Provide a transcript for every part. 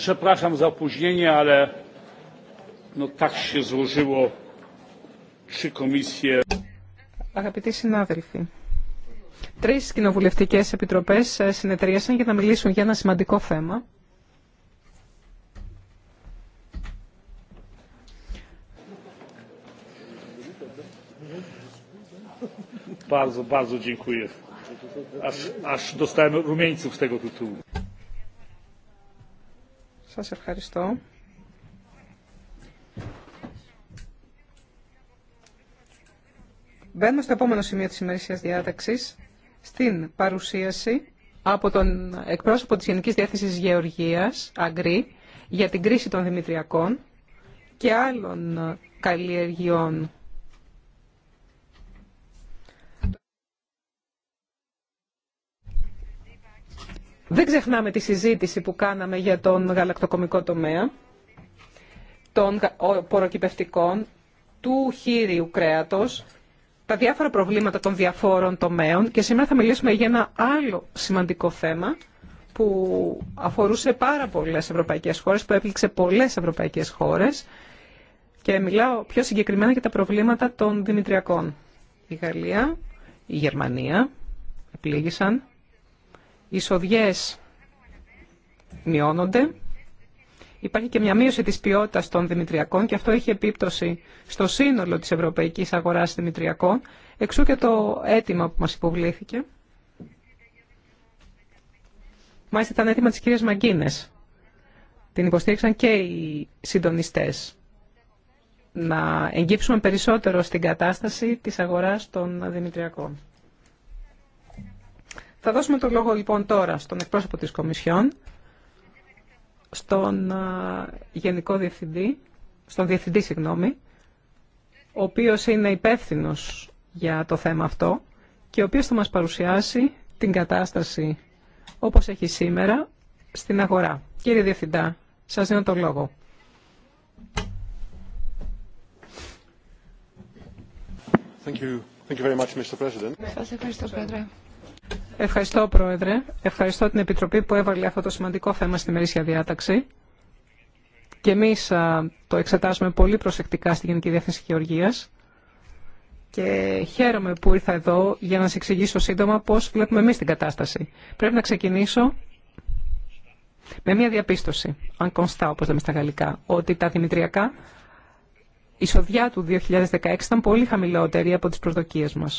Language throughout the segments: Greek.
Przepraszam za opóźnienie, ale no tak się złożyło trzy komisje. Αγαπητοί συνάδελφοι, τρεις κοινοβουλευτικές επιτροπές ε, συνεταιρίασαν για να μιλήσουν για ένα σημαντικό θέμα. πάρα bardzo ευχαριστώ. Ας δώσταμε ρουμένιτσου rumieńców z tego tytułu. Σας ευχαριστώ. Μπαίνουμε στο επόμενο σημείο της ημερησίας διάταξης, στην παρουσίαση από τον εκπρόσωπο της Γενικής Διεύθυνσης Γεωργίας, Αγκρή, για την κρίση των δημητριακών και άλλων καλλιεργειών Δεν ξεχνάμε τη συζήτηση που κάναμε για τον γαλακτοκομικό τομέα, των ποροκυπευτικών, του χείριου κρέατος, τα διάφορα προβλήματα των διαφόρων τομέων και σήμερα θα μιλήσουμε για ένα άλλο σημαντικό θέμα που αφορούσε πάρα πολλές ευρωπαϊκές χώρες, που έπληξε πολλές ευρωπαϊκές χώρες και μιλάω πιο συγκεκριμένα για τα προβλήματα των Δημητριακών. Η Γαλλία, η Γερμανία επλήγησαν οι εισοδιές μειώνονται. Υπάρχει και μια μείωση της ποιότητας των δημητριακών και αυτό έχει επίπτωση στο σύνολο της ευρωπαϊκής αγοράς δημητριακών, εξού και το αίτημα που μας υποβλήθηκε. Μάλιστα ήταν αίτημα της κυρίας Μαγκίνες. Την υποστήριξαν και οι συντονιστές. Να εγγύψουμε περισσότερο στην κατάσταση της αγοράς των δημητριακών. Θα δώσουμε το λόγο λοιπόν τώρα στον εκπρόσωπο της Κομισιόν, στον Γενικό Διευθυντή, στον Διευθυντή, συγγνώμη, ο οποίος είναι υπεύθυνο για το θέμα αυτό και ο οποίος θα μας παρουσιάσει την κατάσταση όπως έχει σήμερα στην αγορά. Κύριε Διευθυντά, σας δίνω το λόγο. Thank you. Thank you very much, Mr. President. Ευχαριστώ, Πρόεδρε. Ευχαριστώ την Επιτροπή που έβαλε αυτό το σημαντικό θέμα στη μερίσια διάταξη. Και εμεί το εξετάζουμε πολύ προσεκτικά στη Γενική Διεύθυνση Γεωργία. και χαίρομαι που ήρθα εδώ για να σα εξηγήσω σύντομα πώ βλέπουμε εμεί την κατάσταση. Πρέπει να ξεκινήσω με μια διαπίστωση, αν κονστά όπω λέμε στα γαλλικά, ότι τα δημητριακά εισοδιά του 2016 ήταν πολύ χαμηλότερη από τι προσδοκίε μα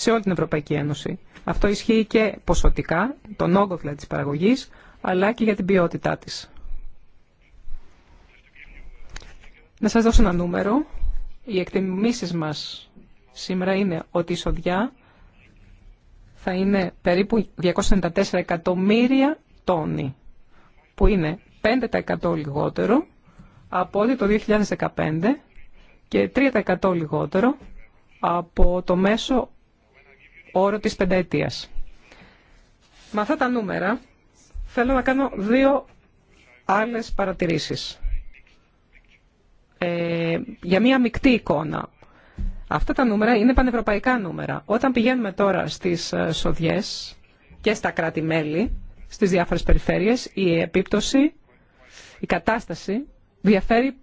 σε όλη την Ευρωπαϊκή Ένωση. Αυτό ισχύει και ποσοτικά, τον όγκο δηλαδή της παραγωγής, αλλά και για την ποιότητά της. Να σας δώσω ένα νούμερο. Οι εκτιμήσεις μας σήμερα είναι ότι η σοδιά θα είναι περίπου 294 εκατομμύρια τόνοι, που είναι 5% λιγότερο από ό,τι το 2015 και 3% λιγότερο από το μέσο όρο της πενταετίας. Με αυτά τα νούμερα θέλω να κάνω δύο άλλες παρατηρήσεις. Ε, για μία μεικτή εικόνα. Αυτά τα νούμερα είναι πανευρωπαϊκά νούμερα. Όταν πηγαίνουμε τώρα στις ε, σοδιές και στα κράτη-μέλη, στις διάφορες περιφέρειες, η επίπτωση, η κατάσταση διαφέρει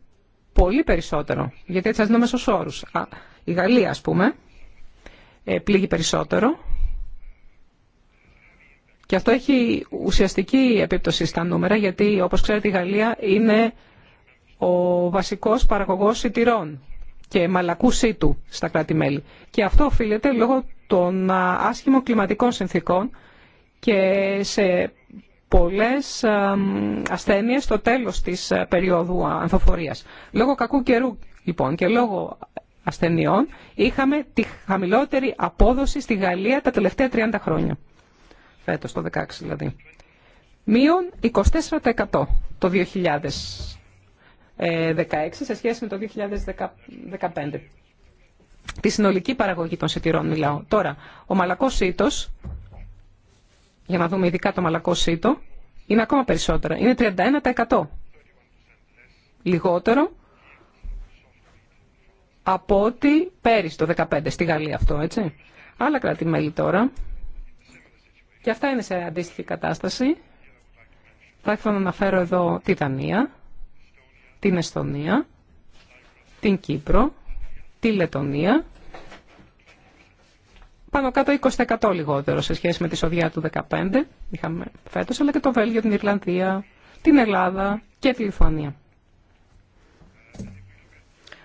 πολύ περισσότερο. Γιατί έτσι ας δούμε όρους. Η Γαλλία, ας πούμε, ε, πλήγει περισσότερο. Και αυτό έχει ουσιαστική επίπτωση στα νούμερα, γιατί όπως ξέρετε η Γαλλία είναι ο βασικός παραγωγός σιτηρών και μαλακού σίτου στα κράτη-μέλη. Και αυτό οφείλεται λόγω των άσχημων κλιματικών συνθήκων και σε πολλές ασθένειες στο τέλος της περίοδου ανθοφορίας. Λόγω κακού καιρού λοιπόν και λόγω ασθενειών, είχαμε τη χαμηλότερη απόδοση στη Γαλλία τα τελευταία 30 χρόνια. Φέτος, το 16 δηλαδή. Μείον 24% το 2016 σε σχέση με το 2015. Τη συνολική παραγωγή των σιτηρών μιλάω. Τώρα, ο μαλακός σίτος, για να δούμε ειδικά το μαλακό σίτο, είναι ακόμα περισσότερο. Είναι 31% λιγότερο από ό,τι πέρυσι το 2015, στη Γαλλία αυτό, έτσι. Άλλα κράτη-μέλη τώρα. Και αυτά είναι σε αντίστοιχη κατάσταση. Θα ήθελα να αναφέρω εδώ τη Δανία, την Εστονία, την Κύπρο, τη Λετωνία. Πάνω κάτω 20% λιγότερο σε σχέση με τη σοδιά του 2015, είχαμε φέτος, αλλά και το Βέλγιο, την Ιρλανδία, την Ελλάδα και τη Λιθουανία.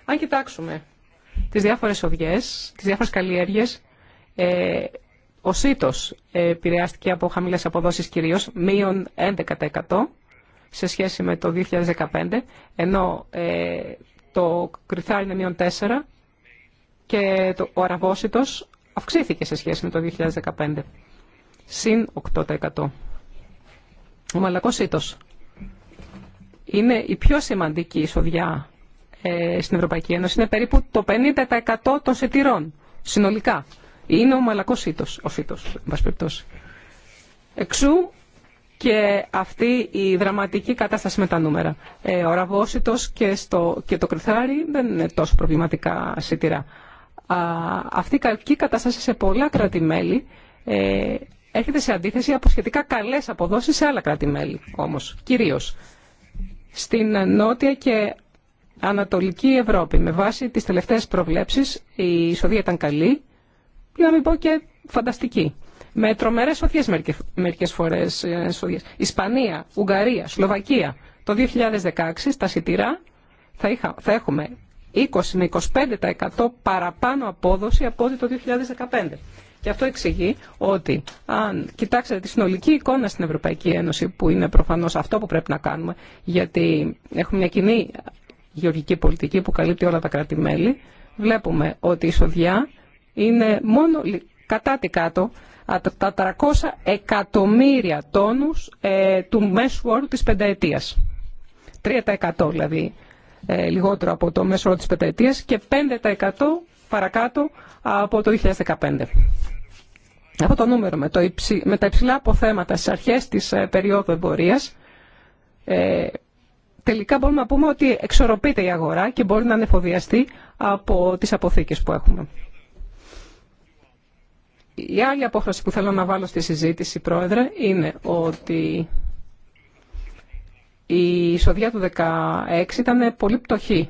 Αν κοιτάξουμε τις διάφορες οδιέ, τις διάφορες καλλιέργειες. Ε, ο ΣΥΤΟΣ ε, επηρεάστηκε από χαμηλές αποδόσεις κυρίω μείον 11% σε σχέση με το 2015, ενώ ε, το κρυθάρι είναι μείον 4% και το, ο αραβόσιτος αυξήθηκε σε σχέση με το 2015, συν 8%. Ο μαλακός είναι η πιο σημαντική εισοδιά ε, στην Ευρωπαϊκή Ένωση είναι περίπου το 50% των σιτηρών συνολικά. Είναι ο μαλακός σύτος, ο σύτος, περιπτώσει. Εξού και αυτή η δραματική κατάσταση με τα νούμερα. Ε, ο ραβόσιτος και, στο, και το κρυθάρι δεν είναι τόσο προβληματικά σιτηρά. Α, αυτή η κακή κατάσταση σε πολλά κράτη-μέλη ε, έρχεται σε αντίθεση από σχετικά καλές αποδόσεις σε άλλα κράτη-μέλη όμως, κυρίως. Στην νότια και Ανατολική Ευρώπη. Με βάση τις τελευταίες προβλέψεις η εισοδία ήταν καλή, για να μην πω και φανταστική. Με τρομερές σωθίες μερικές φορές ε, σωθίες. Ισπανία, Ουγγαρία, Σλοβακία. Το 2016 στα σιτηρά θα, είχα, θα έχουμε 20 με 25% παραπάνω απόδοση από ό,τι το 2015. Και αυτό εξηγεί ότι αν κοιτάξετε τη συνολική εικόνα στην Ευρωπαϊκή Ένωση, που είναι προφανώς αυτό που πρέπει να κάνουμε, γιατί έχουμε μια κοινή γεωργική πολιτική που καλύπτει όλα τα κράτη-μέλη, βλέπουμε ότι η εισοδιά είναι μόνο κατά τη κάτω τα 300 εκατομμύρια τόνους ε, του μέσου όρου της πενταετίας. 3% δηλαδή ε, λιγότερο από το μέσο όρο της πενταετίας και 5% παρακάτω από το 2015. Αυτό το νούμερο με, το με τα υψηλά αποθέματα στις αρχές της ε, περίοδου εμπορίας ε, τελικά μπορούμε να πούμε ότι εξορροπείται η αγορά και μπορεί να ανεφοδιαστεί από τις αποθήκες που έχουμε. Η άλλη απόφαση που θέλω να βάλω στη συζήτηση, Πρόεδρε, είναι ότι η εισοδιά του 2016 ήταν πολύ πτωχή.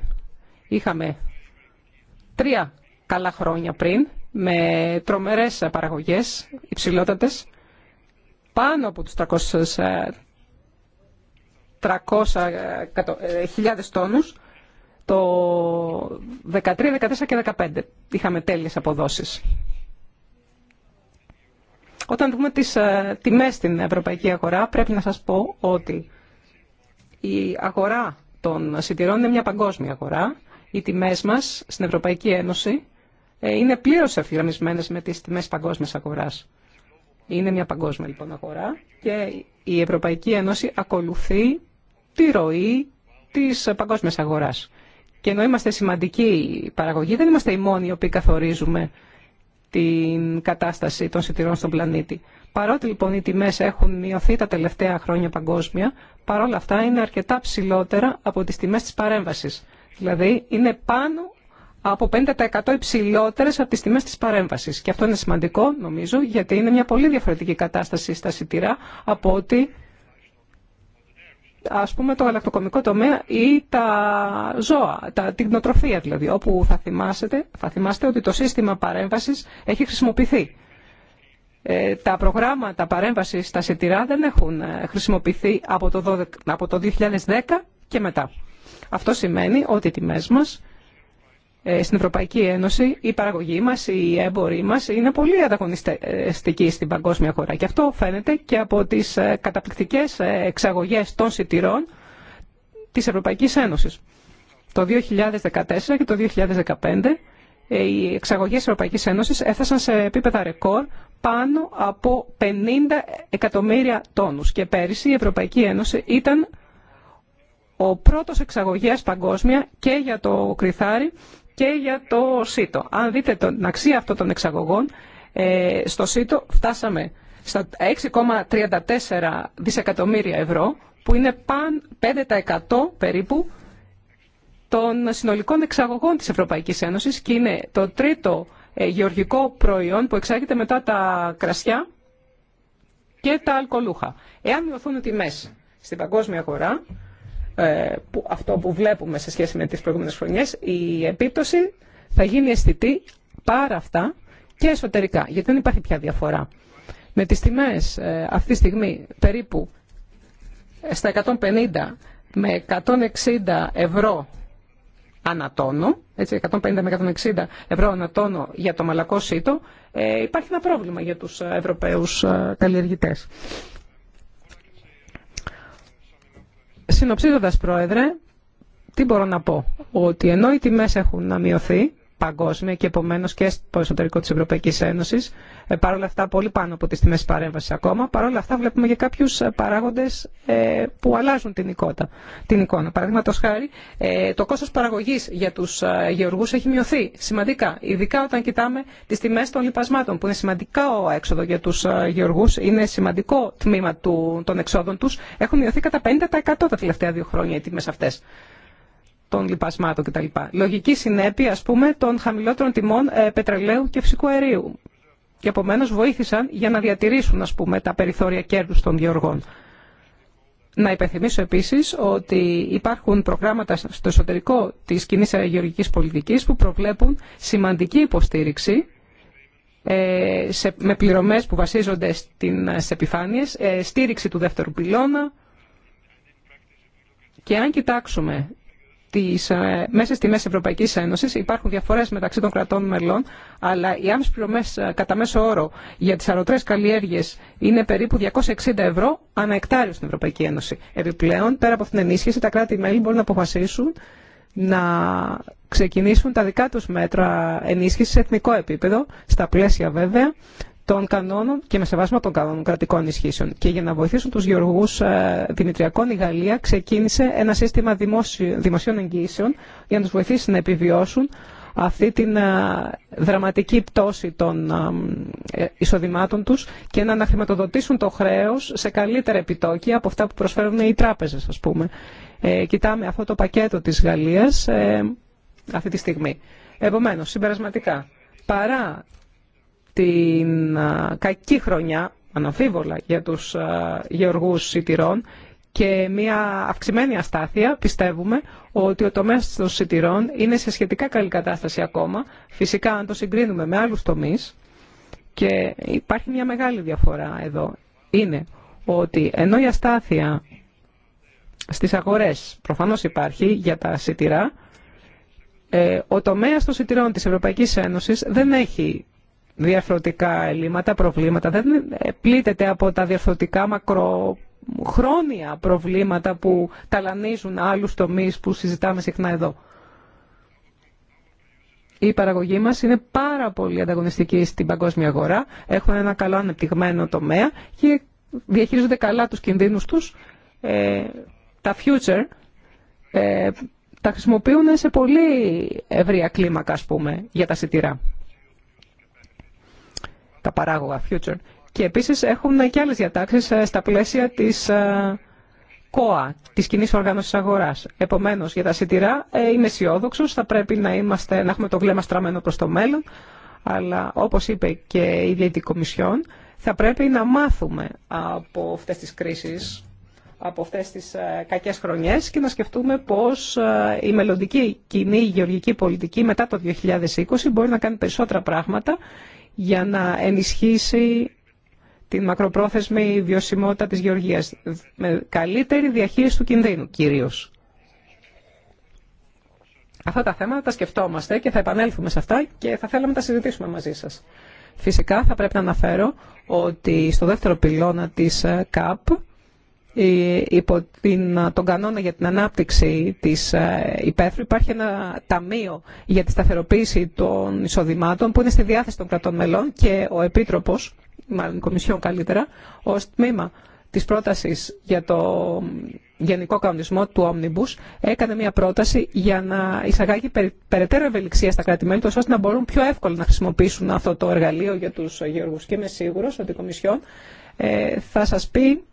Είχαμε τρία καλά χρόνια πριν, με τρομερές παραγωγές, υψηλότατες, πάνω από τους 300.000 ε, ε, τόνους το 13, 14 και 15 είχαμε τέλειες αποδόσεις. Όταν δούμε τις ε, τιμές στην ευρωπαϊκή αγορά πρέπει να σας πω ότι η αγορά των σιτηρών είναι μια παγκόσμια αγορά. Οι τιμές μας στην Ευρωπαϊκή Ένωση είναι πλήρως ευθυγραμμισμένες με τις τιμές παγκόσμιας αγοράς. Είναι μια παγκόσμια λοιπόν αγορά και η Ευρωπαϊκή Ένωση ακολουθεί τη ροή της παγκόσμια αγορά. Και ενώ είμαστε σημαντική παραγωγή, δεν είμαστε οι μόνοι οι οποίοι καθορίζουμε την κατάσταση των σιτηρών στον πλανήτη. Παρότι λοιπόν οι τιμές έχουν μειωθεί τα τελευταία χρόνια παγκόσμια, παρόλα αυτά είναι αρκετά ψηλότερα από τις τιμές της παρέμβασης. Δηλαδή είναι πάνω από 50% υψηλότερε από τι τιμέ τη παρέμβαση. Και αυτό είναι σημαντικό, νομίζω, γιατί είναι μια πολύ διαφορετική κατάσταση στα σιτηρά από ότι ας πούμε το γαλακτοκομικό τομέα ή τα ζώα, τα τυγνοτροφία δηλαδή, όπου θα θυμάστε, θα θυμάστε ότι το σύστημα παρέμβασης έχει χρησιμοποιηθεί. Ε, τα προγράμματα παρέμβασης στα σιτηρά δεν έχουν ε, χρησιμοποιηθεί από το, 12, από το 2010 και μετά. Αυτό σημαίνει ότι οι τιμές μας ε, στην Ευρωπαϊκή Ένωση η παραγωγή μας, οι έμποροι μας είναι πολύ ανταγωνιστικοί στην παγκόσμια χώρα. Και αυτό φαίνεται και από τις ε, καταπληκτικές ε, εξαγωγές των σιτηρών της Ευρωπαϊκής Ένωσης. Το 2014 και το 2015 οι εξαγωγές της Ευρωπαϊκής Ένωσης έφτασαν σε επίπεδα ρεκόρ πάνω από 50 εκατομμύρια τόνους. Και πέρυσι η Ευρωπαϊκή Ένωση ήταν ο πρώτος εξαγωγέας παγκόσμια και για το κρυθάρι και για το ΣΥΤΟ. Αν δείτε την αξία αυτών των εξαγωγών, ε, στο ΣΥΤΟ φτάσαμε στα 6,34 δισεκατομμύρια ευρώ, που είναι παν 5% περίπου των συνολικών εξαγωγών της Ευρωπαϊκής Ένωσης και είναι το τρίτο ε, γεωργικό προϊόν που εξάγεται μετά τα κρασιά και τα αλκοολούχα. Εάν μειωθούν οι τιμές στην παγκόσμια αγορά, ε, που, αυτό που βλέπουμε σε σχέση με τις προηγούμενες χρονιές, η επίπτωση θα γίνει αισθητή πάρα αυτά και εσωτερικά, γιατί δεν υπάρχει πια διαφορά. Με τις τιμές ε, αυτή τη στιγμή περίπου στα 150 με 160 ευρώ ανατόνο, έτσι, 150 με 160 ευρώ ανατόνο για το μαλακό σίτο, ε, υπάρχει ένα πρόβλημα για τους Ευρωπαίους καλλιεργητές. Συνοψίζοντας, Πρόεδρε, τι μπορώ να πω. Ότι ενώ οι τιμές έχουν να μειωθεί παγκόσμια και επομένως και στο εσωτερικό της Ευρωπαϊκής Ένωσης, ε, Παρ' όλα αυτά, πολύ πάνω από τις τιμές παρέμβαση ακόμα. Παρ' όλα αυτά, βλέπουμε και κάποιους ε, παράγοντες ε, που αλλάζουν την, την εικόνα. Παραδείγματο χάρη, ε, το κόστος παραγωγής για τους γεωργούς έχει μειωθεί σημαντικά. Ειδικά όταν κοιτάμε τις τιμές των λοιπασμάτων, που είναι σημαντικό έξοδο για τους γεωργούς, είναι σημαντικό τμήμα του, των εξόδων τους. Έχουν μειωθεί κατά 50% τα τελευταία δύο χρόνια οι τιμές αυτές των λοιπασμάτων κτλ. Λογική συνέπεια, ας πούμε, των χαμηλότερων τιμών πετρελαίου και φυσικού αερίου και επομένως βοήθησαν για να διατηρήσουν ας πούμε, τα περιθώρια κέρδους των διοργών. Να υπενθυμίσω επίσης ότι υπάρχουν προγράμματα στο εσωτερικό της κοινή γεωργικής πολιτικής που προβλέπουν σημαντική υποστήριξη ε, σε, με πληρωμές που βασίζονται στις επιφάνειες, ε, στήριξη του δεύτερου πυλώνα και αν κοιτάξουμε τις ε, μέσα στη μέση Ευρωπαϊκή Ένωσης. Υπάρχουν διαφορές μεταξύ των κρατών μελών, αλλά οι άμεσες πληρωμές ε, κατά μέσο όρο για τις αρωτρές καλλιέργειες είναι περίπου 260 ευρώ ανά εκτάριο στην Ευρωπαϊκή Ένωση. Επιπλέον, πέρα από αυτήν την ενίσχυση, τα κράτη-μέλη μπορούν να αποφασίσουν να ξεκινήσουν τα δικά τους μέτρα ενίσχυσης σε εθνικό επίπεδο, στα πλαίσια βέβαια των κανόνων και με σεβασμό των κανόνων κρατικών ισχύσεων. Και για να βοηθήσουν τους γεωργού ε, Δημητριακών, η Γαλλία ξεκίνησε ένα σύστημα δημοσίων εγγύσεων για να τους βοηθήσει να επιβιώσουν αυτή την ε, δραματική πτώση των ε, εισοδημάτων τους και να αναχρηματοδοτήσουν το χρέος σε καλύτερα επιτόκια από αυτά που προσφέρουν οι τράπεζες, ας πούμε. Ε, κοιτάμε αυτό το πακέτο της Γαλλίας αυτή τη στιγμή. Επομένως, συμπερασματικά, παρά την κακή χρονιά, αναμφίβολα, για τους γεωργούς σιτηρών και μια αυξημένη αστάθεια, πιστεύουμε ότι ο τομέας των σιτηρών είναι σε σχετικά καλή κατάσταση ακόμα. Φυσικά, αν το συγκρίνουμε με άλλους τομείς, και υπάρχει μια μεγάλη διαφορά εδώ, είναι ότι ενώ η αστάθεια στις αγορές προφανώς υπάρχει για τα σιτηρά, ε, ο τομέας των σιτηρών της Ευρωπαϊκής Ένωσης δεν έχει διαφορετικά ελλείμματα, προβλήματα. Δεν πλήττεται από τα διαφορετικά μακροχρόνια προβλήματα που ταλανίζουν άλλους τομείς που συζητάμε συχνά εδώ. Η παραγωγή μας είναι πάρα πολύ ανταγωνιστική στην παγκόσμια αγορά, έχουν ένα καλό ανεπτυγμένο τομέα και διαχειρίζονται καλά τους κινδύνους τους. Ε, τα future ε, τα χρησιμοποιούν σε πολύ ευρία κλίμακα, ας πούμε, για τα σιτηρά τα παράγωγα future. Και επίσης έχουν και άλλες διατάξεις ε, στα πλαίσια της ε, ΚΟΑ, της κοινή οργάνωσης αγοράς. Επομένως, για τα σιτηρά ε, είμαι αισιόδοξο, θα πρέπει να, είμαστε, έχουμε το βλέμμα στραμμένο προς το μέλλον, αλλά όπως είπε και η Διευθυντική Κομισιόν, θα πρέπει να μάθουμε από αυτές τις κρίσεις, από αυτές τις κακές χρονιές και να σκεφτούμε πώς η μελλοντική κοινή γεωργική πολιτική μετά το 2020 μπορεί να κάνει περισσότερα πράγματα για να ενισχύσει την μακροπρόθεσμη βιωσιμότητα της γεωργίας. Με καλύτερη διαχείριση του κινδύνου κυρίως. Αυτά τα θέματα τα σκεφτόμαστε και θα επανέλθουμε σε αυτά και θα θέλαμε να τα συζητήσουμε μαζί σας. Φυσικά θα πρέπει να αναφέρω ότι στο δεύτερο πυλώνα της ε, ΚΑΠ υπό τον κανόνα για την ανάπτυξη της ε, υπαίθρου υπάρχει ένα ταμείο για τη σταθεροποίηση των εισοδημάτων που είναι στη διάθεση των κρατών μελών και ο Επίτροπος, μάλλον η Κομισιόν καλύτερα, ως τμήμα της πρότασης για το γενικό κανονισμό του Omnibus έκανε μια πρόταση για να εισαγάγει περαιτέρω ευελιξία στα κράτη-μέλη ώστε να μπορούν πιο εύκολα να χρησιμοποιήσουν αυτό το εργαλείο για τους γεωργούς. Και είμαι σίγουρο ότι η Κομισιόν ε, θα σας πει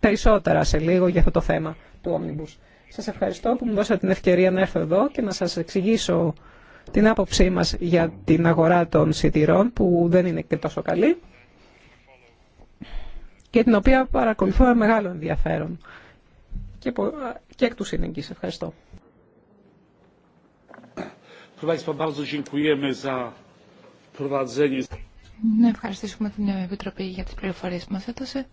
περισσότερα σε λίγο για αυτό το θέμα του Omnibus. Σας ευχαριστώ που μου δώσατε την ευκαιρία να έρθω εδώ και να σας εξηγήσω την άποψή μας για την αγορά των σιτηρών που δεν είναι και τόσο καλή και την οποία παρακολουθώ με μεγάλο ενδιαφέρον και, και εκ του συνεγγύς. Ευχαριστώ. Να ευχαριστήσουμε την Επιτροπή για τις πληροφορίες που μας έδωσε.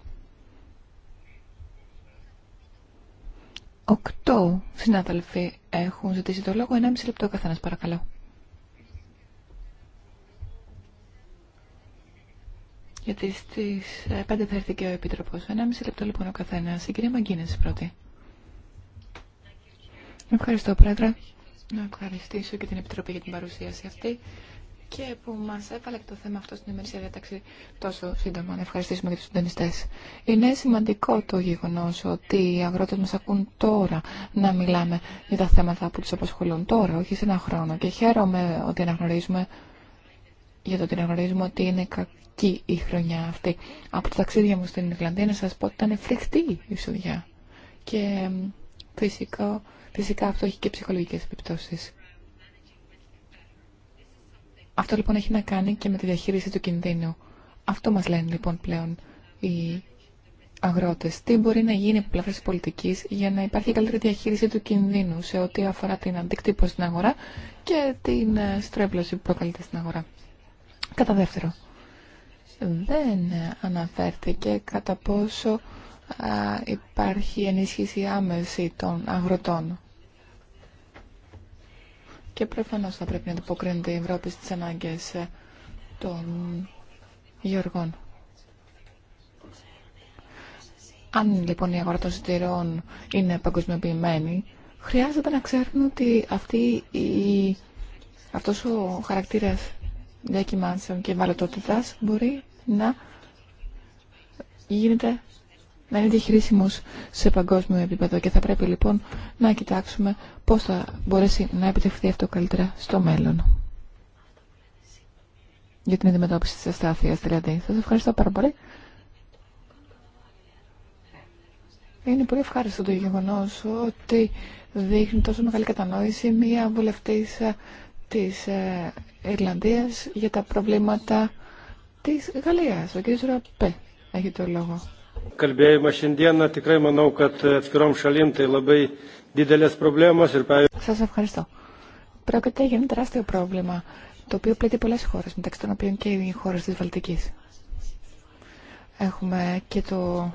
Οκτώ συνάδελφοι έχουν ζητήσει το λόγο. Ένα μισή λεπτό καθένας παρακαλώ. Γιατί στι ε, πέντε θα έρθει και ο Επίτροπο. Ένα μισή λεπτό λοιπόν ο καθένα. Η κυρία Μαγκίνε πρώτη. Ευχαριστώ, Πρόεδρε. Να ευχαριστήσω και την Επιτροπή για την παρουσίαση αυτή και που μα έβαλε το θέμα αυτό στην ημερήσια διάταξη τόσο σύντομα. Να ευχαριστήσουμε και του συντονιστέ. Είναι σημαντικό το γεγονό ότι οι αγρότε μα ακούν τώρα να μιλάμε για τα θέματα που του απασχολούν τώρα, όχι σε ένα χρόνο. Και χαίρομαι ότι αναγνωρίζουμε για το ότι αναγνωρίζουμε ότι είναι κακή η χρονιά αυτή. Από τα ταξίδια μου στην Ιρλανδία να σα πω ότι ήταν φρικτή η σουδιά. Και φυσικά αυτό έχει και ψυχολογικέ επιπτώσει. Αυτό λοιπόν έχει να κάνει και με τη διαχείριση του κινδύνου. Αυτό μας λένε λοιπόν πλέον οι αγρότες. Τι μπορεί να γίνει από πλευρά πολιτικής για να υπάρχει καλύτερη διαχείριση του κινδύνου σε ό,τι αφορά την αντικτύπωση στην αγορά και την ε, στρέβλωση που προκαλείται στην αγορά. Κατά δεύτερο, δεν αναφέρθηκε κατά πόσο α, υπάρχει ενίσχυση άμεση των αγροτών και προφανώς θα πρέπει να αντιποκρίνεται η Ευρώπη στις ανάγκες ε, των γεωργών. Αν λοιπόν η αγορά των σιτηρών είναι παγκοσμιοποιημένη, χρειάζεται να ξέρουν ότι αυτή η... αυτός ο χαρακτήρας διακυμάνσεων και βαλωτότητας μπορεί να γίνεται να είναι διαχειρίσιμος σε παγκόσμιο επίπεδο και θα πρέπει λοιπόν να κοιτάξουμε πώς θα μπορέσει να επιτευχθεί αυτό καλύτερα στο μέλλον. Για την αντιμετώπιση της αστάθειας δηλαδή. Σας ευχαριστώ πάρα πολύ. Είναι πολύ ευχάριστο το γεγονό ότι δείχνει τόσο μεγάλη κατανόηση μία βουλευτή ε, τη ε, Ιρλανδία για τα προβλήματα τη Γαλλία. Ο κ. Ραπέ έχει το λόγο. Σας ευχαριστώ. Πρόκειται για ένα τεράστιο πρόβλημα, το οποίο πλήττει πολλές χώρες, μεταξύ των οποίων και οι χώρες της Βαλτικής. Έχουμε και το...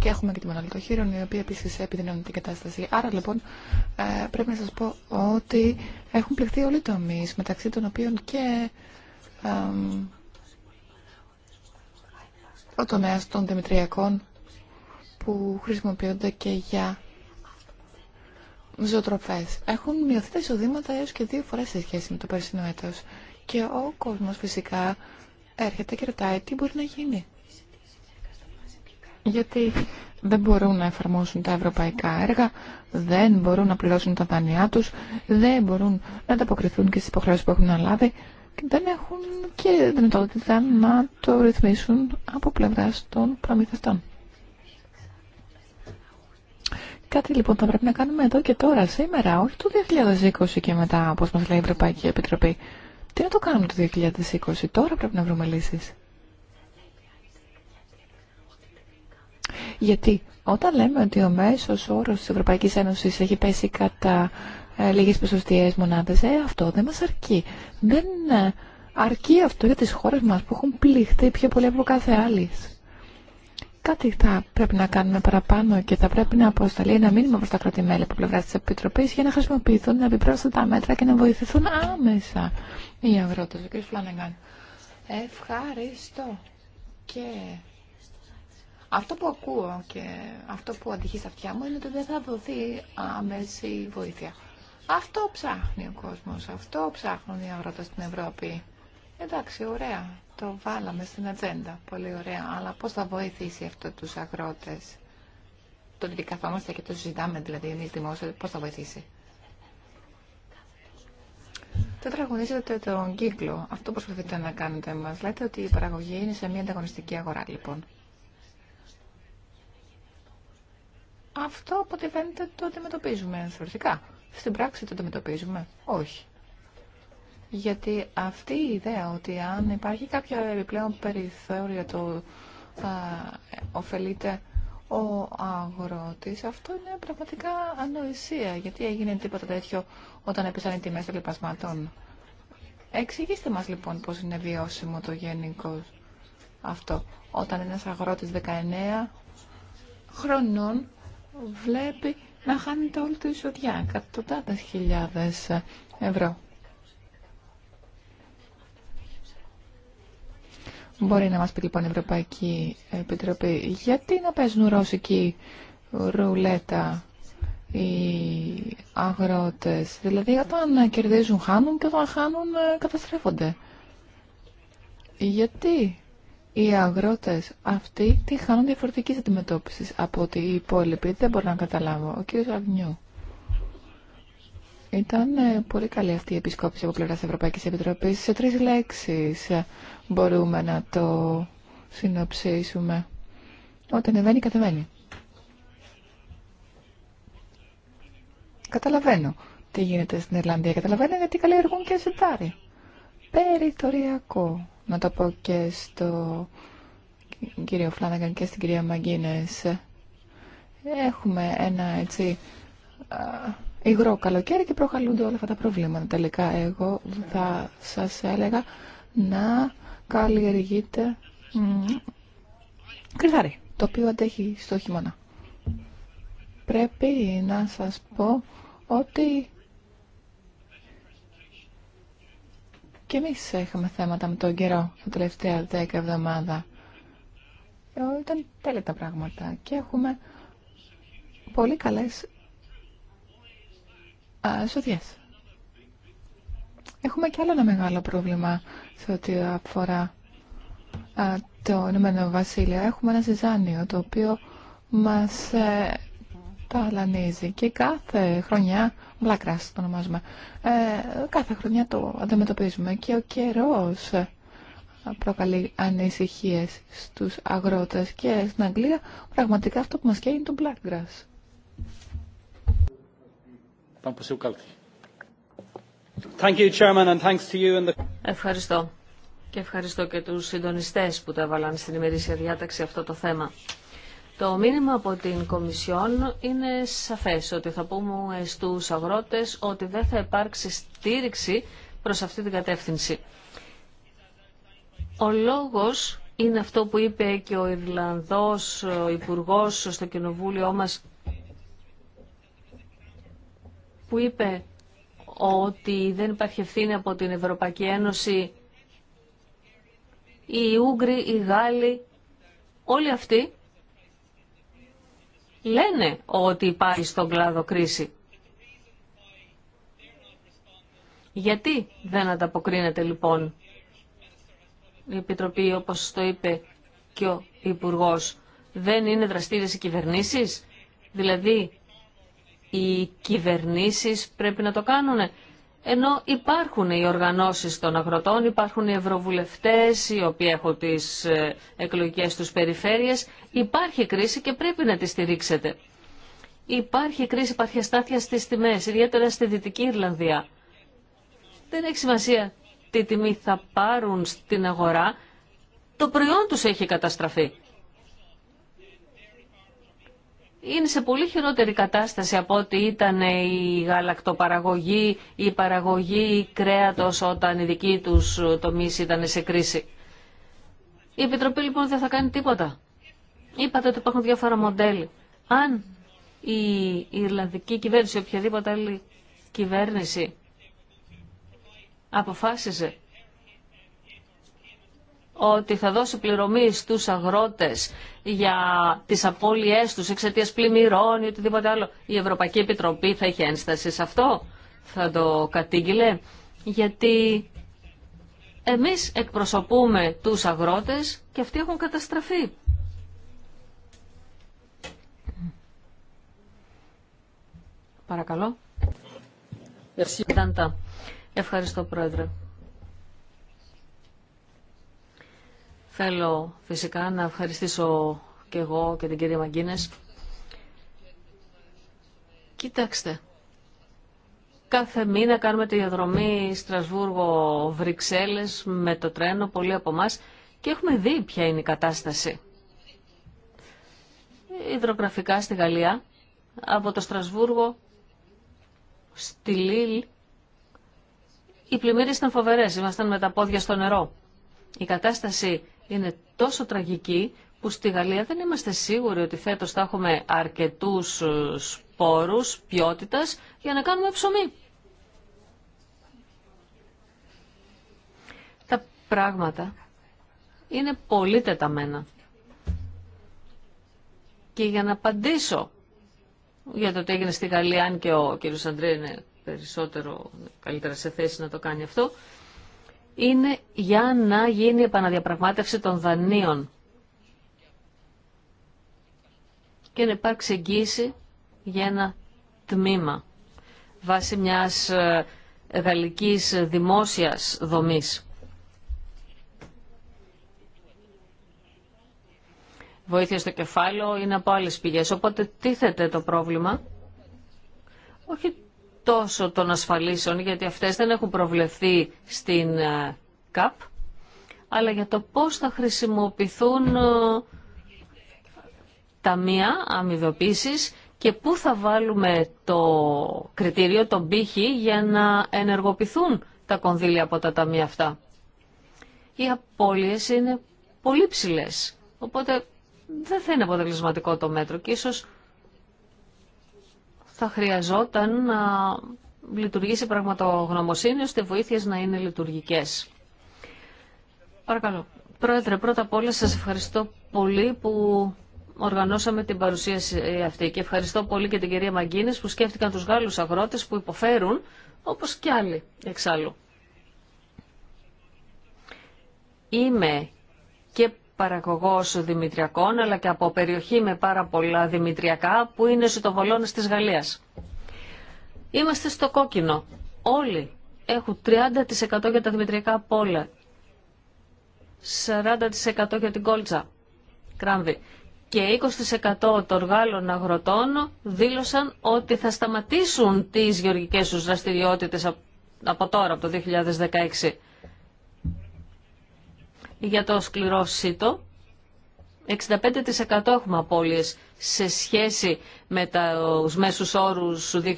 Και έχουμε και τη μονάδα των η οποία επίση επιδεινώνει την κατάσταση. Άρα λοιπόν ε, πρέπει να σα πω ότι έχουν πληχθεί όλοι οι τομεί, μεταξύ των οποίων και ο τομέα των δημητριακών που χρησιμοποιούνται και για ζωοτροφές. Έχουν μειωθεί τα εισοδήματα έως και δύο φορές σε σχέση με το περσινό έτος. Και ο κόσμος φυσικά έρχεται και ρωτάει τι μπορεί να γίνει. Γιατί δεν μπορούν να εφαρμόσουν τα ευρωπαϊκά έργα, δεν μπορούν να πληρώσουν τα δάνειά τους, δεν μπορούν να ανταποκριθούν και στις υποχρεώσεις που έχουν αναλάβει δεν έχουν και δυνατότητα να το ρυθμίσουν από πλευρά των προμηθευτών. Κάτι λοιπόν θα πρέπει να κάνουμε εδώ και τώρα, σήμερα, όχι το 2020 και μετά, όπως μας λέει η Ευρωπαϊκή Επιτροπή. Τι να το κάνουμε το 2020, τώρα πρέπει να βρούμε λύσεις. Γιατί όταν λέμε ότι ο μέσος όρος της Ευρωπαϊκής Ένωσης έχει πέσει κατά ε, λίγες ποσοστιαίες μονάδες. Ε, αυτό δεν μας αρκεί. Δεν ε, αρκεί αυτό για τις χώρες μας που έχουν πληχθεί πιο πολύ από κάθε άλλη. Κάτι θα πρέπει να κάνουμε παραπάνω και θα πρέπει να αποσταλεί ένα μήνυμα προς τα κρατημέλη από πλευρά της Επιτροπής για να χρησιμοποιηθούν να επιπρόσθετα μέτρα και να βοηθηθούν άμεσα οι αγρότες. Ο κ. Φλάνεγκαν. Ευχαριστώ. Και αυτό που ακούω και αυτό που αντυχεί στα αυτιά μου είναι ότι δεν θα δοθεί άμεση βοήθεια. Αυτό ψάχνει ο κόσμος, αυτό ψάχνουν οι αγρότες στην Ευρώπη. Εντάξει, ωραία, το βάλαμε στην ατζέντα, πολύ ωραία, αλλά πώς θα βοηθήσει αυτό τους αγρότες. Το ότι καθόμαστε και το συζητάμε, δηλαδή εμείς δημόσια, πώς θα βοηθήσει. το, τον κύκλο. Αυτό προσπαθείτε να κάνετε. Μα λέτε ότι η παραγωγή είναι σε μια ανταγωνιστική αγορά, λοιπόν. Αυτό από ό,τι φαίνεται το αντιμετωπίζουμε θεωρητικά. Στην πράξη το αντιμετωπίζουμε. Όχι. Γιατί αυτή η ιδέα ότι αν υπάρχει κάποια επιπλέον περιθώρια το α, ωφελείται ο αγρότης, αυτό είναι πραγματικά ανοησία. Γιατί έγινε τίποτα τέτοιο όταν έπεσαν οι τιμές των λοιπασμάτων. Εξηγήστε μας λοιπόν πώς είναι βιώσιμο το γενικό αυτό. Όταν ένας αγρότης 19 χρονών βλέπει να χάνετε όλη του εισοδιά, εκατοντάδες χιλιάδες ευρώ. Μπορεί να μας πει λοιπόν η Ευρωπαϊκή Επιτροπή γιατί να παίζουν ρώσικη ρουλέτα οι αγρότες. Δηλαδή όταν κερδίζουν χάνουν και όταν χάνουν καταστρέφονται. Γιατί οι αγρότε αυτοί τι χάνουν διαφορετικής αντιμετώπισης από ότι οι υπόλοιποι δεν μπορώ να καταλάβω. Ο κύριος Αγνιού. Ήταν ε, πολύ καλή αυτή η επισκόπηση από τη Ευρωπαϊκή Επιτροπή. Σε τρεις λέξεις ε, μπορούμε να το συνοψίσουμε. Ό,τι ανεβαίνει, κατεβαίνει. Καταλαβαίνω τι γίνεται στην Ιρλανδία. Καταλαβαίνω γιατί καλλιεργούν και ζετάρι. Περιτοριακό να το πω και στο κύριο Φλάναγκαν και στην κυρία Μαγκίνες. Έχουμε ένα έτσι υγρό καλοκαίρι και προχαλούνται όλα αυτά τα προβλήματα. Τελικά εγώ θα σας έλεγα να καλλιεργείτε κρυθάρι, το οποίο αντέχει στο χειμώνα. Πρέπει να σας πω ότι Και εμεί είχαμε θέματα με τον καιρό τα τελευταία δέκα εβδομάδα. Ε, ήταν τέλεια τα πράγματα και έχουμε πολύ καλέ σοδειέ. Έχουμε και άλλο ένα μεγάλο πρόβλημα σε ό,τι αφορά το Ηνωμένο Βασίλειο. Έχουμε ένα ζυζάνιο το οποίο μας ε, και κάθε χρονιά, μπλακράς το ονομάζουμε, ε, κάθε χρονιά το αντιμετωπίζουμε και ο καιρός προκαλεί ανησυχίες στους αγρότες και στην Αγγλία πραγματικά αυτό που μας καίει είναι το black Ευχαριστώ. Και ευχαριστώ και τους συντονιστές που το έβαλαν στην ημερήσια διάταξη αυτό το θέμα. Το μήνυμα από την Κομισιόν είναι σαφές ότι θα πούμε στους αγρότες ότι δεν θα υπάρξει στήριξη προς αυτή την κατεύθυνση. Ο λόγος είναι αυτό που είπε και ο Ιρλανδός ο Υπουργός στο Κοινοβούλιο μας που είπε ότι δεν υπάρχει ευθύνη από την Ευρωπαϊκή Ένωση οι Ούγγροι, οι Γάλλοι όλοι αυτοί λένε ότι υπάρχει στον κλάδο κρίση. Γιατί δεν ανταποκρίνεται λοιπόν η Επιτροπή, όπως το είπε και ο Υπουργός, δεν είναι δραστήριες οι κυβερνήσεις. Δηλαδή, οι κυβερνήσεις πρέπει να το κάνουν ενώ υπάρχουν οι οργανώσεις των αγροτών, υπάρχουν οι ευρωβουλευτές οι οποίοι έχουν τις ε, εκλογικές τους περιφέρειες. Υπάρχει κρίση και πρέπει να τη στηρίξετε. Υπάρχει κρίση, υπάρχει αστάθεια στις τιμές, ιδιαίτερα στη Δυτική Ιρλανδία. Δεν έχει σημασία τι τιμή θα πάρουν στην αγορά. Το προϊόν τους έχει καταστραφεί είναι σε πολύ χειρότερη κατάσταση από ό,τι ήταν η γαλακτοπαραγωγή, η παραγωγή κρέατος όταν οι δικοί τους τομείς ήταν σε κρίση. Η Επιτροπή λοιπόν δεν θα κάνει τίποτα. Είπατε ότι υπάρχουν διάφορα μοντέλη. Αν η Ιρλανδική κυβέρνηση ή οποιαδήποτε άλλη κυβέρνηση αποφάσιζε ότι θα δώσει πληρωμή στους αγρότες για τις απώλειές τους εξαιτίας πλημμυρών ή οτιδήποτε άλλο. Η Ευρωπαϊκή Επιτροπή θα είχε ένσταση σε αυτό, θα το κατήγγειλε, γιατί εμείς εκπροσωπούμε τους αγρότες και αυτοί έχουν καταστραφεί. Παρακαλώ. Ευχαριστώ, Πρόεδρε. Θέλω φυσικά να ευχαριστήσω και εγώ και την κυρία Μαγκίνες. Κοιτάξτε, κάθε μήνα κάνουμε τη διαδρομή Στρασβούργο-Βρυξέλλες με το τρένο, πολλοί από εμά και έχουμε δει ποια είναι η κατάσταση. Υδρογραφικά στη Γαλλία, από το Στρασβούργο στη Λίλ, οι πλημμύρες ήταν φοβερές, ήμασταν με τα πόδια στο νερό. Η κατάσταση είναι τόσο τραγική που στη Γαλλία δεν είμαστε σίγουροι ότι φέτος θα έχουμε αρκετούς ε, σπόρους ποιότητας για να κάνουμε ψωμί. Τα πράγματα είναι πολύ τεταμένα. Και για να απαντήσω για το τι έγινε στη Γαλλία, αν και ο κύριος Αντρέ είναι περισσότερο καλύτερα σε θέση να το κάνει αυτό, είναι για να γίνει επαναδιαπραγμάτευση των δανείων και να υπάρξει εγγύηση για ένα τμήμα βάσει μιας ε, γαλλικής δημόσιας δομής. Βοήθεια στο κεφάλαιο είναι από άλλες πηγές. Οπότε τίθεται το πρόβλημα όχι τόσο των ασφαλίσεων, γιατί αυτές δεν έχουν προβλεφθεί στην ε, ΚΑΠ, αλλά για το πώς θα χρησιμοποιηθούν ε, ταμεία αμοιβοποίησης και πού θα βάλουμε το κριτήριο, τον πύχη, για να ενεργοποιηθούν τα κονδύλια από τα ταμεία αυτά. Οι απώλειες είναι πολύ ψηλές, οπότε δεν θα είναι αποτελεσματικό το μέτρο και ίσως θα χρειαζόταν να λειτουργήσει πραγματογνωμοσύνη ώστε βοήθειες να είναι λειτουργικές. Παρακαλώ. Πρόεδρε, πρώτα απ' όλα σας ευχαριστώ πολύ που οργανώσαμε την παρουσίαση αυτή και ευχαριστώ πολύ και την κυρία Μαγκίνης που σκέφτηκαν τους Γάλλους αγρότες που υποφέρουν όπως και άλλοι εξάλλου. Είμαι παραγωγό δημητριακών αλλά και από περιοχή με πάρα πολλά δημητριακά που είναι βολόνα τη Γαλλία. Είμαστε στο κόκκινο. Όλοι έχουν 30% για τα δημητριακά πόλα, 40% για την κόλτσα, κράμβι, και 20% των Γάλλων αγροτών δήλωσαν ότι θα σταματήσουν τις γεωργικές τους δραστηριότητες από τώρα, από το 2016 για το σκληρό σύτο. 65% έχουμε απώλειες σε σχέση με τους μέσους όρους 2011-2015.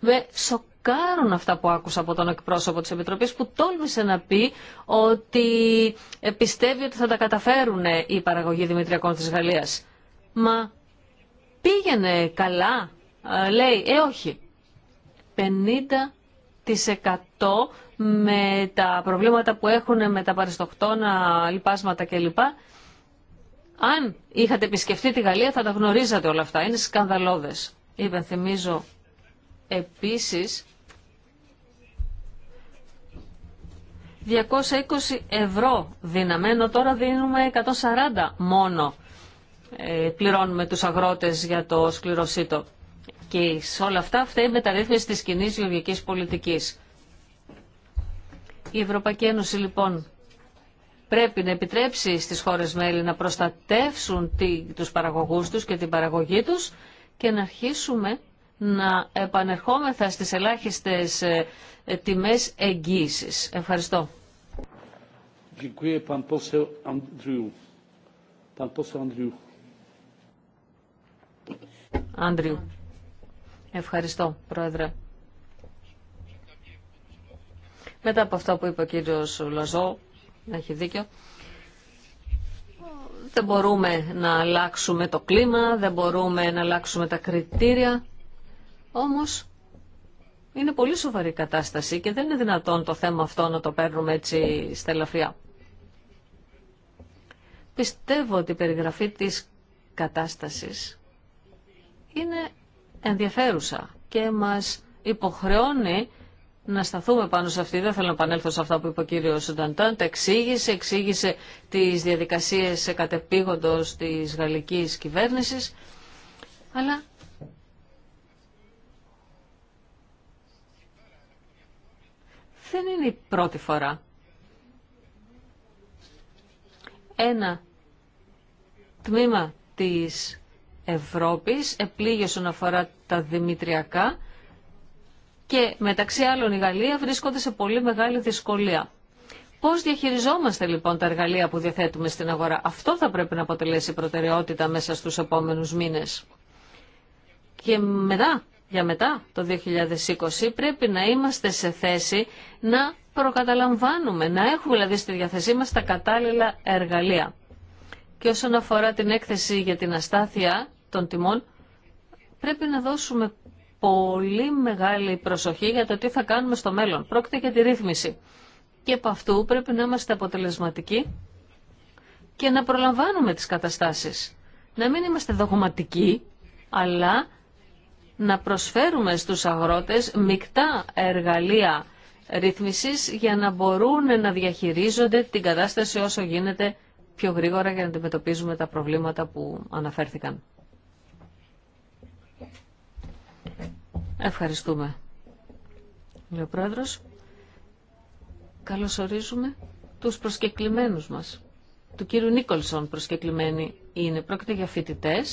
Με σοκάρουν αυτά που άκουσα από τον εκπρόσωπο της Επιτροπής που τόλμησε να πει ότι ε, πιστεύει ότι θα τα καταφέρουν οι παραγωγοί Δημητριακών της Γαλλίας. Μα πήγαινε καλά, ε, λέει, ε όχι. 50% με τα προβλήματα που έχουν με τα παριστοκτόνα, λοιπάσματα κλπ. Αν είχατε επισκεφτεί τη Γαλλία θα τα γνωρίζατε όλα αυτά. Είναι σκανδαλώδες. θυμίζω επίσης 220 ευρώ δύναμε, ενώ τώρα δίνουμε 140 μόνο ε, πληρώνουμε τους αγρότες για το σκληροσύτο. Και σε όλα αυτά φταίει η μεταρρύθμιση της κοινή λογικής πολιτικής. Η Ευρωπαϊκή Ένωση λοιπόν πρέπει να επιτρέψει στις χώρες μέλη να προστατεύσουν τους παραγωγούς τους και την παραγωγή τους και να αρχίσουμε να επανερχόμεθα στις ελάχιστες ε, ε, τιμές εγγύησης. Ευχαριστώ. Ευχαριστώ, Πρόεδρε. Μετά από αυτά που είπε ο κύριος Λαζό, να έχει δίκιο, δεν μπορούμε να αλλάξουμε το κλίμα, δεν μπορούμε να αλλάξουμε τα κριτήρια, όμως είναι πολύ σοβαρή κατάσταση και δεν είναι δυνατόν το θέμα αυτό να το παίρνουμε έτσι στελαφιά. Πιστεύω ότι η περιγραφή της κατάστασης είναι ενδιαφέρουσα και μας υποχρεώνει να σταθούμε πάνω σε αυτή. Δεν θέλω να επανέλθω σε αυτά που είπε ο κύριο Νταντάν. Τα εξήγησε, εξήγησε τι διαδικασίε κατεπήγοντο τη γαλλική κυβέρνηση. Αλλά δεν είναι η πρώτη φορά. Ένα τμήμα της Ευρώπης επλήγει όσον αφορά τα δημητριακά και μεταξύ άλλων η Γαλλία βρίσκονται σε πολύ μεγάλη δυσκολία. Πώς διαχειριζόμαστε λοιπόν τα εργαλεία που διαθέτουμε στην αγορά. Αυτό θα πρέπει να αποτελέσει προτεραιότητα μέσα στους επόμενους μήνες. Και μετά, για μετά το 2020 πρέπει να είμαστε σε θέση να προκαταλαμβάνουμε, να έχουμε δηλαδή στη διαθεσή μας τα κατάλληλα εργαλεία. Και όσον αφορά την έκθεση για την αστάθεια των τιμών, πρέπει να δώσουμε πολύ μεγάλη προσοχή για το τι θα κάνουμε στο μέλλον. Πρόκειται για τη ρύθμιση. Και από αυτού πρέπει να είμαστε αποτελεσματικοί και να προλαμβάνουμε τις καταστάσεις. Να μην είμαστε δογματικοί, αλλά να προσφέρουμε στους αγρότες μεικτά εργαλεία ρύθμισης για να μπορούν να διαχειρίζονται την κατάσταση όσο γίνεται πιο γρήγορα για να αντιμετωπίζουμε τα προβλήματα που αναφέρθηκαν. Ευχαριστούμε. Λέει ο Πρόεδρος. Καλωσορίζουμε τους προσκεκλημένους μας. Του κύριου Νίκολσον προσκεκλημένοι είναι. Πρόκειται για φοιτητέ.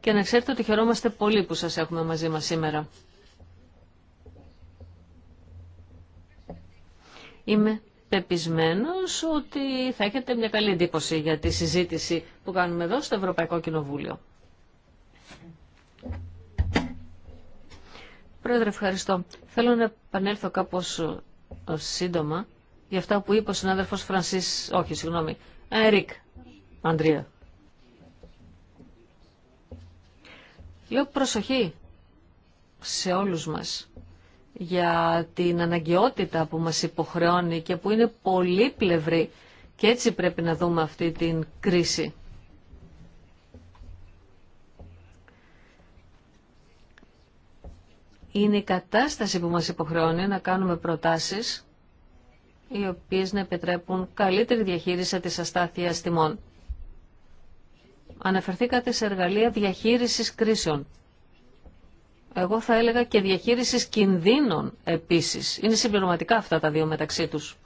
Και να ξέρετε ότι χαιρόμαστε πολύ που σας έχουμε μαζί μας σήμερα. Είμαι πεπισμένος ότι θα έχετε μια καλή εντύπωση για τη συζήτηση που κάνουμε εδώ στο Ευρωπαϊκό Κοινοβούλιο. Πρόεδρε, ευχαριστώ. Θέλω να επανέλθω κάπως ε, σύντομα για αυτά που είπε ο συνάδελφο Φρανσίς, όχι, συγγνώμη, Ερικ Αντρία. Λέω προσοχή σε όλους μας για την αναγκαιότητα που μας υποχρεώνει και που είναι πολύπλευρη και έτσι πρέπει να δούμε αυτή την κρίση. είναι η κατάσταση που μας υποχρεώνει να κάνουμε προτάσεις οι οποίες να επιτρέπουν καλύτερη διαχείριση της αστάθειας τιμών. Αναφερθήκατε σε εργαλεία διαχείρισης κρίσεων. Εγώ θα έλεγα και διαχείρισης κινδύνων επίσης. Είναι συμπληρωματικά αυτά τα δύο μεταξύ τους.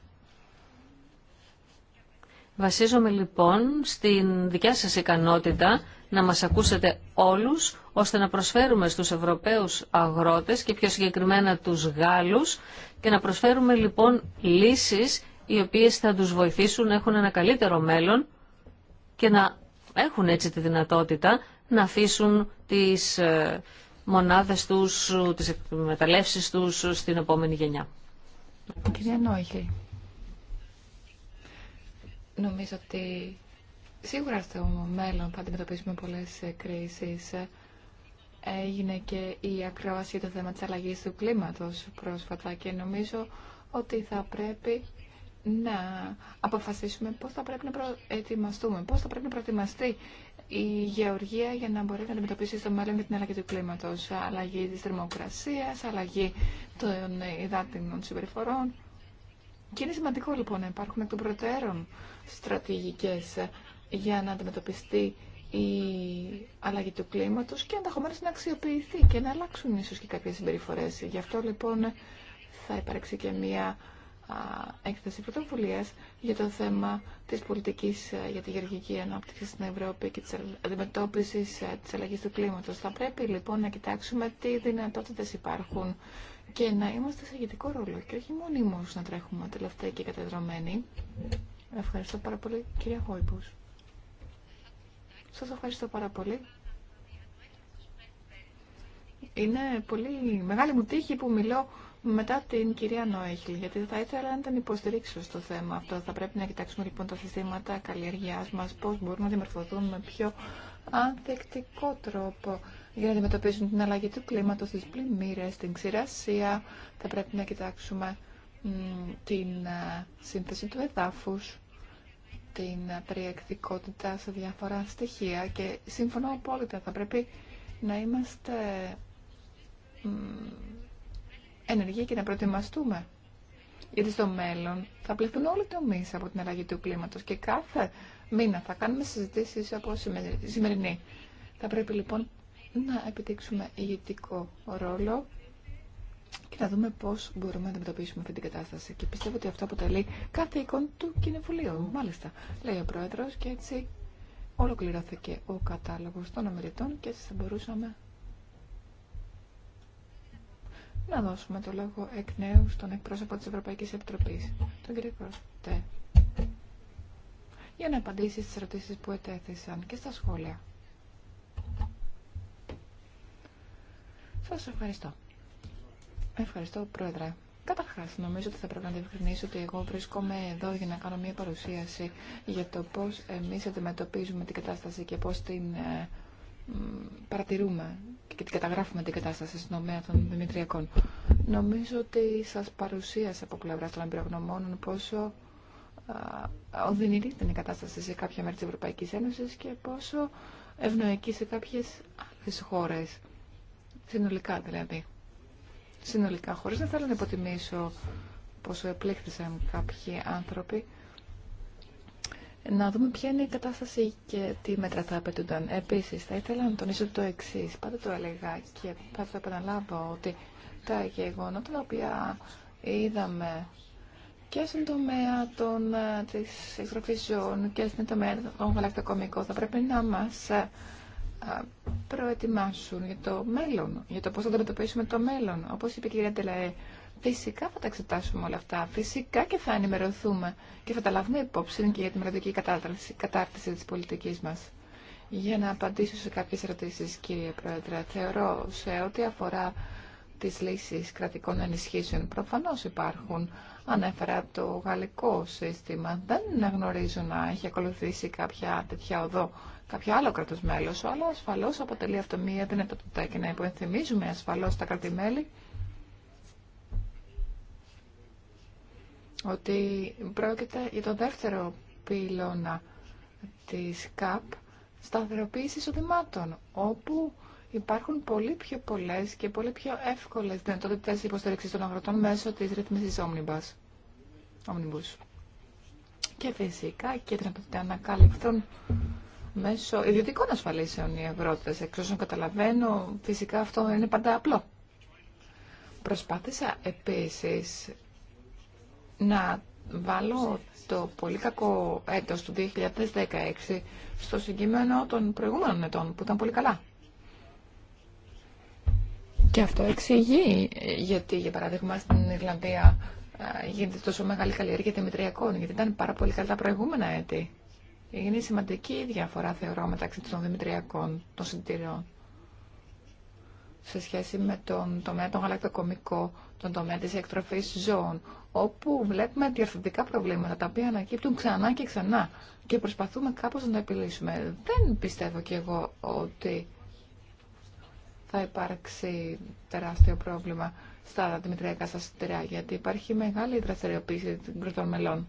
Βασίζομαι λοιπόν στην δικιά σας ικανότητα να μας ακούσετε όλους ώστε να προσφέρουμε στους Ευρωπαίους αγρότες και πιο συγκεκριμένα τους Γάλλους και να προσφέρουμε λοιπόν λύσεις οι οποίες θα τους βοηθήσουν να έχουν ένα καλύτερο μέλλον και να έχουν έτσι τη δυνατότητα να αφήσουν τις ε, μονάδες τους, τις εκμεταλλεύσεις τους στην επόμενη γενιά. Κυρία Νόχη, νομίζω ότι σίγουρα στο μέλλον θα αντιμετωπίσουμε πολλές κρίσεις έγινε και η ακρόαση για το θέμα της αλλαγής του κλίματος πρόσφατα και νομίζω ότι θα πρέπει να αποφασίσουμε πώς θα πρέπει να προετοιμαστούμε, πώς θα πρέπει να προετοιμαστεί η γεωργία για να μπορεί να αντιμετωπίσει στο μέλλον με την αλλαγή του κλίματος, αλλαγή της θερμοκρασίας, αλλαγή των υδάτινων συμπεριφορών. Και είναι σημαντικό λοιπόν να υπάρχουν εκ των προτέρων στρατηγικές για να αντιμετωπιστεί η αλλαγή του κλίματος και ενδεχομένω να αξιοποιηθεί και να αλλάξουν ίσως και κάποιες συμπεριφορές. Γι' αυτό λοιπόν θα υπάρξει και μία έκθεση πρωτοβουλία για το θέμα της πολιτικής ε, για τη γεωργική ανάπτυξη στην Ευρώπη και τη αντιμετώπιση ε, τη αλλαγή του κλίματος. Θα πρέπει λοιπόν να κοιτάξουμε τι δυνατότητες υπάρχουν και να είμαστε σε ηγετικό ρόλο και όχι μόνοι να τρέχουμε τελευταία και κατεδρομένοι. Ευχαριστώ πάρα πολύ, κυρία Χόιμπους. Σα ευχαριστώ πάρα πολύ. Είναι πολύ μεγάλη μου τύχη που μιλώ μετά την κυρία Νόεχλ, γιατί θα ήθελα να την υποστηρίξω στο θέμα αυτό. Θα πρέπει να κοιτάξουμε λοιπόν τα συστήματα καλλιεργιά μας, πώς μπορούν να δημορφωθούν με πιο ανθεκτικό τρόπο για να αντιμετωπίσουν την αλλαγή του κλίματος, τι πλημμύρε, την ξηρασία. Θα πρέπει να κοιτάξουμε την ε, σύνθεση του εδάφου την περιεκτικότητα σε διάφορα στοιχεία και συμφωνώ απόλυτα, θα πρέπει να είμαστε ενεργοί και να προετοιμαστούμε. Γιατί στο μέλλον θα πληθούν όλοι οι τομεί από την αλλαγή του κλίματο και κάθε μήνα θα κάνουμε συζητήσει όπω η σημερινή. Θα πρέπει λοιπόν να επιτύξουμε ηγετικό ρόλο και να δούμε πώς μπορούμε να αντιμετωπίσουμε αυτή την κατάσταση. Και πιστεύω ότι αυτό αποτελεί κάθε εικόνα του Κοινοβουλίου, μάλιστα, λέει ο Πρόεδρος και έτσι ολοκληρώθηκε ο κατάλογο των ομιλητών και έτσι θα μπορούσαμε να δώσουμε το λόγο εκ νέου στον εκπρόσωπο τη Ευρωπαϊκής Επιτροπή, τον κύριο Κροστέ, για να απαντήσει στις ερωτήσεις που ετέθησαν και στα σχόλια. Σας ευχαριστώ. Ευχαριστώ, Πρόεδρε. Καταρχά, νομίζω ότι θα πρέπει να διευκρινίσω ότι εγώ βρίσκομαι εδώ για να κάνω μια παρουσίαση για το πώ εμεί αντιμετωπίζουμε την κατάσταση και πώ την ε, παρατηρούμε και την καταγράφουμε την κατάσταση στην ομέα των Δημητριακών. Νομίζω ότι σα παρουσίασα από πλευρά των εμπειρογνωμών πόσο οδυνηρή ήταν η κατάσταση σε κάποια μέρη τη Ευρωπαϊκή Ένωση και πόσο ευνοϊκή σε κάποιε άλλε χώρε. συνολικά δηλαδή συνολικά, χωρίς να θέλω να υποτιμήσω πόσο επλήκτησαν κάποιοι άνθρωποι, να δούμε ποια είναι η κατάσταση και τι μέτρα θα απαιτούνταν. Επίσης, θα ήθελα να τονίσω το εξή. Πάντα το έλεγα και θα το επαναλάβω ότι τα γεγονότα τα οποία είδαμε και στον τομέα των, ε, της εκτροφής και στον τομέα των γαλακτοκομικών θα πρέπει να μας ε, προετοιμάσουν για το μέλλον, για το πώς θα αντιμετωπίσουμε το μέλλον. Όπως είπε η κυρία Τελαέ, φυσικά θα τα εξετάσουμε όλα αυτά, φυσικά και θα ενημερωθούμε και θα τα λάβουμε υπόψη και για τη μελλοντική κατάρτιση, κατάρτιση της πολιτικής μας. Για να απαντήσω σε κάποιες ερωτήσεις, κύριε Πρόεδρε, θεωρώ σε ό,τι αφορά τις λύσεις κρατικών ενισχύσεων, προφανώς υπάρχουν ανέφερα το γαλλικό σύστημα. Δεν γνωρίζω να έχει ακολουθήσει κάποια τέτοια οδό κάποιο άλλο κράτο μέλο, αλλά ασφαλώ αποτελεί αυτό μία δυνατότητα και να υποενθυμίζουμε ασφαλώ τα κράτη-μέλη ότι πρόκειται για το δεύτερο πυλώνα της ΚΑΠ σταθεροποίηση εισοδημάτων, όπου υπάρχουν πολύ πιο πολλές και πολύ πιο εύκολες δυνατότητες υποστήριξης των αγροτών μέσω της ρυθμίσης Omnibus. Και φυσικά και την απαιτητά μέσω ιδιωτικών ασφαλίσεων οι αγρότες. Εξ όσων καταλαβαίνω, φυσικά αυτό είναι πάντα απλό. Προσπάθησα επίσης να βάλω το πολύ κακό έτος του 2016 στο συγκείμενο των προηγούμενων ετών που ήταν πολύ καλά. Και αυτό εξηγεί γιατί, για παράδειγμα, στην Ιρλανδία γίνεται τόσο μεγάλη καλλιέργεια δημητριακών, γιατί ήταν πάρα πολύ καλά τα προηγούμενα έτη. Είναι σημαντική η διαφορά, θεωρώ, μεταξύ των δημητριακών των συντηρών σε σχέση με τον τομέα των γαλακτοκομικών, τον τομέα της εκτροφής ζώων, όπου βλέπουμε διαρθρωτικά προβλήματα, τα οποία ανακύπτουν ξανά και ξανά και προσπαθούμε κάπως να τα επιλύσουμε. Δεν πιστεύω κι εγώ ότι θα υπάρξει τεράστιο πρόβλημα στα δημητριακά σας σιτηρά, γιατί υπάρχει μεγάλη δραστηριοποίηση των μελών.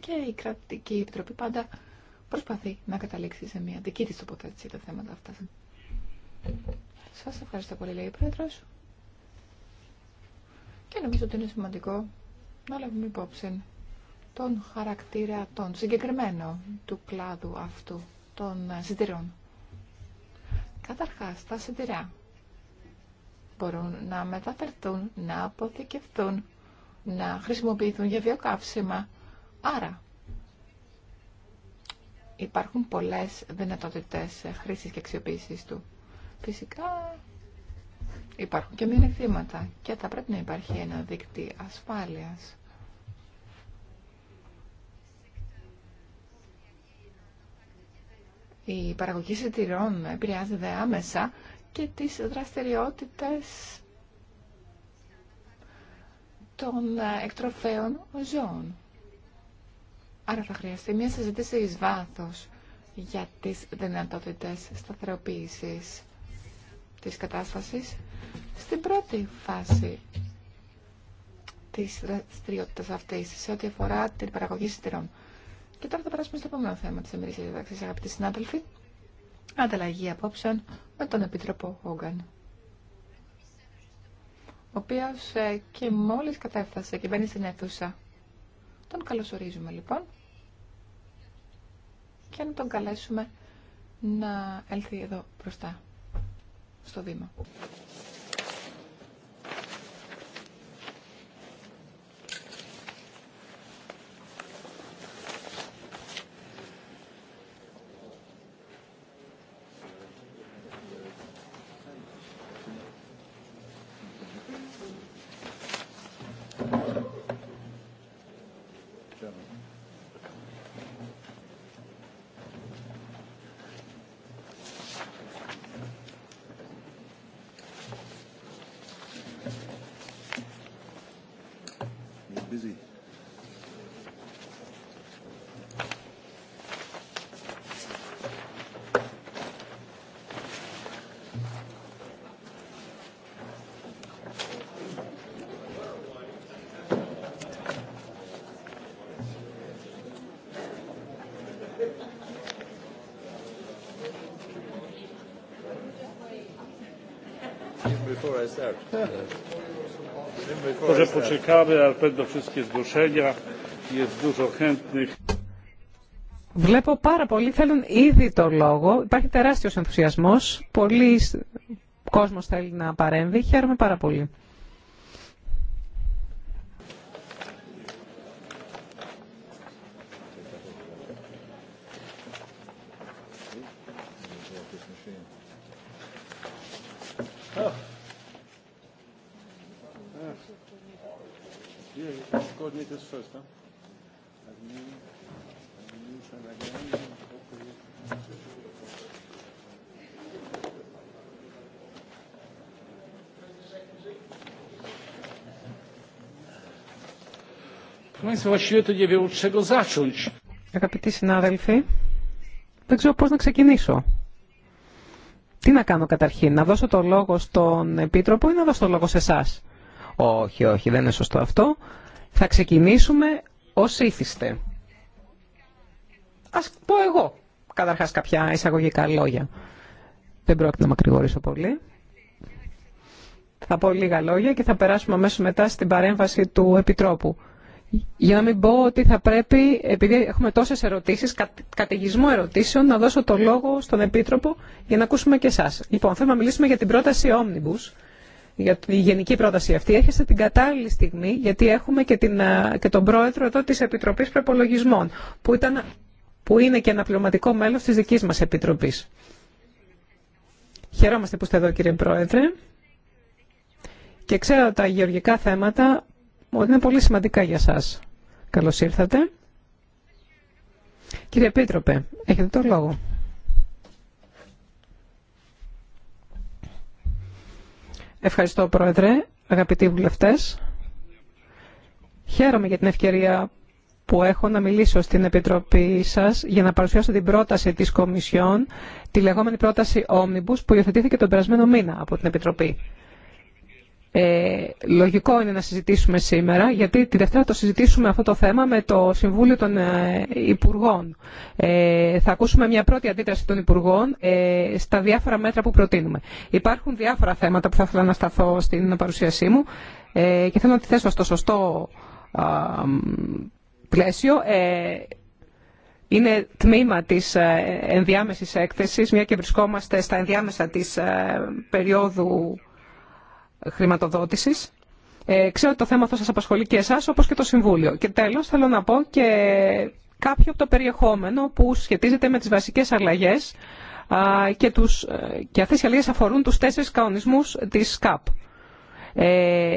Και η κρατική επιτροπή πάντα προσπαθεί να καταλήξει σε μια δική της τοποθέτηση τα θέματα αυτά. Σας ευχαριστώ πολύ, λέει ο Πρόεδρος. Και νομίζω ότι είναι σημαντικό να λάβουμε υπόψη τον χαρακτήρα των συγκεκριμένο του κλάδου αυτού των ε, σιτηρών. Καταρχάς, τα σιτηρά μπορούν να μεταφερθούν, να αποθηκευτούν, να χρησιμοποιηθούν για βιοκαύσιμα. Άρα, υπάρχουν πολλές δυνατότητες χρήσης και αξιοποίησης του. Φυσικά, υπάρχουν και μειονεκτήματα και θα πρέπει να υπάρχει ένα δίκτυο ασφάλειας. Η παραγωγή σιτηρών επηρεάζεται άμεσα και τις δραστηριότητες των ε, εκτροφέων ζώων. Άρα θα χρειαστεί μια συζήτηση εις βάθος για τις δυνατότητες σταθεροποίησης της κατάστασης στην πρώτη φάση της δραστηριότητας αυτής σε ό,τι αφορά την παραγωγή σιτηρών. Και τώρα θα περάσουμε στο επόμενο θέμα της εμπειρίας διαταξής, αγαπητοί συνάδελφοι ανταλλαγή απόψεων με τον Επίτροπο Όγκαν ο οποίος ε, και μόλις κατέφτασε και μπαίνει στην αίθουσα. Τον καλωσορίζουμε λοιπόν και να τον καλέσουμε να έλθει εδώ μπροστά στο βήμα. Βλέπω πάρα πολύ θέλουν ήδη το λόγο. Υπάρχει τεράστιος ενθουσιασμός. Πολλοί κόσμος θέλει να παρέμβει. Χαίρομαι πάρα πολύ. Αγαπητοί συνάδελφοι, δεν ξέρω πώς να ξεκινήσω. Τι να κάνω καταρχήν, να δώσω το λόγο στον Επίτροπο ή να δώσω το λόγο σε εσά. Όχι, όχι, δεν είναι σωστό αυτό. Θα ξεκινήσουμε ως ήθιστε. Ας πω εγώ, καταρχάς, κάποια εισαγωγικά λόγια. Δεν πρόκειται να μακρηγορήσω πολύ. Θα πω λίγα λόγια και θα περάσουμε αμέσως μετά στην παρέμβαση του Επιτρόπου. Για να μην πω ότι θα πρέπει, επειδή έχουμε τόσες ερωτήσεις, κατηγισμό ερωτήσεων, να δώσω το λόγο στον Επίτροπο για να ακούσουμε και εσάς. Λοιπόν, θέλουμε να μιλήσουμε για την πρόταση Omnibus για τη γενική πρόταση αυτή έρχεστε την κατάλληλη στιγμή γιατί έχουμε και, την, και τον πρόεδρο εδώ της Επιτροπής Προπολογισμών που, ήταν, που είναι και ένα πληρωματικό μέλος της δικής μας Επιτροπής. Χαιρόμαστε που είστε εδώ κύριε Πρόεδρε και ξέρω τα γεωργικά θέματα ότι είναι πολύ σημαντικά για σας. Καλώς ήρθατε. Κύριε Επίτροπε, έχετε το λόγο. Ευχαριστώ, Πρόεδρε, αγαπητοί βουλευτές. Χαίρομαι για την ευκαιρία που έχω να μιλήσω στην Επιτροπή σας για να παρουσιάσω την πρόταση της Κομισιόν, τη λεγόμενη πρόταση Omnibus που υιοθετήθηκε τον περασμένο μήνα από την Επιτροπή. Ε, λογικό είναι να συζητήσουμε σήμερα, γιατί τη Δευτέρα το συζητήσουμε αυτό το θέμα με το Συμβούλιο των ε, Υπουργών. Ε, θα ακούσουμε μια πρώτη αντίδραση των Υπουργών ε, στα διάφορα μέτρα που προτείνουμε. Υπάρχουν διάφορα θέματα που θα ήθελα να σταθώ στην παρουσίασή μου ε, και θέλω να τη θέσω στο σωστό πλαίσιο. Ε, είναι τμήμα της ενδιάμεσης έκθεσης, μια και βρισκόμαστε στα ενδιάμεσα της περίοδου χρηματοδότησης. Ε, ξέρω ότι το θέμα αυτό σα απασχολεί και εσά όπω και το Συμβούλιο. Και τέλο θέλω να πω και κάποιο από το περιεχόμενο που σχετίζεται με τι βασικέ αλλαγέ και, τους, ε, και αυτές οι αλλαγές αφορούν τους τέσσερις κανονισμούς της ΚΑΠ. Ε,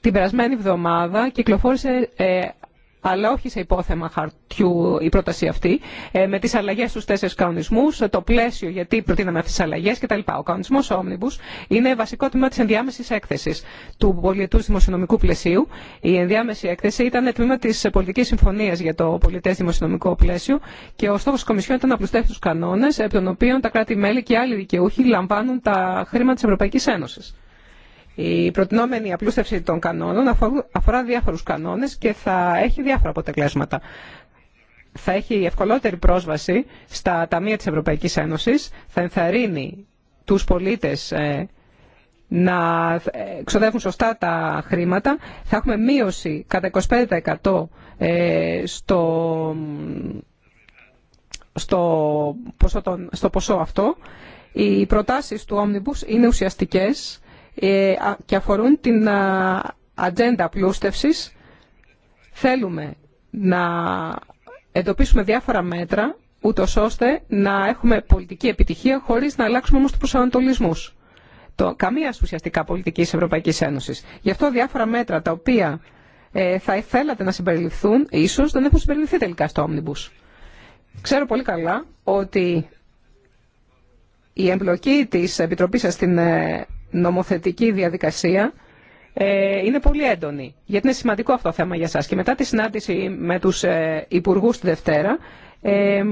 την περασμένη εβδομάδα κυκλοφόρησε ε, αλλά όχι σε υπόθεμα χαρτιού η πρόταση αυτή, ε, με τι αλλαγέ στους τέσσερι κανονισμού, το πλαίσιο γιατί προτείναμε αυτές τις αλλαγές κτλ. Ο κανονισμό Omnibus είναι βασικό τμήμα τη ενδιάμεση έκθεση του πολιτού δημοσιονομικού πλαισίου. Η ενδιάμεση έκθεση ήταν τμήμα τη Πολιτική Συμφωνία για το πολιτέ δημοσιονομικό πλαίσιο και ο στόχος της Κομισιόν ήταν να πλουστεύσει του κανόνες, επί των οποίων τα κράτη-μέλη και άλλοι δικαιούχοι λαμβάνουν τα χρήματα τη Ευρωπαϊκή Ένωση. Η προτινόμενη απλούστευση των κανόνων αφορά διάφορους κανόνες και θα έχει διάφορα αποτελέσματα. Θα έχει ευκολότερη πρόσβαση στα ταμεία της Ευρωπαϊκής Ένωσης, θα ενθαρρύνει τους πολίτες ε, να ε, ξοδεύουν σωστά τα χρήματα, θα έχουμε μείωση κατά 25% ε, στο, στο, ποσό, στο ποσό αυτό. Οι προτάσεις του Omnibus είναι ουσιαστικές ε, και αφορούν την ατζέντα πλούστευσης. Θέλουμε να εντοπίσουμε διάφορα μέτρα, ούτω ώστε να έχουμε πολιτική επιτυχία χωρίς να αλλάξουμε όμως τους προσανατολισμούς. Το, καμία ουσιαστικά πολιτική της Ευρωπαϊκής Ένωσης. Γι' αυτό διάφορα μέτρα τα οποία ε, θα θέλατε να συμπεριληφθούν, ίσως δεν έχουν συμπεριληφθεί τελικά στο Omnibus. Ξέρω πολύ καλά ότι η εμπλοκή της Επιτροπής σας στην ε, νομοθετική διαδικασία ε, είναι πολύ έντονη. Γιατί είναι σημαντικό αυτό το θέμα για σας. Και μετά τη συνάντηση με τους ε, υπουργούς τη Δευτέρα, ε,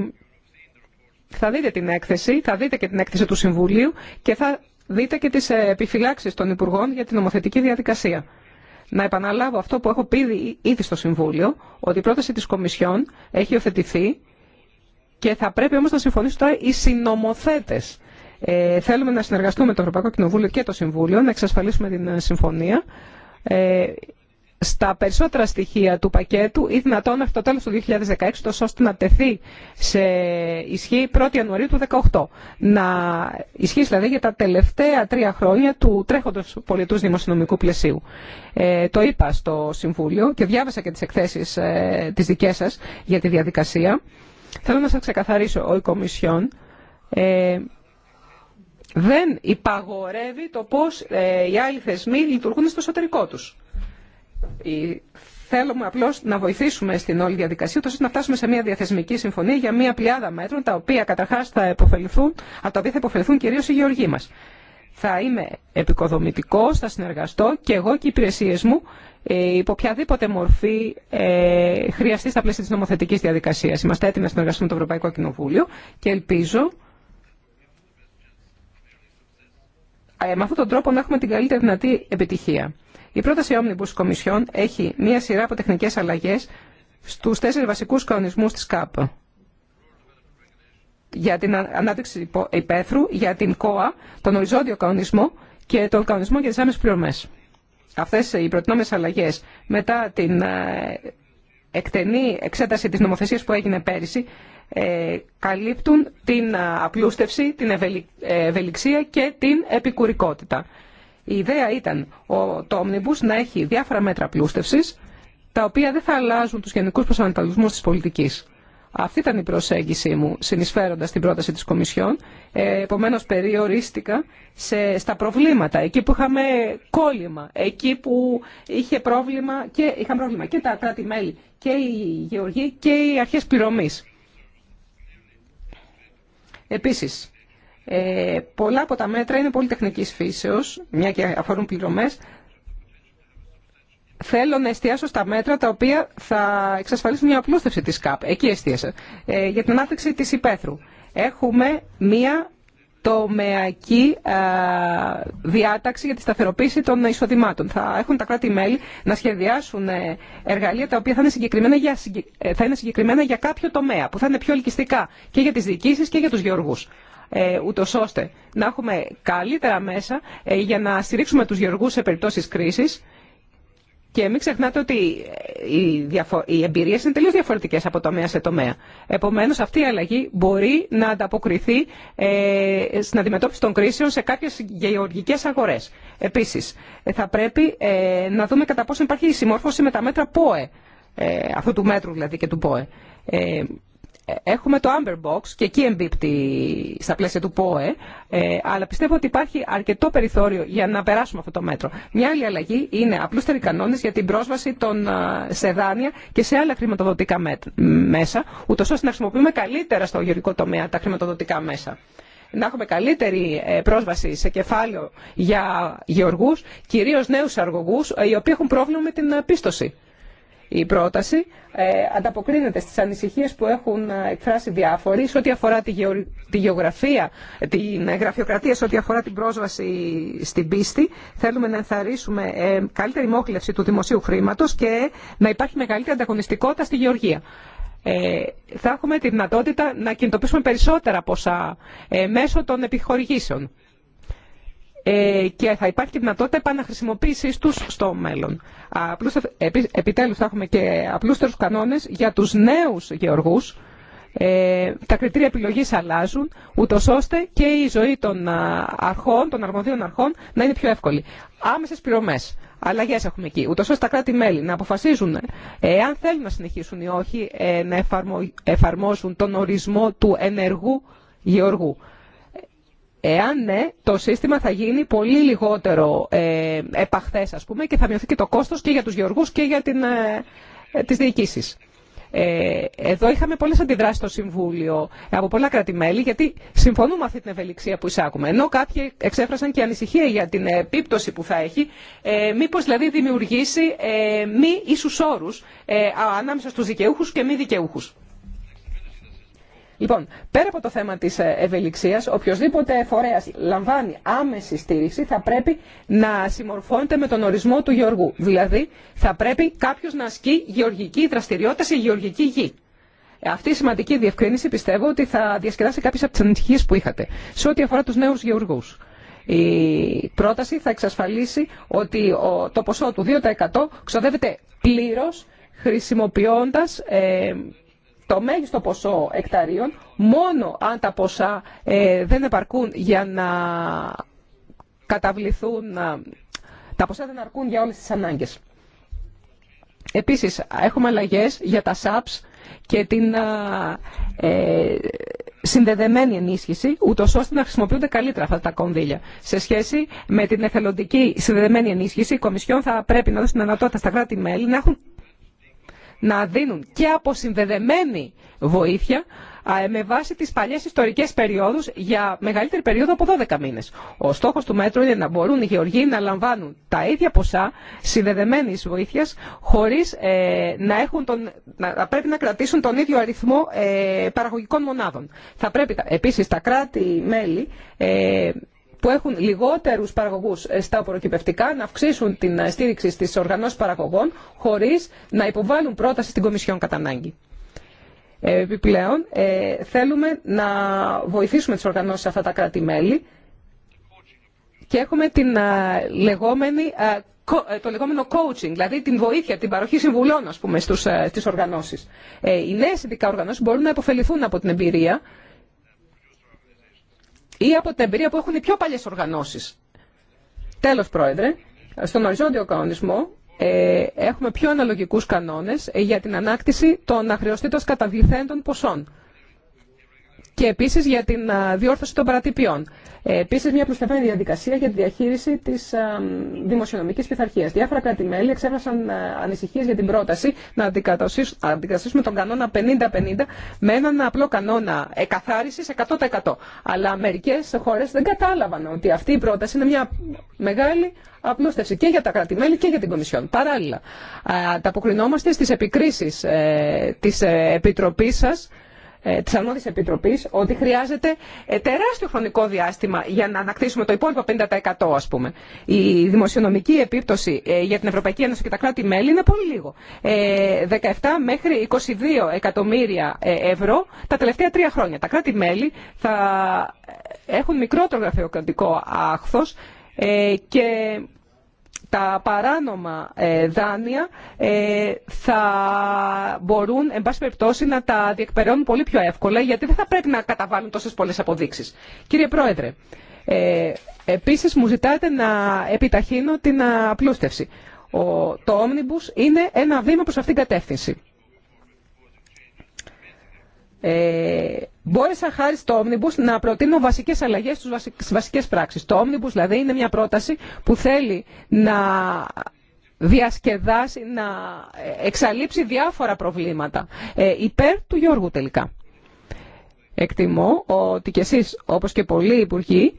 θα δείτε την έκθεση, θα δείτε και την έκθεση του Συμβουλίου και θα δείτε και τις επιφυλάξεις των Υπουργών για την νομοθετική διαδικασία. Να επαναλάβω αυτό που έχω πει ήδη στο Συμβούλιο, ότι η πρόταση της Κομισιόν έχει οθετηθεί και θα πρέπει όμως να συμφωνήσουν τώρα οι συνομοθέτες ε, θέλουμε να συνεργαστούμε με το Ευρωπαϊκό Κοινοβούλιο και το Συμβούλιο, να εξασφαλίσουμε την ε, συμφωνία. Ε, στα περισσότερα στοιχεία του πακέτου ή δυνατόν αυτό το τέλος του 2016, τόσο ώστε να τεθεί σε ισχύ 1η Ιανουαρίου του 2018. Να ισχύσει δηλαδή για τα τελευταία τρία χρόνια του τρέχοντος πολιτούς δημοσιονομικού πλαισίου. Ε, το είπα στο Συμβούλιο και διάβασα και τις εκθέσεις ε, τις δικές σας για τη διαδικασία. Θέλω να σα ξεκαθαρίσω, ο Κομισιόν ε, δεν υπαγορεύει το πώς ε, οι άλλοι θεσμοί λειτουργούν στο εσωτερικό τους. Η... Θέλουμε απλώ να βοηθήσουμε στην όλη διαδικασία, ώστε να φτάσουμε σε μια διαθεσμική συμφωνία για μια πλειάδα μέτρων, τα οποία καταρχά θα υποφεληθούν, από τα οποία θα υποφεληθούν κυρίω οι γεωργοί μα. Θα είμαι επικοδομητικό, θα συνεργαστώ και εγώ και οι υπηρεσίε μου ε, υπό οποιαδήποτε μορφή ε, χρειαστεί στα πλαίσια τη νομοθετική διαδικασία. Είμαστε έτοιμοι να συνεργαστούμε με το Ευρωπαϊκό Κοινοβούλιο και ελπίζω Ε, με αυτόν τον τρόπο να έχουμε την καλύτερη δυνατή επιτυχία. Η πρόταση Omnibus Κομισιόν έχει μία σειρά από τεχνικέ αλλαγέ στου τέσσερι βασικού κανονισμούς τη ΚΑΠ. Για την ανάπτυξη υπαίθρου, για την ΚΟΑ, τον οριζόντιο κανονισμό και τον κανονισμό για τι άμεσες πληρωμές. Αυτές οι προτινόμενε αλλαγέ μετά την ε, εκτενή εξέταση της νομοθεσίας που έγινε πέρυσι ε, καλύπτουν την απλούστευση, την ευελιξία και την επικουρικότητα. Η ιδέα ήταν το Omnibus να έχει διάφορα μέτρα απλούστευσης, τα οποία δεν θα αλλάζουν τους γενικούς προσανατολισμούς της πολιτικής. Αυτή ήταν η προσέγγιση μου, συνεισφέροντας την πρόταση της Κομισιόν. Ε, επομένως, περιορίστηκα σε, στα προβλήματα, εκεί που είχαμε κόλλημα, εκεί που είχε πρόβλημα και, είχαν πρόβλημα και τα κράτη-μέλη και η Γεωργία και οι αρχές πληρωμής. Επίσης, ε, πολλά από τα μέτρα είναι πολύ φύσεω, φύσεως, μια και αφορούν πληρωμέ. Θέλω να εστιάσω στα μέτρα τα οποία θα εξασφαλίσουν μια απλούστευση της ΚΑΠ. Εκεί εστίασα. Ε, για την ανάπτυξη της υπαίθρου. Έχουμε μια τομεακή διάταξη για τη σταθεροποίηση των εισοδημάτων. Θα έχουν τα κράτη-μέλη να σχεδιάσουν ε, εργαλεία τα οποία θα είναι, συγκεκριμένα για, ε, θα είναι συγκεκριμένα για κάποιο τομέα, που θα είναι πιο ελκυστικά και για τις διοικήσεις και για τους γεωργούς. Ε, Ούτω ώστε να έχουμε καλύτερα μέσα ε, για να στηρίξουμε τους γεωργούς σε περιπτώσεις κρίσης, και μην ξεχνάτε ότι οι, διαφο οι εμπειρίες είναι τελείως διαφορετικές από τομέα σε τομέα. Επομένως, αυτή η αλλαγή μπορεί να ανταποκριθεί ε, στην αντιμετώπιση των κρίσεων σε κάποιες γεωργικές αγορές. Επίσης, θα πρέπει ε, να δούμε κατά πόσο υπάρχει η συμμόρφωση με τα μέτρα ΠΟΕ, ε, αυτού του μέτρου δηλαδή και του ΠΟΕ. Ε, Έχουμε το Amber Box και εκεί εμπίπτει στα πλαίσια του ΠΟΕ, ε, αλλά πιστεύω ότι υπάρχει αρκετό περιθώριο για να περάσουμε αυτό το μέτρο. Μια άλλη αλλαγή είναι απλούστεροι κανόνε για την πρόσβαση των, ε, σε δάνεια και σε άλλα χρηματοδοτικά μέσα, ούτω ώστε να χρησιμοποιούμε καλύτερα στο γεωργικό τομέα τα χρηματοδοτικά μέσα να έχουμε καλύτερη ε, πρόσβαση σε κεφάλαιο για γεωργούς, κυρίως νέους αργογούς, οι οποίοι έχουν πρόβλημα με την πίστοση η πρόταση ε, ανταποκρίνεται στις ανησυχίες που έχουν ε, εκφράσει διάφοροι σε ό,τι αφορά τη, τη γεωγραφία, ε, την γραφειοκρατία, σε ό,τι αφορά την πρόσβαση στην πίστη. Θέλουμε να ενθαρρύσουμε καλύτερη μόχλευση του δημοσίου χρήματος και να υπάρχει μεγαλύτερη ανταγωνιστικότητα στη γεωργία. Ε, θα έχουμε τη δυνατότητα να κινητοποιήσουμε περισσότερα ποσά μέσω των επιχορηγήσεων. Ε, και θα υπάρχει και δυνατότητα επαναχρησιμοποίηση τους στο μέλλον. Επιτέλους θα έχουμε και απλούστερους κανόνες για τους νέους γεωργούς. Ε, τα κριτήρια επιλογής αλλάζουν, ούτω ώστε και η ζωή των αρχών, των αρμοδίων αρχών να είναι πιο εύκολη. Άμεσες πληρωμές. Αλλαγέ έχουμε εκεί, ούτω ώστε τα κράτη-μέλη να αποφασίζουν εάν θέλουν να συνεχίσουν ή όχι ε, να εφαρμόσουν τον ορισμό του ενεργού γεωργού. Εάν ναι, το σύστημα θα γίνει πολύ λιγότερο ε, επαχθές, ας πούμε, και θα μειωθεί και το κόστος και για τους γεωργούς και για την, ε, ε τις διοικήσεις. Ε, εδώ είχαμε πολλές αντιδράσεις στο Συμβούλιο από κρατημέλη γιατί συμφωνούμε αυτή την ευελιξία που εισάκουμε. Ενώ κάποιοι εξέφρασαν και ανησυχία για την επίπτωση που θα έχει, ε, μήπως δηλαδή δημιουργήσει ε, μη ίσους όρους ε, ανάμεσα στους δικαιούχους και μη δικαιούχους. Λοιπόν, πέρα από το θέμα τη ε, ευελιξία, οποιοδήποτε φορέα λαμβάνει άμεση στήριξη θα πρέπει να συμμορφώνεται με τον ορισμό του γεωργού. Δηλαδή, θα πρέπει κάποιο να ασκεί γεωργική δραστηριότητα σε γεωργική γη. Ε, αυτή η σημαντική διευκρίνηση πιστεύω ότι θα διασκεδάσει κάποιε από τι ανησυχίε που είχατε σε ό,τι αφορά του νέου γεωργού. Η πρόταση θα εξασφαλίσει ότι το ποσό του 2% ξοδεύεται πλήρω χρησιμοποιώντα ε, το μέγιστο ποσό εκταρίων μόνο αν τα ποσά ε, δεν επαρκούν για να καταβληθούν, τα ποσά δεν αρκούν για όλες τις ανάγκες. Επίσης, έχουμε αλλαγές για τα SAPS και την ε, συνδεδεμένη ενίσχυση, ούτως ώστε να χρησιμοποιούνται καλύτερα αυτά τα κονδύλια. Σε σχέση με την εθελοντική συνδεδεμένη ενίσχυση, η Κομισιόν θα πρέπει να δώσει την δυνατότητα στα κράτη-μέλη να έχουν να δίνουν και αποσυνδεδεμένη βοήθεια με βάση τις παλιές ιστορικές περιόδους για μεγαλύτερη περίοδο από 12 μήνες. Ο στόχος του μέτρου είναι να μπορούν οι γεωργοί να λαμβάνουν τα ίδια ποσά συνδεδεμένης βοήθειας χωρίς ε, να, έχουν τον, να πρέπει να κρατήσουν τον ίδιο αριθμό ε, παραγωγικών μονάδων. Θα πρέπει επίσης τα κράτη-μέλη ε, που έχουν λιγότερους παραγωγούς ε, στα προκυπευτικά να αυξήσουν την ε, στήριξη στις οργανώσεις παραγωγών χωρίς να υποβάλουν πρόταση στην Κομισιόν κατά ανάγκη. Επιπλέον, ε, θέλουμε να βοηθήσουμε τις οργανώσεις αυτά τα κράτη-μέλη και έχουμε την, λεγόμενη, το λεγόμενο coaching, δηλαδή την βοήθεια, την παροχή συμβουλών ας πούμε, στους, στις οργανώσεις. οι νέες ειδικά οργανώσεις μπορούν να υποφεληθούν από την εμπειρία ή από την εμπειρία που έχουν οι πιο παλιές οργανώσεις. Τέλος, Πρόεδρε, στον οριζόντιο κανονισμό ε, έχουμε πιο αναλογικούς κανόνες για την ανάκτηση των αχρεωστήτως καταβληθέντων ποσών και επίση για την διόρθωση των παρατυπιών. Ε, επίση, μια προστατευμένη διαδικασία για τη διαχείριση τη δημοσιονομική πειθαρχια πειθαρχίας. Διάφορα κράτη-μέλη εξέφρασαν ανησυχίες για την πρόταση να αντικαταστήσουμε τον κανόνα 50-50 με έναν απλό κανόνα εκαθάριση 100%. Αλλά μερικέ χώρε δεν κατάλαβαν ότι αυτή η πρόταση είναι μια μεγάλη απλούστευση και για τα κράτη-μέλη και για την Κομισιόν. Παράλληλα, ανταποκρινόμαστε στις επικρίσεις ε, της ε, επιτροπή σα. Τη αρμόδια Επίτροπή, ότι χρειάζεται ε, τεράστιο χρονικό διάστημα για να ανακτήσουμε το υπόλοιπο 50% α πούμε. Η δημοσιονομική επίπτωση ε, για την Ευρωπαϊκή Ένωση και τα κράτη-μέλη είναι πολύ λίγο. 17 ε, μέχρι 22 εκατομμύρια ευρώ τα τελευταία τρία χρόνια. Τα κράτη-μέλη θα έχουν μικρότερο γραφειοκρατικό άχθο. και τα παράνομα ε, δάνεια ε, θα μπορούν, εν πάση περιπτώσει, να τα διεκπαιρεώνουν πολύ πιο εύκολα, γιατί δεν θα πρέπει να καταβάλουν τόσες πολλές αποδείξεις. Κύριε Πρόεδρε, ε, επίσης μου ζητάτε να επιταχύνω την απλούστευση. Ο, το Omnibus είναι ένα βήμα προς αυτήν την κατεύθυνση. Ε, μπόρεσα χάρη στο Omnibus να προτείνω βασικές αλλαγές στις βασικές πράξεις. Το Omnibus δηλαδή είναι μια πρόταση που θέλει να διασκεδάσει, να εξαλείψει διάφορα προβλήματα ε, υπέρ του Γιώργου τελικά. Εκτιμώ ότι κι εσείς όπως και πολλοί υπουργοί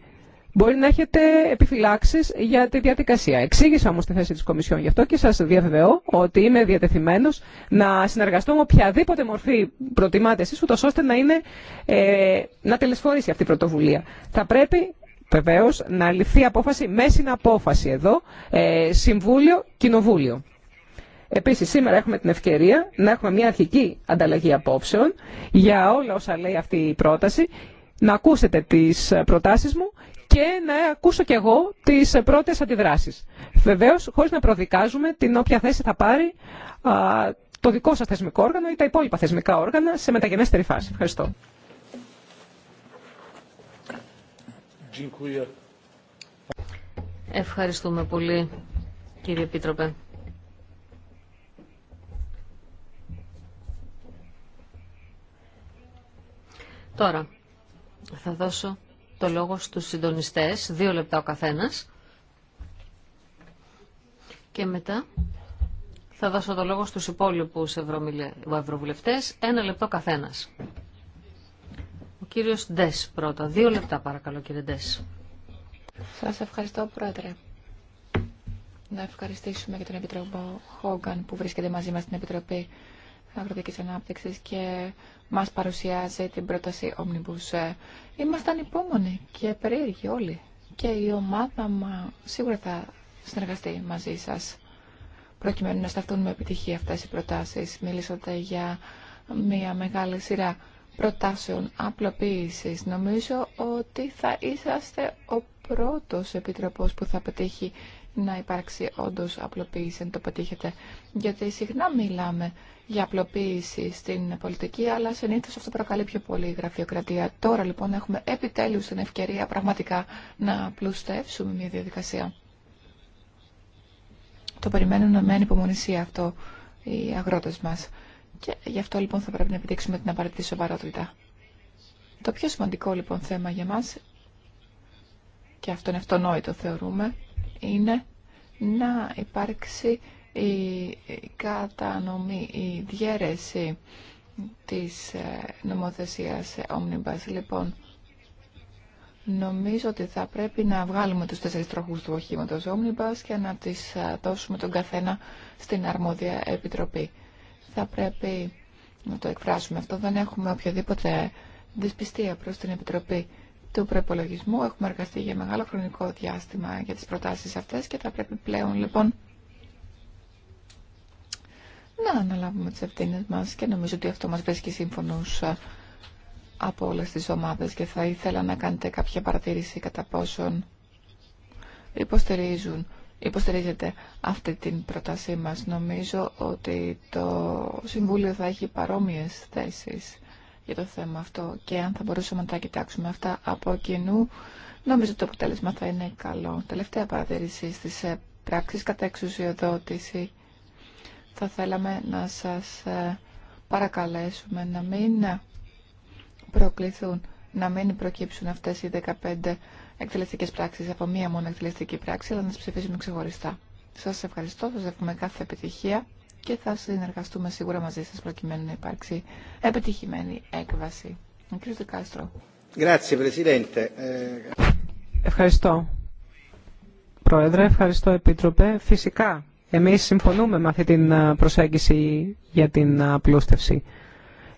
Μπορεί να έχετε επιφυλάξει για τη διαδικασία. Εξήγησα όμω τη θέση τη Κομισιόν γι' αυτό και σα διαβεβαιώ ότι είμαι διατεθειμένο να συνεργαστώ με οποιαδήποτε μορφή προτιμάτε εσεί, ούτω ώστε να, ε, να τελεσφορήσει αυτή η πρωτοβουλία. Θα πρέπει βεβαίω να ληφθεί απόφαση με συναπόφαση εδώ, ε, Συμβούλιο, Κοινοβούλιο. Επίση, σήμερα έχουμε την ευκαιρία να έχουμε μια αρχική ανταλλαγή απόψεων για όλα όσα λέει αυτή η πρόταση να ακούσετε τις προτάσεις μου και να ακούσω κι εγώ τις πρώτε αντιδράσεις. Βεβαίω, χωρίς να προδικάζουμε την όποια θέση θα πάρει το δικό σας θεσμικό όργανο ή τα υπόλοιπα θεσμικά όργανα σε μεταγενέστερη φάση. Ευχαριστώ. Ευχαριστούμε πολύ, κύριε πίτροπε. Τώρα, θα δώσω το λόγο στους συντονιστές, δύο λεπτά ο καθένας. Και μετά θα δώσω το λόγο στους υπόλοιπους ευρωβουλευτές, ένα λεπτό καθένας. Ο κύριος Ντες πρώτα. Δύο λεπτά παρακαλώ κύριε Ντες. Σας ευχαριστώ πρόεδρε. Να ευχαριστήσουμε και τον Επιτρόπο Χόγκαν που βρίσκεται μαζί μας στην Επιτροπή αγροτική ανάπτυξη και μας παρουσιάζει την πρόταση Omnibus. Ε, ήμασταν υπόμονοι και περίεργοι όλοι και η ομάδα μα σίγουρα θα συνεργαστεί μαζί σας προκειμένου να σταθούν με επιτυχία αυτέ οι προτάσει. Μίλησατε για μια μεγάλη σειρά προτάσεων απλοποίηση. Νομίζω ότι θα είσαστε ο πρώτος επιτροπός που θα πετύχει να υπάρξει όντω απλοποίηση, αν το πετύχετε. Γιατί συχνά μιλάμε για απλοποίηση στην πολιτική, αλλά συνήθω αυτό προκαλεί πιο πολύ η γραφειοκρατία. Τώρα λοιπόν έχουμε επιτέλου την ευκαιρία πραγματικά να πλουστεύσουμε μια διαδικασία. Το περιμένουν με ανυπομονησία αυτό οι αγρότε μα. Και γι' αυτό λοιπόν θα πρέπει να επιδείξουμε την απαραίτητη σοβαρότητα. Το πιο σημαντικό λοιπόν θέμα για μα, και αυτό είναι αυτονόητο θεωρούμε, είναι να υπάρξει η κατανομή, η διέρεση της ε, νομοθεσίας Omnibus. Λοιπόν, νομίζω ότι θα πρέπει να βγάλουμε τους τέσσερις τροχούς του οχήματος Omnibus και να τις ε, δώσουμε τον καθένα στην αρμόδια επιτροπή. Θα πρέπει να το εκφράσουμε αυτό. Δεν έχουμε οποιαδήποτε δυσπιστία προς την Επιτροπή του προπολογισμού. Έχουμε εργαστεί για μεγάλο χρονικό διάστημα για τις προτάσεις αυτές και θα πρέπει πλέον λοιπόν να αναλάβουμε τις ευθύνες μας και νομίζω ότι αυτό μας βρίσκει σύμφωνο ε, από όλες τις ομάδες και θα ήθελα να κάνετε κάποια παρατήρηση κατά πόσον υποστηρίζουν υποστηρίζετε αυτή την πρότασή μας. Νομίζω ότι το Συμβούλιο θα έχει παρόμοιες θέσεις για το θέμα αυτό και αν θα μπορούσαμε να τα κοιτάξουμε αυτά από κοινού, νομίζω το αποτέλεσμα θα είναι καλό. Τελευταία παρατηρήση στις ε, πράξεις κατά εξουσιοδότηση. Θα θέλαμε να σας ε, παρακαλέσουμε να μην προκληθούν, να μην προκύψουν αυτές οι 15 εκτελεστικές πράξεις από μία μόνο εκτελεστική πράξη, αλλά να τις ψηφίσουμε ξεχωριστά. Σας ευχαριστώ, σας εύχομαι κάθε επιτυχία και θα συνεργαστούμε σίγουρα μαζί σας προκειμένου να υπάρξει επιτυχημένη έκβαση. Ο κ. Ε, ευχαριστώ. Πρόεδρε, ευχαριστώ Επίτροπε. Φυσικά, εμείς συμφωνούμε με αυτή την ε, προσέγγιση για την ε, απλούστευση.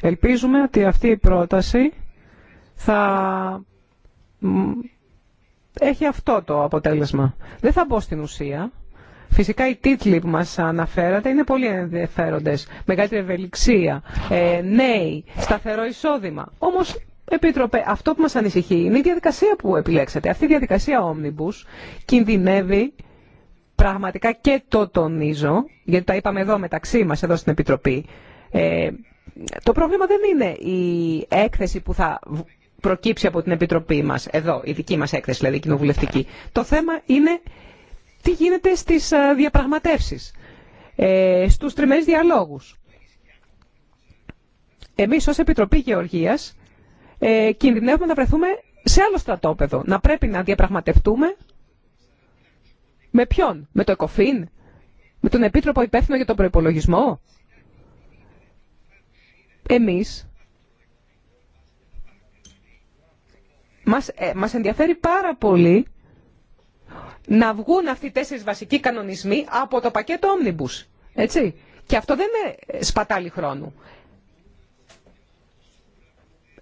Ελπίζουμε ότι αυτή η πρόταση θα έχει αυτό το αποτέλεσμα. Δεν θα μπω στην ουσία, Φυσικά οι τίτλοι που μας αναφέρατε είναι πολύ ενδιαφέροντες. Μεγάλη ευελιξία, ε, νέοι, σταθερό εισόδημα. Όμως, Επίτροπε, αυτό που μας ανησυχεί είναι η διαδικασία που επιλέξατε. Αυτή η διαδικασία Omnibus κινδυνεύει πραγματικά και το τονίζω, γιατί τα είπαμε εδώ μεταξύ μας, εδώ στην Επιτροπή. Ε, το πρόβλημα δεν είναι η έκθεση που θα προκύψει από την Επιτροπή μας, εδώ, η δική μας έκθεση, δηλαδή η κοινοβουλευτική. Το θέμα είναι τι γίνεται στις ε, διαπραγματεύσεις, ε, στους τριμμένους διαλόγους. Εμείς ως Επιτροπή Γεωργίας ε, κινδυνεύουμε να βρεθούμε σε άλλο στρατόπεδο, να πρέπει να διαπραγματευτούμε με ποιον, με το ΕΚΟΦΗΝ, με τον Επίτροπο Υπεύθυνο για τον Προϋπολογισμό. Εμείς μας, μας ενδιαφέρει πάρα πολύ να βγουν αυτοί οι τέσσερις βασικοί κανονισμοί από το πακέτο Omnibus. Έτσι. Και αυτό δεν είναι σπατάλη χρόνου.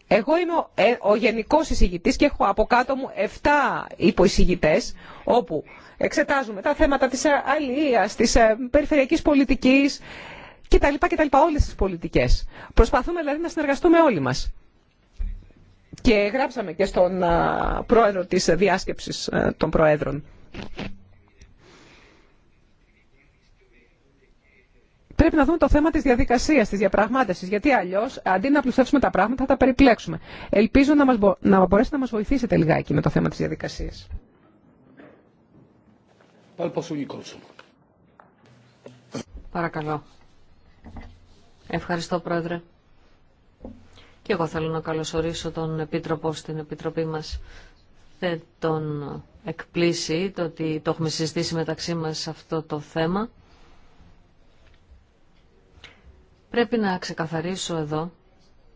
Εγώ είμαι ο, ε, ο γενικός εισηγητής και έχω από κάτω μου 7 υποεισηγητές όπου εξετάζουμε τα θέματα της αλληλείας, της ε, περιφερειακής πολιτικής κτλ. κτλ. Όλες τις πολιτικές. Προσπαθούμε δηλαδή να συνεργαστούμε όλοι μας. Και γράψαμε και στον πρόεδρο της διάσκεψης των προέδρων. Πρέπει να δούμε το θέμα της διαδικασίας, της διαπραγμάτευσης, γιατί αλλιώς αντί να πλουστεύσουμε τα πράγματα θα τα περιπλέξουμε. Ελπίζω να, μας, να μπορέσετε να μας βοηθήσετε λιγάκι με το θέμα της διαδικασίας. Παρακαλώ. Ευχαριστώ, Πρόεδρε. Και εγώ θέλω να καλωσορίσω τον Επίτροπο στην Επιτροπή μας. Δεν τον εκπλήσει το ότι το έχουμε συζητήσει μεταξύ μας αυτό το θέμα. Πρέπει να ξεκαθαρίσω εδώ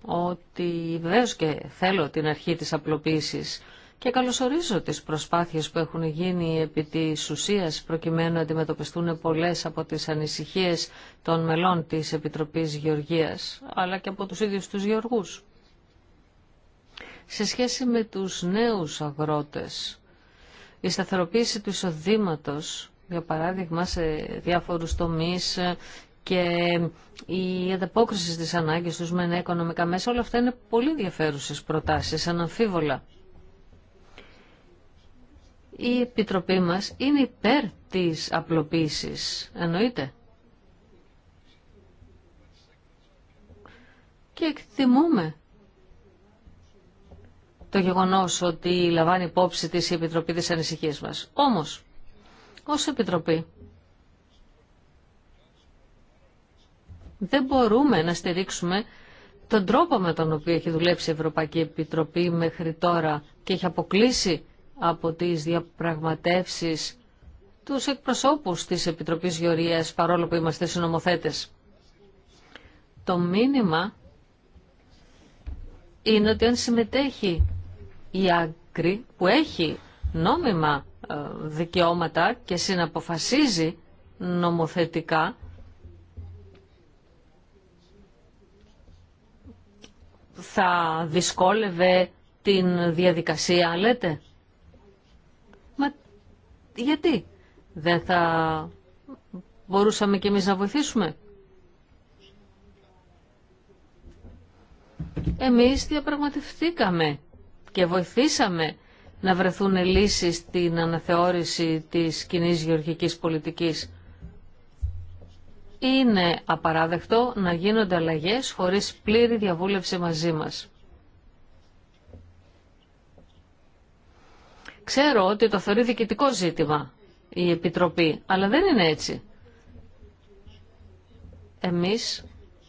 ότι βεβαίω και θέλω την αρχή της απλοποίησης και καλωσορίζω τις προσπάθειες που έχουν γίνει επί τη ουσίας προκειμένου να αντιμετωπιστούν πολλές από τις ανησυχίες των μελών της Επιτροπής Γεωργίας αλλά και από τους ίδιους τους γεωργούς. Σε σχέση με τους νέους αγρότες, η σταθεροποίηση του εισοδήματο, για παράδειγμα σε διάφορους τομείς και η ανταπόκριση στις ανάγκες τους με νέα οικονομικά μέσα, όλα αυτά είναι πολύ ενδιαφέρουσέ προτάσεις, αναμφίβολα η Επιτροπή μας είναι υπέρ της απλοποίησης, εννοείται. Και εκτιμούμε το γεγονός ότι λαμβάνει υπόψη της η Επιτροπή της Ανησυχίας μας. Όμως, ως Επιτροπή, δεν μπορούμε να στηρίξουμε τον τρόπο με τον οποίο έχει δουλέψει η Ευρωπαϊκή Επιτροπή μέχρι τώρα και έχει αποκλείσει από τις διαπραγματεύσεις τους εκπροσώπους της Επιτροπής Γεωρίας παρόλο που είμαστε συνομοθέτες. Το μήνυμα είναι ότι αν συμμετέχει η άκρη που έχει νόμιμα ε, δικαιώματα και συναποφασίζει νομοθετικά θα δυσκόλευε την διαδικασία, λέτε. Γιατί δεν θα μπορούσαμε και εμείς να βοηθήσουμε. Εμείς διαπραγματευθήκαμε και βοηθήσαμε να βρεθούν λύσεις στην αναθεώρηση της κοινή γεωργικής πολιτικής. Είναι απαράδεκτο να γίνονται αλλαγές χωρίς πλήρη διαβούλευση μαζί μας. Ξέρω ότι το θεωρεί διοικητικό ζήτημα η Επιτροπή, αλλά δεν είναι έτσι. Εμείς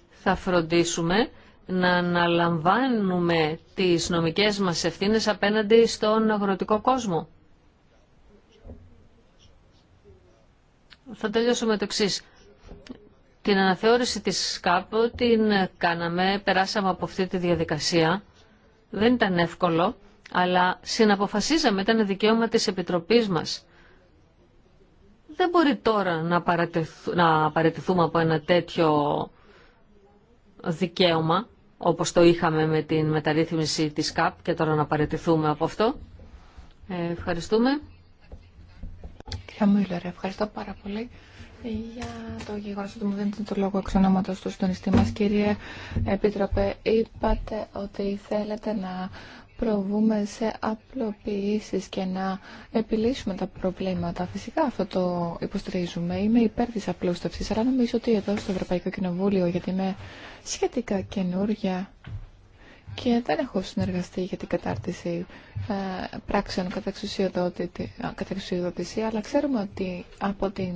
θα φροντίσουμε να αναλαμβάνουμε τις νομικές μας ευθύνες απέναντι στον αγροτικό κόσμο. Θα τελειώσω με το εξή. Την αναθεώρηση της ΣΚΑΠ την κάναμε, περάσαμε από αυτή τη διαδικασία. Δεν ήταν εύκολο αλλά συναποφασίζαμε, ήταν δικαίωμα της Επιτροπής μας. Δεν μπορεί τώρα να, να παρατηθούμε από ένα τέτοιο δικαίωμα, όπως το είχαμε με την μεταρρύθμιση της ΚΑΠ και τώρα να παρετηθούμε από αυτό. Ε, ευχαριστούμε. Κυρία Μούλερ, ευχαριστώ πάρα πολύ για το γεγονό ότι μου δίνετε το λόγο εξ ονόματο του συντονιστή μα. Κύριε Επίτροπε, είπατε ότι θέλετε να προβούμε σε απλοποιήσεις και να επιλύσουμε τα προβλήματα. Φυσικά αυτό το υποστηρίζουμε. Είμαι υπέρ της απλούστευσης, αλλά νομίζω ότι εδώ στο Ευρωπαϊκό Κοινοβούλιο, γιατί είμαι σχετικά καινούργια και δεν έχω συνεργαστεί για την κατάρτιση ε, πράξεων κατά εξουσιοδότηση, αλλά ξέρουμε ότι από την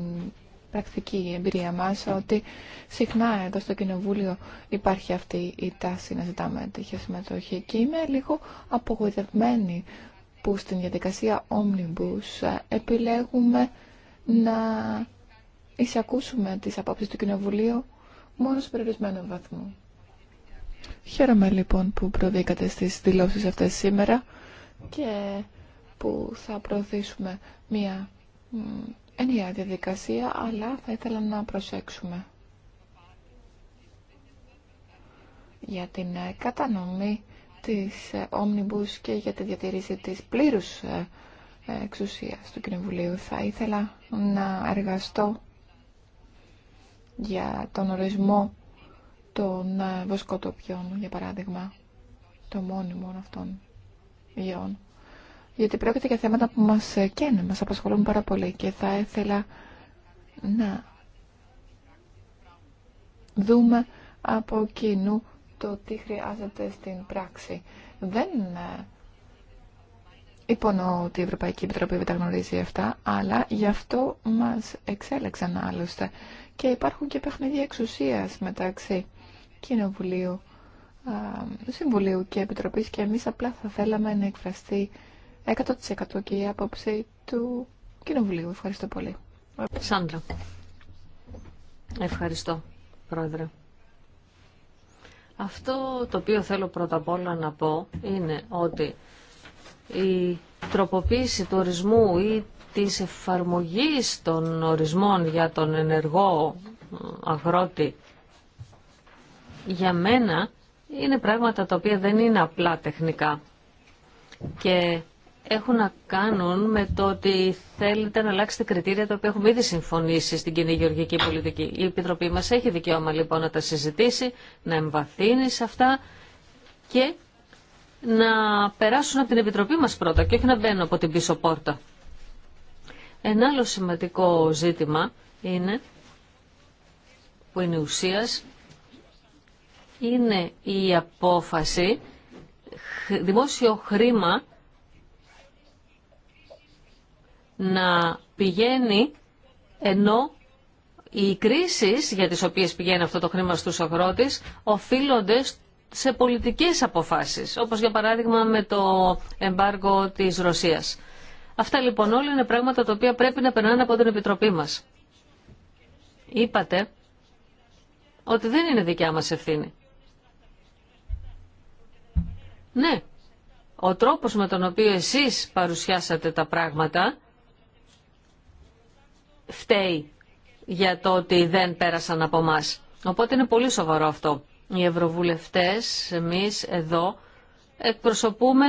πρακτική εμπειρία μας ότι συχνά εδώ στο Κοινοβούλιο υπάρχει αυτή η τάση να ζητάμε τέτοια συμμετοχή και είμαι λίγο απογοητευμένη που στην διαδικασία Omnibus επιλέγουμε να εισακούσουμε τις απόψεις του Κοινοβουλίου μόνο σε περιορισμένο βαθμό. Χαίρομαι λοιπόν που προδίκατε στις δηλώσεις αυτές σήμερα και που θα προωθήσουμε μια ενιαία διαδικασία, αλλά θα ήθελα να προσέξουμε για την ε, κατανομή της ε, Omnibus και για τη διατηρήση της πλήρους ε, εξουσίας του Κοινοβουλίου. Θα ήθελα να εργαστώ για τον ορισμό των βοσκοτοπιών, για παράδειγμα, των μόνιμων αυτών ιών γιατί πρόκειται για θέματα που μας καίνε, μας απασχολούν πάρα πολύ και θα ήθελα να δούμε από κοινού το τι χρειάζεται στην πράξη. Δεν ε, υπονοώ ότι η Ευρωπαϊκή Επιτροπή δεν τα γνωρίζει αυτά, αλλά γι' αυτό μας εξέλεξαν άλλωστε. Και υπάρχουν και παιχνίδια εξουσίας μεταξύ Κοινοβουλίου, Συμβουλίου και Επιτροπής και εμείς απλά θα θέλαμε να εκφραστεί 100% και η άποψη του Κοινοβουλίου. Ευχαριστώ πολύ. Σάντρα. Ευχαριστώ, Πρόεδρε. Αυτό το οποίο θέλω πρώτα απ' όλα να πω είναι ότι η τροποποίηση του ορισμού ή της εφαρμογής των ορισμών για τον ενεργό αγρότη για μένα είναι πράγματα τα οποία δεν είναι απλά τεχνικά και έχουν να κάνουν με το ότι θέλετε να αλλάξετε κριτήρια τα οποία έχουμε ήδη συμφωνήσει στην κοινή γεωργική πολιτική. Η Επιτροπή μας έχει δικαίωμα λοιπόν να τα συζητήσει, να εμβαθύνει σε αυτά και να περάσουν από την Επιτροπή μας πρώτα και όχι να μπαίνουν από την πίσω πόρτα. Ένα άλλο σημαντικό ζήτημα είναι, που είναι ουσίας, είναι η απόφαση δημόσιο χρήμα να πηγαίνει ενώ οι κρίσεις για τις οποίες πηγαίνει αυτό το χρήμα στους αγρότες οφείλονται σε πολιτικές αποφάσεις, όπως για παράδειγμα με το εμπάργο της Ρωσίας. Αυτά λοιπόν όλα είναι πράγματα τα οποία πρέπει να περνάνε από την Επιτροπή μας. Είπατε ότι δεν είναι δικιά μας ευθύνη. Ναι, ο τρόπος με τον οποίο εσείς παρουσιάσατε τα πράγματα φταίει για το ότι δεν πέρασαν από εμά. Οπότε είναι πολύ σοβαρό αυτό. Οι ευρωβουλευτές, εμείς εδώ, εκπροσωπούμε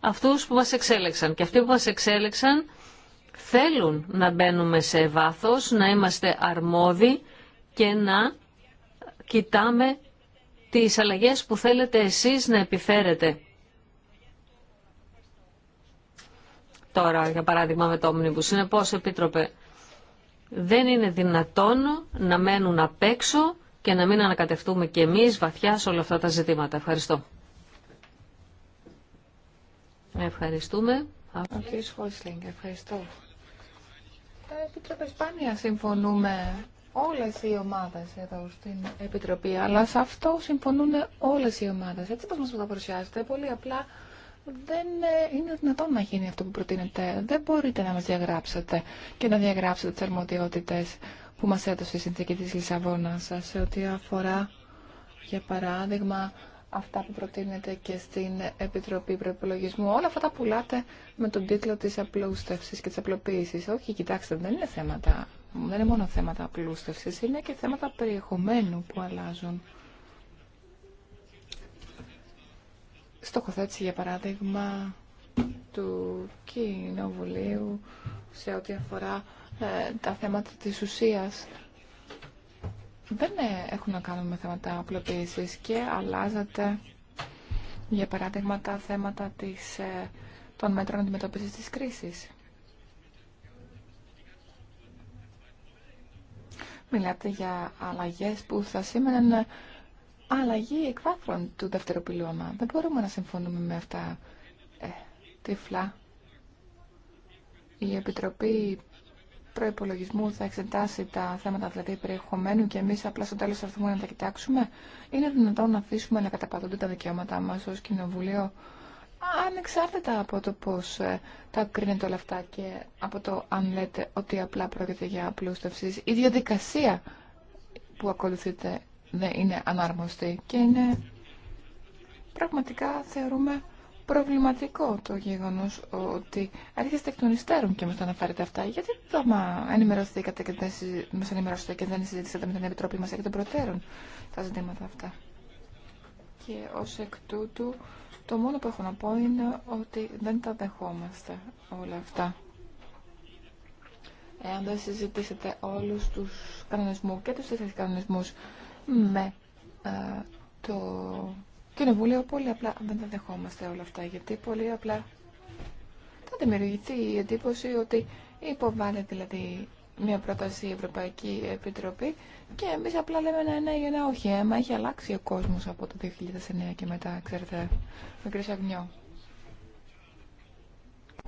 αυτούς που μας εξέλεξαν. Και αυτοί που μας εξέλεξαν θέλουν να μπαίνουμε σε βάθος, να είμαστε αρμόδιοι και να κοιτάμε τις αλλαγές που θέλετε εσείς να επιφέρετε. Τώρα, για παράδειγμα, με το Omnibus. Είναι Επίτροπε, δεν είναι δυνατόν να μένουν απ' έξω και να μην ανακατευτούμε και εμείς βαθιά σε όλα αυτά τα ζητήματα. Ευχαριστώ. Ευχαριστούμε. ευχαριστώ. Ε, σπάνια συμφωνούμε όλες οι ομάδες εδώ στην Επιτροπή, αλλά σε αυτό συμφωνούν όλες οι ομάδες. Έτσι πώς μας το παρουσιάζετε, πολύ απλά δεν ε, είναι δυνατόν να γίνει αυτό που προτείνετε. Δεν μπορείτε να μας διαγράψετε και να διαγράψετε τις αρμοδιότητες που μας έδωσε η συνθήκη της Λισαβόνας σε ό,τι αφορά, για παράδειγμα, αυτά που προτείνετε και στην Επιτροπή Προπολογισμού. Όλα αυτά τα πουλάτε με τον τίτλο της απλούστευσης και της απλοποίησης. Όχι, κοιτάξτε, δεν είναι θέματα, δεν είναι μόνο θέματα απλούστευσης, είναι και θέματα περιεχομένου που αλλάζουν. στοχοθέτηση, για παράδειγμα, του Κοινοβουλίου σε ό,τι αφορά ε, τα θέματα της ουσίας δεν ε, έχουν να κάνουν με θέματα απλοποίησης και αλλάζεται για παράδειγμα τα θέματα της, ε, των μέτρων αντιμετώπισης της κρίσης. Μιλάτε για αλλαγές που θα σήμαιναν αλλαγή εκβάθρων του δευτεροπυλώμα. Δεν μπορούμε να συμφωνούμε με αυτά ε, τυφλά. Η Επιτροπή Προπολογισμού θα εξετάσει τα θέματα δηλαδή περιεχομένου και εμεί απλά στο τέλο έρθουμε να τα κοιτάξουμε. Είναι δυνατόν να αφήσουμε να καταπατούνται τα δικαιώματά μα ω Κοινοβουλίο ανεξάρτητα από το πώς ε, τα κρίνεται όλα αυτά και από το αν λέτε ότι απλά πρόκειται για απλούστευση. Η διαδικασία που ακολουθείτε δεν ναι, είναι ανάρμοστη και είναι πραγματικά θεωρούμε προβληματικό το γεγονός ότι έρχεστε εκ των υστέρων και μας τα αναφέρετε αυτά. Γιατί το μα ενημερωθήκατε και δεν, ενημερώσετε και δεν συζητήσατε με την Επιτροπή μας εκ τον προτέρων τα ζητήματα αυτά. Και ως εκ τούτου το μόνο που έχω να πω είναι ότι δεν τα δεχόμαστε όλα αυτά. Εάν δεν συζητήσετε όλους τους κανονισμούς και τους τέσσερις κανονισμούς με ε, το Κοινοβούλιο πολύ απλά δεν τα δεχόμαστε όλα αυτά, γιατί πολύ απλά θα δημιουργηθεί η εντύπωση ότι υποβάλλεται δηλαδή μια πρόταση η Ευρωπαϊκή Επιτροπή και εμείς απλά λέμε ένα ναι ή ένα ναι, όχι. Έμα έχει αλλάξει ο κόσμος από το 2009 και μετά, ξέρετε, με κρυσαγνιό.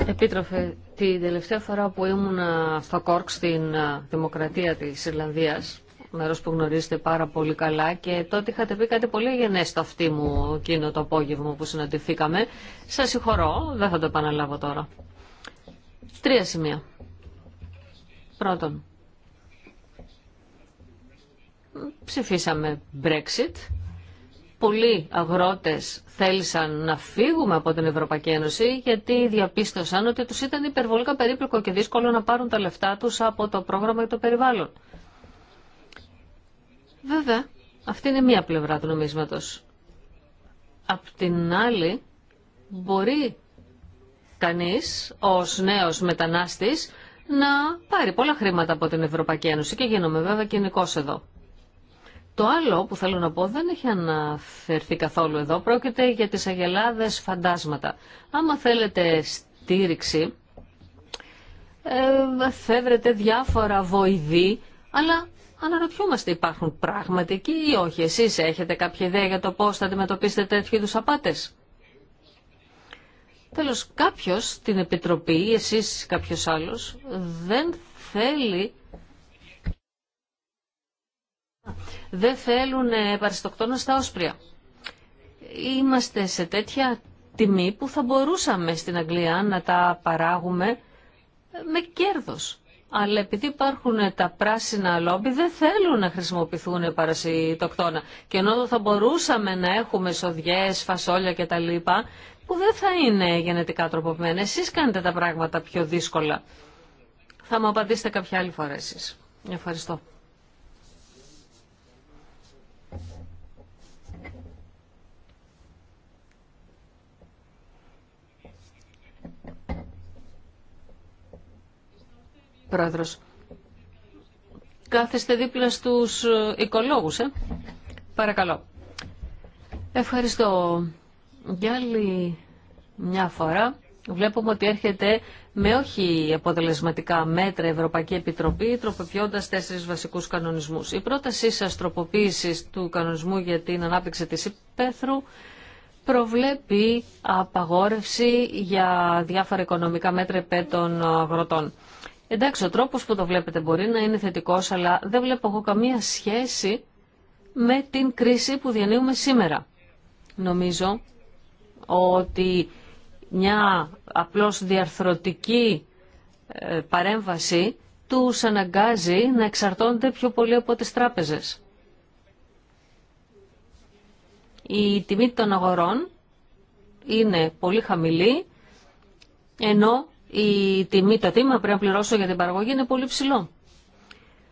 Επίτροφε, την τελευταία φορά που ήμουν στο Κόρκ στην ε, Δημοκρατία της Ιρλανδίας, μέρος που γνωρίζετε πάρα πολύ καλά και τότε είχατε πει κάτι πολύ γενές αυτή μου εκείνο το απόγευμα που συναντηθήκαμε. Σας συγχωρώ, δεν θα το επαναλάβω τώρα. Τρία σημεία. Πρώτον, ψηφίσαμε Brexit. Πολλοί αγρότες θέλησαν να φύγουμε από την Ευρωπαϊκή Ένωση γιατί διαπίστωσαν ότι τους ήταν υπερβολικά περίπλοκο και δύσκολο να πάρουν τα λεφτά τους από το πρόγραμμα για το περιβάλλον. Βέβαια, αυτή είναι μία πλευρά του νομίσματος. Απ' την άλλη, μπορεί κανείς ως νέος μετανάστης να πάρει πολλά χρήματα από την Ευρωπαϊκή Ένωση και γίνομαι βέβαια κοινικό εδώ. Το άλλο που θέλω να πω δεν έχει αναφερθεί καθόλου εδώ, πρόκειται για τις αγελάδες φαντάσματα. Άμα θέλετε στήριξη, ε, διάφορα βοηθή αλλά αναρωτιόμαστε υπάρχουν πράγματι εκεί ή όχι. Εσείς έχετε κάποια ιδέα για το πώς θα αντιμετωπίσετε τέτοιου είδου απάτες. Τέλος, κάποιος την Επιτροπή, ή εσείς κάποιος άλλος, δεν θέλει δεν θέλουν παριστοκτόνα στα όσπρια. Είμαστε σε τέτοια τιμή που θα μπορούσαμε στην Αγγλία να τα παράγουμε με κέρδος αλλά επειδή υπάρχουν τα πράσινα λόμπι δεν θέλουν να χρησιμοποιηθούν παρασιτοκτόνα. Και ενώ θα μπορούσαμε να έχουμε σοδιές, φασόλια κτλ. που δεν θα είναι γενετικά τροποποιημένα. Εσείς κάνετε τα πράγματα πιο δύσκολα. Θα μου απαντήσετε κάποια άλλη φορά εσείς. Ευχαριστώ. Πρόεδρος. Κάθεστε δίπλα στους ε, οικολόγους, ε. Παρακαλώ. Ευχαριστώ. Για άλλη μια φορά βλέπουμε ότι έρχεται με όχι αποτελεσματικά μέτρα Ευρωπαϊκή Επιτροπή τροποποιώντας τέσσερις βασικούς κανονισμούς. Η πρότασή σας τροποποίησης του κανονισμού για την ανάπτυξη της υπαίθρου προβλέπει απαγόρευση για διάφορα οικονομικά μέτρα υπέρ των αγροτών. Εντάξει, ο τρόπος που το βλέπετε μπορεί να είναι θετικό, αλλά δεν βλέπω εγώ καμία σχέση με την κρίση που διανύουμε σήμερα. Νομίζω ότι μια απλώς διαρθρωτική ε, παρέμβαση του αναγκάζει να εξαρτώνται πιο πολύ από τις τράπεζες. Η τιμή των αγορών είναι πολύ χαμηλή, ενώ η τιμή, το τίμα πρέπει να πληρώσω για την παραγωγή είναι πολύ ψηλό.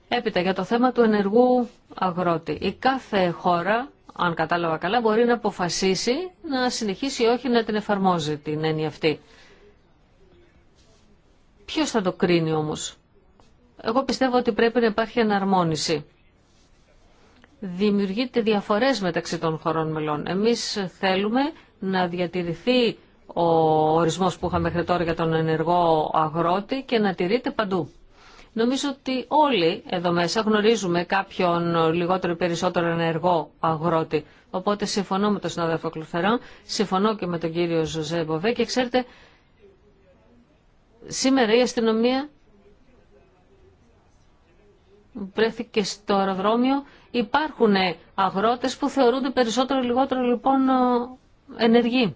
Έπειτα για το θέμα του ενεργού αγρότη. Η κάθε χώρα, αν κατάλαβα καλά, μπορεί να αποφασίσει να συνεχίσει ή όχι να την εφαρμόζει την έννοια αυτή. Ποιο θα το κρίνει όμως. Εγώ πιστεύω ότι πρέπει να υπάρχει εναρμόνιση. Δημιουργείται διαφορές μεταξύ των χωρών μελών. Εμείς θέλουμε να διατηρηθεί ο ορισμός που είχαμε μέχρι τώρα για τον ενεργό αγρότη και να τηρείται παντού. Νομίζω ότι όλοι εδώ μέσα γνωρίζουμε κάποιον λιγότερο ή περισσότερο ενεργό αγρότη. Οπότε συμφωνώ με τον συνάδελφο συμφωνώ και με τον κύριο Ζωζέ Μποβέ και ξέρετε, σήμερα η αστυνομία βρέθηκε στο αεροδρόμιο. Υπάρχουν αγρότες που θεωρούνται περισσότερο ή λιγότερο λοιπόν ενεργοί.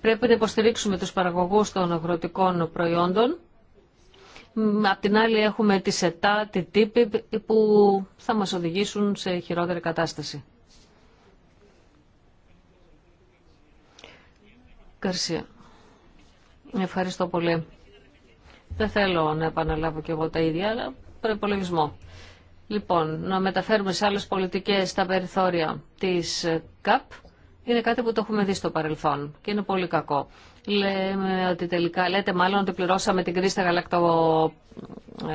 Πρέπει να υποστηρίξουμε τους παραγωγούς των αγροτικών προϊόντων. Απ' την άλλη έχουμε τη ΣΕΤΑ, τη ΤΥΠΗ που θα μας οδηγήσουν σε χειρότερη κατάσταση. Καρσία. Ευχαριστώ πολύ. Δεν θέλω να επαναλάβω και εγώ τα ίδια, αλλά προπολογισμό. Λοιπόν, να μεταφέρουμε σε άλλες πολιτικές τα περιθώρια της ΚΑΠ είναι κάτι που το έχουμε δει στο παρελθόν και είναι πολύ κακό. Λέμε ότι τελικά, λέτε μάλλον ότι πληρώσαμε την κρίση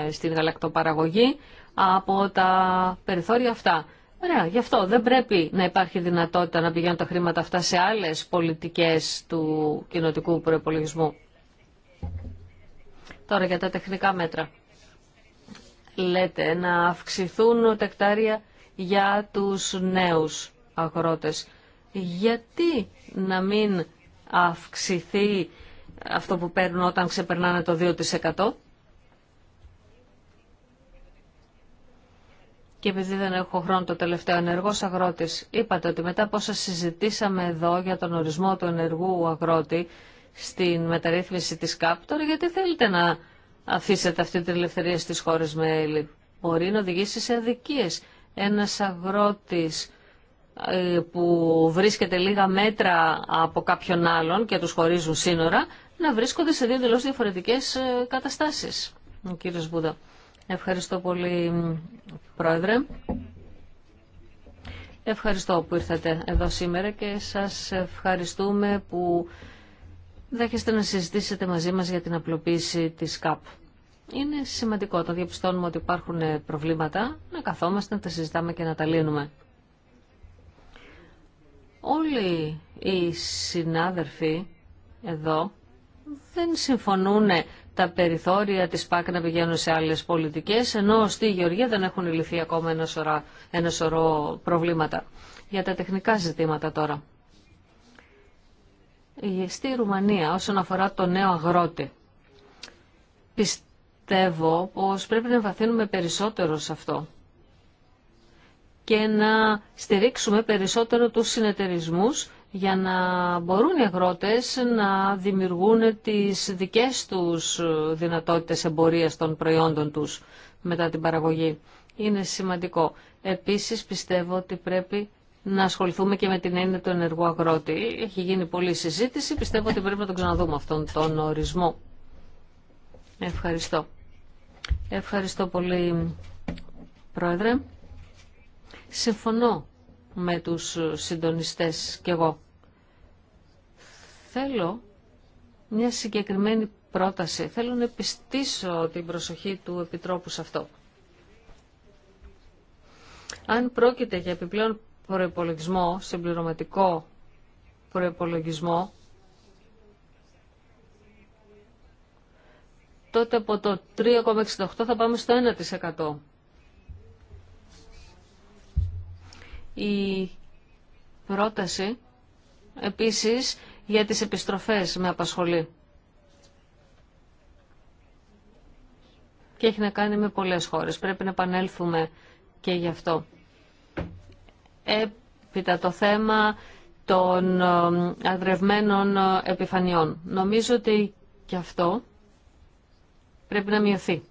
ε, στην γαλακτοπαραγωγή από τα περιθώρια αυτά. Ωραία, γι' αυτό δεν πρέπει να υπάρχει δυνατότητα να πηγαίνουν τα χρήματα αυτά σε άλλες πολιτικές του κοινοτικού προπολογισμού. Τώρα για τα τεχνικά μέτρα. Λέτε να αυξηθούν τα εκτάρια για τους νέους αγρότες γιατί να μην αυξηθεί αυτό που παίρνουν όταν ξεπερνάνε το 2%. Και επειδή δεν έχω χρόνο το τελευταίο ενεργό αγρότη, είπατε ότι μετά από όσα συζητήσαμε εδώ για τον ορισμό του ενεργού αγρότη στην μεταρρύθμιση της ΚΑΠ, τώρα γιατί θέλετε να αφήσετε αυτή την ελευθερία στις χώρες έλλη Μπορεί να οδηγήσει σε αδικίες. Ένας αγρότης ε, που βρίσκεται λίγα μέτρα από κάποιον άλλον και τους χωρίζουν σύνορα, να βρίσκονται σε δύο εντελώς διαφορετικές ε, καταστάσεις. Ο κύριος Βούδα Ευχαριστώ πολύ, Πρόεδρε. Ευχαριστώ που ήρθατε εδώ σήμερα και σας ευχαριστούμε που δέχεστε να συζητήσετε μαζί μας για την απλοποίηση της ΚΑΠ. Είναι σημαντικό Το διαπιστώνουμε ότι υπάρχουν προβλήματα να καθόμαστε, να τα συζητάμε και να τα λύνουμε όλοι οι συνάδελφοι εδώ δεν συμφωνούν τα περιθώρια της ΠΑΚ να πηγαίνουν σε άλλες πολιτικές, ενώ στη Γεωργία δεν έχουν λυθεί ακόμα ένα σωρό, προβλήματα. Για τα τεχνικά ζητήματα τώρα. Στη Ρουμανία, όσον αφορά το νέο αγρότη, πιστεύω πως πρέπει να βαθύνουμε περισσότερο σε αυτό και να στηρίξουμε περισσότερο τους συνεταιρισμούς για να μπορούν οι αγρότες να δημιουργούν τις δικές τους δυνατότητες εμπορίας των προϊόντων τους μετά την παραγωγή. Είναι σημαντικό. Επίσης πιστεύω ότι πρέπει να ασχοληθούμε και με την έννοια του ενεργού αγρότη. Έχει γίνει πολλή συζήτηση, πιστεύω ότι πρέπει να τον ξαναδούμε αυτόν τον ορισμό. Ευχαριστώ. Ευχαριστώ πολύ, Πρόεδρε. Συμφωνώ με τους συντονιστές κι εγώ. Θέλω μια συγκεκριμένη πρόταση. Θέλω να επιστήσω την προσοχή του Επιτρόπου σε αυτό. Αν πρόκειται για επιπλέον προϋπολογισμό, συμπληρωματικό προϋπολογισμό, τότε από το 3,68 θα πάμε στο 1%. η πρόταση επίσης για τις επιστροφές με απασχολεί. Και έχει να κάνει με πολλές χώρες. Πρέπει να επανέλθουμε και γι' αυτό. Έπειτα το θέμα των ε, αδρευμένων ε, επιφανειών. Νομίζω ότι και αυτό πρέπει να μειωθεί.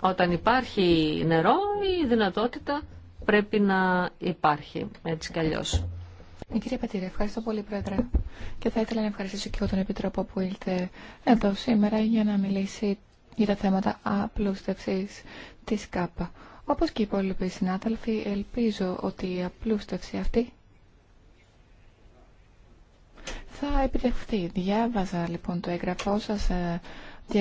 Όταν υπάρχει νερό, η δυνατότητα πρέπει να υπάρχει, έτσι κι αλλιώς. Ε, κύριε κυρία Πατήρη, ευχαριστώ πολύ, Πρόεδρε. Και θα ήθελα να ευχαριστήσω και εγώ τον Επιτρόπο που ήλθε εδώ σήμερα για να μιλήσει για τα θέματα απλούστευσης της ΚΑΠΑ. Όπως και οι υπόλοιποι συνάδελφοι, ελπίζω ότι η απλούστευση αυτή θα επιτευχθεί. Διάβαζα λοιπόν το έγγραφό σας ε, 250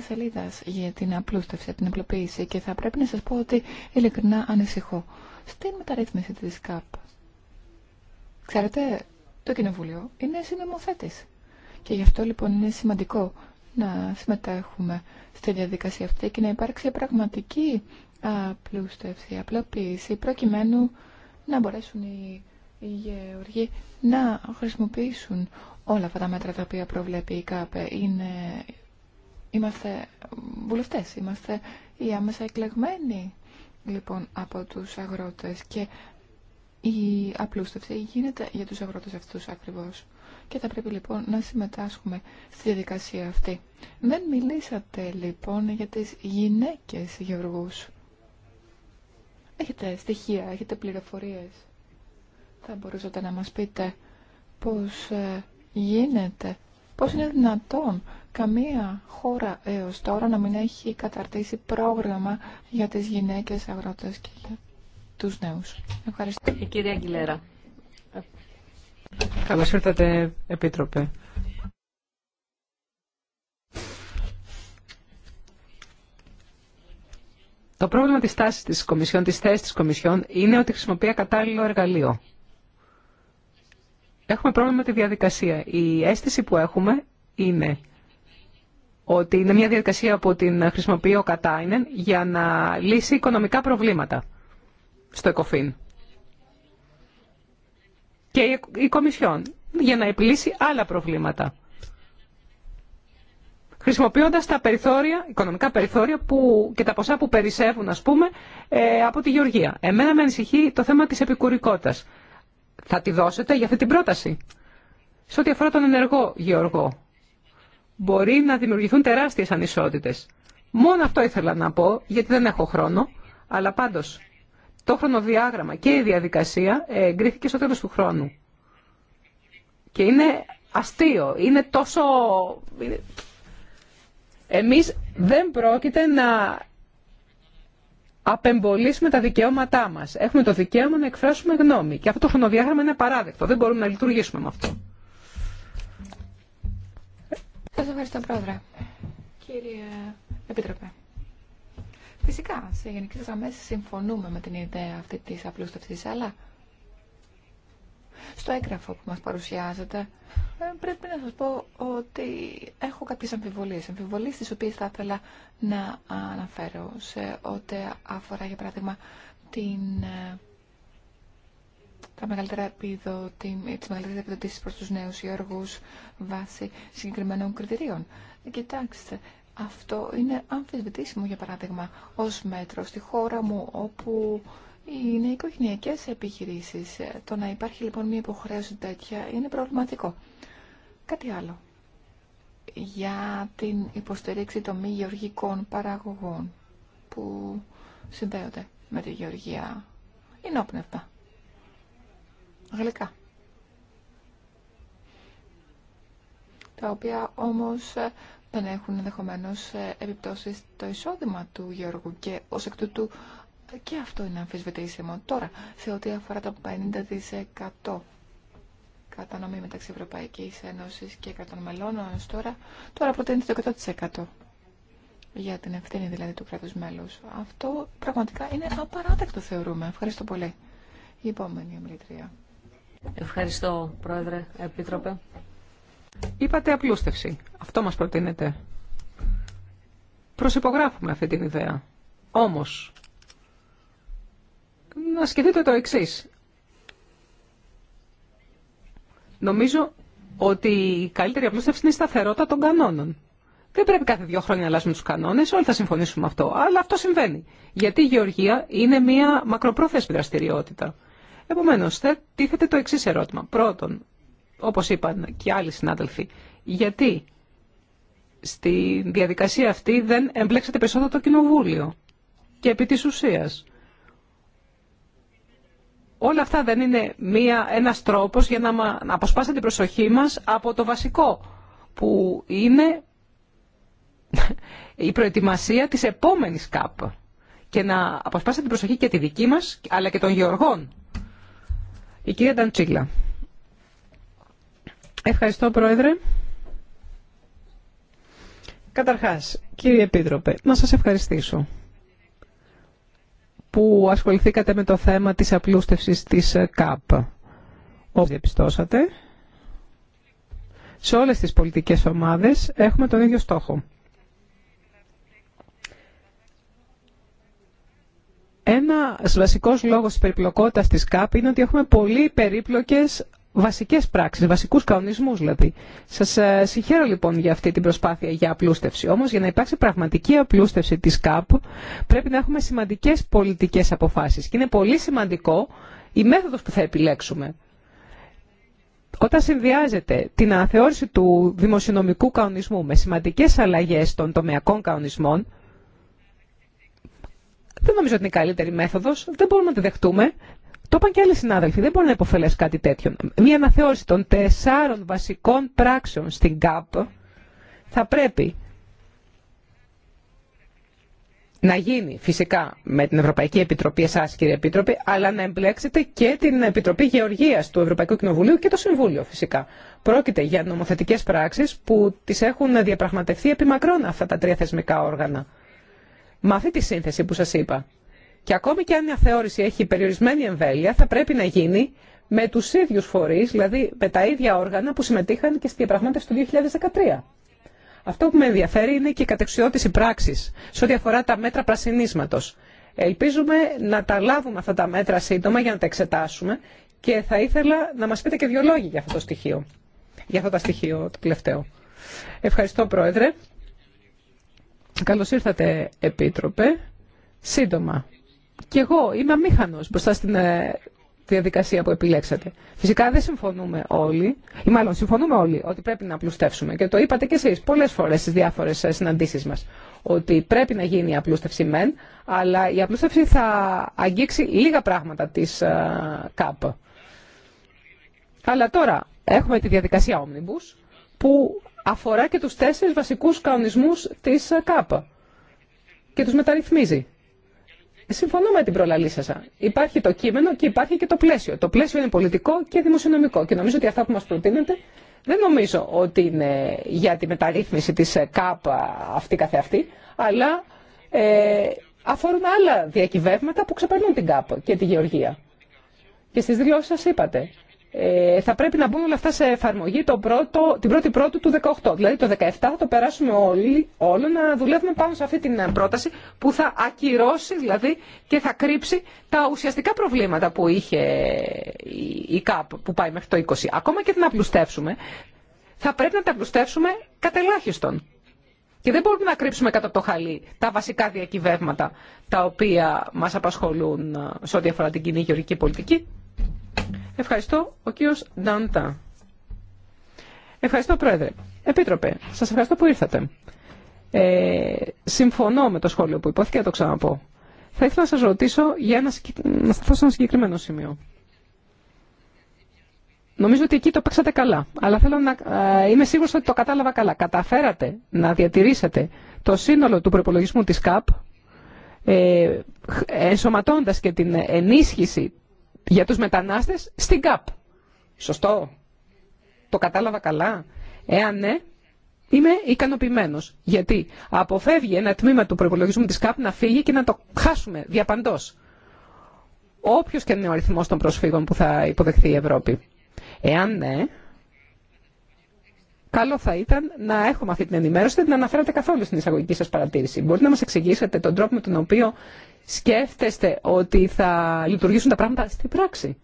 σελίδα για την απλούστευση, την απλοποίηση και θα πρέπει να σας πω ότι ειλικρινά ανησυχώ στην μεταρρύθμιση της ΚΑΠ. Ξέρετε, το Κοινοβούλιο είναι συνομοθέτη. και γι' αυτό λοιπόν είναι σημαντικό να συμμετέχουμε στη διαδικασία αυτή και να υπάρξει πραγματική απλούστευση, απλοποίηση προκειμένου να μπορέσουν οι γεωργοί να χρησιμοποιήσουν όλα αυτά τα μέτρα τα οποία προβλέπει η ΚΑΠΕ. Είναι Είμαστε βουλευτές, είμαστε οι άμεσα εκλεγμένοι λοιπόν από τους αγρότες και η απλούστευση γίνεται για τους αγρότες αυτούς ακριβώς. Και θα πρέπει λοιπόν να συμμετάσχουμε στη διαδικασία αυτή. Δεν μιλήσατε λοιπόν για τις γυναίκες γεωργούς. Έχετε στοιχεία, έχετε πληροφορίες. Θα μπορούσατε να μας πείτε πώς ε, γίνεται, πώς είναι δυνατόν καμία χώρα έως τώρα να μην έχει καταρτήσει πρόγραμμα για τις γυναίκες αγρότες και τους νέους. Ευχαριστώ. Η κυρία Αγγιλέρα. Καλώς ήρθατε, Επίτροπε. Το πρόβλημα της τάσης της Κομισιόν, της θέσης της Κομισιόν, είναι ότι χρησιμοποιεί κατάλληλο εργαλείο. Έχουμε πρόβλημα με τη διαδικασία. Η αίσθηση που έχουμε είναι ότι είναι μια διαδικασία που την χρησιμοποιεί ο Κατάινεν για να λύσει οικονομικά προβλήματα στο ΕΚΟΦΗΝ. Και η Κομισιόν για να επιλύσει άλλα προβλήματα. Χρησιμοποιώντας τα περιθώρια, οικονομικά περιθώρια που, και τα ποσά που περισσεύουν, ας πούμε, ε, από τη Γεωργία. Εμένα με ανησυχεί το θέμα της επικουρικότητας. Θα τη δώσετε για αυτή την πρόταση. Σε ό,τι αφορά τον ενεργό Γεωργό μπορεί να δημιουργηθούν τεράστιες ανισότητες. Μόνο αυτό ήθελα να πω, γιατί δεν έχω χρόνο, αλλά πάντως το χρονοδιάγραμμα και η διαδικασία εγκρίθηκε στο τέλος του χρόνου. Και είναι αστείο, είναι τόσο... Εμείς δεν πρόκειται να απεμπολίσουμε τα δικαιώματά μας. Έχουμε το δικαίωμα να εκφράσουμε γνώμη. Και αυτό το χρονοδιάγραμμα είναι παράδεκτο. Δεν μπορούμε να λειτουργήσουμε με αυτό. Σας ευχαριστώ, Πρόεδρε. Κύριε Επίτροπε. Φυσικά, σε γενικέ γραμμέ συμφωνούμε με την ιδέα αυτή τη απλούστευση, αλλά στο έγγραφο που μας παρουσιάζεται ε, πρέπει να σας πω ότι έχω κάποιες αμφιβολίες. Αμφιβολίες τις οποίες θα ήθελα να αναφέρω σε ό,τι αφορά για παράδειγμα την ε, τα μεγαλύτερα επιδοτη, τις μεγαλύτερες επιδοτήσεις προς τους νέους γεωργούς βάσει συγκεκριμένων κριτηρίων. Κοιτάξτε, αυτό είναι αμφισβητήσιμο για παράδειγμα ως μέτρο στη χώρα μου όπου είναι οικογενειακές επιχειρήσεις. Το να υπάρχει λοιπόν μια υποχρέωση τέτοια είναι προβληματικό. Κάτι άλλο. Για την υποστηρίξη των μη γεωργικών παραγωγών που συνδέονται με τη γεωργία. Είναι όπνευτα γαλλικά. Τα οποία όμως ε, δεν έχουν ενδεχομένω ε, επιπτώσεις στο εισόδημα του Γιώργου και ως εκ τούτου ε, και αυτό είναι αμφισβητήσιμο. Τώρα, σε ό,τι αφορά το 50% κατανομή μεταξύ Ευρωπαϊκής Ένωσης και κρατών μελών, τώρα, τώρα προτείνεται το 100% για την ευθύνη δηλαδή του κράτους μέλους. Αυτό πραγματικά είναι απαράδεκτο θεωρούμε. Ευχαριστώ πολύ. Η επόμενη ομιλητρία. Ευχαριστώ, Πρόεδρε, Επίτροπε. Είπατε απλούστευση. Αυτό μας προτείνετε; Προσυπογράφουμε αυτή την ιδέα. Όμως, να σκεφτείτε το εξής. Νομίζω ότι η καλύτερη απλούστευση είναι η σταθερότητα των κανόνων. Δεν πρέπει κάθε δύο χρόνια να αλλάζουμε τους κανόνες, όλοι θα συμφωνήσουμε αυτό. Αλλά αυτό συμβαίνει. Γιατί η γεωργία είναι μια μακροπρόθεσμη δραστηριότητα. Επομένω, τίθεται το εξή ερώτημα. Πρώτον, όπω είπαν και άλλοι συνάδελφοι, γιατί στη διαδικασία αυτή δεν εμπλέξατε περισσότερο το Κοινοβούλιο και επί της ουσίας. Όλα αυτά δεν είναι μία, ένας τρόπος για να, να αποσπάσετε την προσοχή μας από το βασικό, που είναι η προετοιμασία της επόμενης ΚΑΠ και να αποσπάσετε την προσοχή και τη δική μας, αλλά και των γεωργών η κυρία Νταντσίλα. Ευχαριστώ, Πρόεδρε. Καταρχάς, κύριε Επίτροπε, να σας ευχαριστήσω που ασχοληθήκατε με το θέμα της απλούστευσης της ΚΑΠ. Όπως διαπιστώσατε, σε όλες τις πολιτικές ομάδες έχουμε τον ίδιο στόχο. Ένα βασικός λόγος της περιπλοκότητας της ΚΑΠ είναι ότι έχουμε πολύ περίπλοκες βασικές πράξεις, βασικούς κανονισμούς δηλαδή. Σας ε, συγχαίρω λοιπόν για αυτή την προσπάθεια για απλούστευση. Όμως για να υπάρξει πραγματική απλούστευση της ΚΑΠ πρέπει να έχουμε σημαντικές πολιτικές αποφάσεις. Και είναι πολύ σημαντικό η μέθοδος που θα επιλέξουμε. Όταν συνδυάζεται την αναθεώρηση του δημοσιονομικού κανονισμού με σημαντικές αλλαγές των τομεακών κανονισμών, δεν νομίζω ότι είναι η καλύτερη μέθοδος, δεν μπορούμε να τη δεχτούμε. Το είπαν και άλλοι συνάδελφοι, δεν μπορεί να υποφελέσει κάτι τέτοιο. Μία αναθεώρηση των τεσσάρων βασικών πράξεων στην ΚΑΠ θα πρέπει να γίνει φυσικά με την Ευρωπαϊκή Επιτροπή, εσά κύριε Επίτροπη, αλλά να εμπλέξετε και την Επιτροπή Γεωργία του Ευρωπαϊκού Κοινοβουλίου και το Συμβούλιο φυσικά. Πρόκειται για νομοθετικέ πράξει που τι έχουν διαπραγματευτεί επί αυτά τα τρία θεσμικά όργανα με αυτή τη σύνθεση που σας είπα. Και ακόμη και αν η αθεώρηση έχει περιορισμένη εμβέλεια, θα πρέπει να γίνει με τους ίδιους φορείς, δηλαδή με τα ίδια όργανα που συμμετείχαν και στη διαπραγμάτευση του 2013. Αυτό που με ενδιαφέρει είναι και η κατεξιότηση πράξης σε ό,τι αφορά τα μέτρα πρασινίσματος. Ελπίζουμε να τα λάβουμε αυτά τα μέτρα σύντομα για να τα εξετάσουμε και θα ήθελα να μας πείτε και δύο λόγια για αυτό το στοιχείο, για αυτό το στοιχείο το τελευταίο. Ευχαριστώ Πρόεδρε. Καλώς ήρθατε, Επίτροπε. Σύντομα. Κι εγώ είμαι αμήχανος μπροστά στην ε, διαδικασία που επιλέξατε. Φυσικά δεν συμφωνούμε όλοι, ή μάλλον συμφωνούμε όλοι, ότι πρέπει να απλουστεύσουμε. Και το είπατε κι εσείς πολλές φορές στις διάφορες ε, συναντήσεις μας, ότι πρέπει να γίνει η απλούστευση μεν, αλλά η απλούστευση θα αγγίξει λίγα πράγματα της ε, ΚΑΠ. Αλλά τώρα έχουμε τη διαδικασία Omnibus, που αφορά και τους τέσσερις βασικούς κανονισμούς της ε, ΚΑΠ και τους μεταρρυθμίζει. Συμφωνώ με την προλαλή σας. Υπάρχει το κείμενο και υπάρχει και το πλαίσιο. Το πλαίσιο είναι πολιτικό και δημοσιονομικό και νομίζω ότι αυτά που μας προτείνετε δεν νομίζω ότι είναι για τη μεταρρύθμιση της ε, ΚΑΠ αυτή καθεαυτή, αλλά ε, αφορούν άλλα διακυβεύματα που ξεπερνούν την ΚΑΠ και τη γεωργία. Και στις δηλώσεις σας είπατε ε, θα πρέπει να μπουν όλα αυτά σε εφαρμογή το πρώτο, την πρώτη πρώτου του 18. Δηλαδή το 17 θα το περάσουμε όλοι, όλο να δουλεύουμε πάνω σε αυτή την ε, πρόταση που θα ακυρώσει δηλαδή και θα κρύψει τα ουσιαστικά προβλήματα που είχε η ΚΑΠ που πάει μέχρι το 20. Ακόμα και να απλουστεύσουμε, θα πρέπει να τα απλουστεύσουμε κατελάχιστον. Και δεν μπορούμε να κρύψουμε κάτω το χαλί τα βασικά διακυβεύματα τα οποία μας απασχολούν ε, σε ό,τι αφορά την κοινή γεωργική πολιτική. Ευχαριστώ, ο κύριος Νταντά. Ευχαριστώ, Πρόεδρε. Επίτροπε, σας ευχαριστώ που ήρθατε. Ε, συμφωνώ με το σχόλιο που υπόθηκε, να το ξαναπώ. Θα ήθελα να σας ρωτήσω για ένα, να σταθώ σε ένα συγκεκριμένο σημείο. Νομίζω ότι εκεί το παίξατε καλά, αλλά θέλω να ε, είμαι σίγουρος ότι το κατάλαβα καλά. Καταφέρατε να διατηρήσετε το σύνολο του προπολογισμού της ΚΑΠ, ε, ενσωματώντας και την ενίσχυση για τους μετανάστες στην ΚΑΠ. Σωστό. Το κατάλαβα καλά. Εάν ναι, είμαι ικανοποιημένο. Γιατί αποφεύγει ένα τμήμα του προπολογισμού τη ΚΑΠ να φύγει και να το χάσουμε διαπαντό. Όποιο και είναι ο αριθμό των προσφύγων που θα υποδεχθεί η Ευρώπη. Εάν ναι, Καλό θα ήταν να έχουμε αυτή την ενημέρωση, δεν την αναφέρατε καθόλου στην εισαγωγική σας παρατήρηση. Μπορείτε να μας εξηγήσετε τον τρόπο με τον οποίο σκέφτεστε ότι θα λειτουργήσουν τα πράγματα στην πράξη.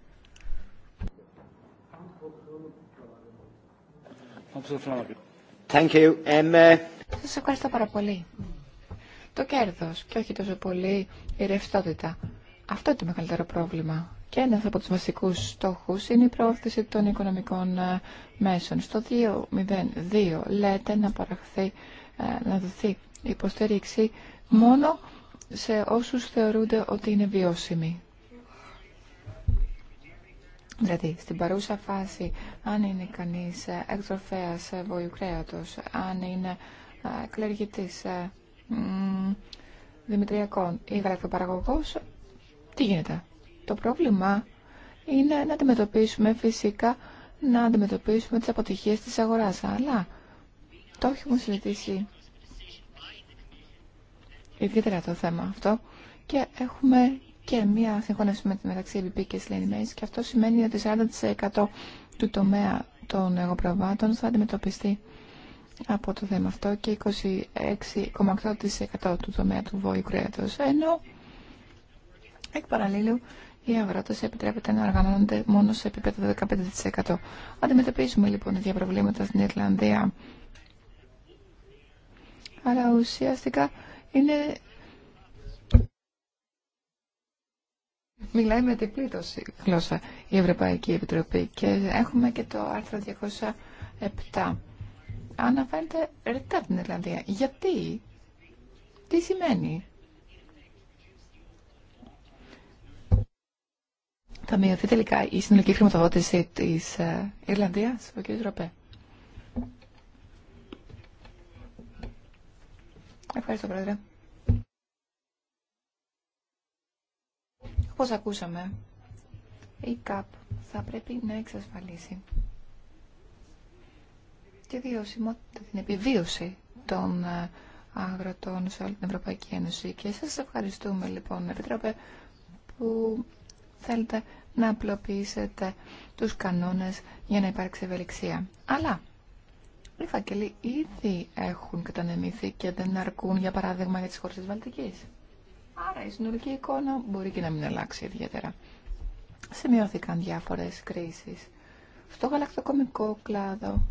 Thank ε, Σας ευχαριστώ πάρα πολύ. Το κέρδος και όχι τόσο πολύ η ρευστότητα. Αυτό είναι το μεγαλύτερο πρόβλημα. Και ένα από τους βασικούς στόχους είναι η προώθηση των οικονομικών ε, μέσων. Στο 2.02 λέτε να παραχθεί, ε, να δοθεί υποστήριξη μόνο σε όσους θεωρούνται ότι είναι βιώσιμοι. Δηλαδή, στην παρούσα φάση, αν είναι κανείς ε, εκτροφέας βοηου αν είναι κλεργητής δημητριακών ή γραφειοπαραγωγός, τι γίνεται. Το πρόβλημα είναι να αντιμετωπίσουμε φυσικά να αντιμετωπίσουμε τις αποτυχίες της αγοράς. Αλλά το έχουμε συζητήσει ιδιαίτερα το θέμα αυτό και έχουμε και μία συγχώνευση με, μεταξύ EBP και Slane και αυτό σημαίνει ότι 40% του τομέα των εγωπροβάτων θα αντιμετωπιστεί από το θέμα αυτό και 26,8% του τομέα του βοη κρέατος. Ενώ εκ παραλλήλου οι αγρότε επιτρέπεται να οργανώνονται μόνο σε επίπεδο 15%. Αντιμετωπίζουμε λοιπόν τα προβλήματα στην Ιρλανδία. Αλλά ουσιαστικά είναι. Μιλάει με την η γλώσσα η Ευρωπαϊκή Επιτροπή και έχουμε και το άρθρο 207. Αναφέρεται ρητά την Ιρλανδία. Γιατί, τι σημαίνει θα μειωθεί τελικά η συνολική χρηματοδότηση της ε, Ιρλανδίας, ο κ. Ροπέ. Ευχαριστώ, Πρόεδρε. Όπως ακούσαμε, η ΚΑΠ θα πρέπει να εξασφαλίσει τη την επιβίωση των ε, αγροτών σε όλη την Ευρωπαϊκή Ένωση. Και σας ευχαριστούμε, λοιπόν, Επιτρόπε, που θέλετε να απλοποιήσετε τους κανόνες για να υπάρξει ευελιξία. Αλλά οι φάκελοι ήδη έχουν κατανεμηθεί και δεν αρκούν, για παράδειγμα, για τις χώρες της Βαλτικής. Άρα η συνολική εικόνα μπορεί και να μην αλλάξει ιδιαίτερα. Σημειώθηκαν διάφορες κρίσεις. Στο γαλακτοκομικό κλάδο,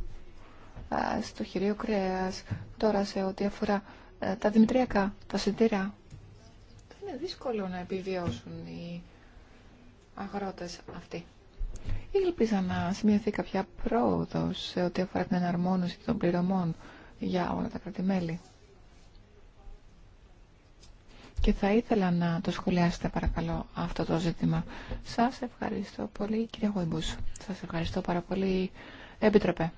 στο χειρίο κρέας, τώρα σε ό,τι αφορά ε, τα δημητριακά, τα συντήρα. Είναι δύσκολο να επιβιώσουν οι αγρότες αυτοί. Ήλπιζα να σημειωθεί κάποια πρόοδο σε ό,τι αφορά την εναρμόνωση των πληρωμών για όλα τα κρατημέλη. Και θα ήθελα να το σχολιάσετε παρακαλώ αυτό το ζήτημα. Σας ευχαριστώ πολύ κύριε Γόιμπους. Σας ευχαριστώ πάρα πολύ Επιτροπέ.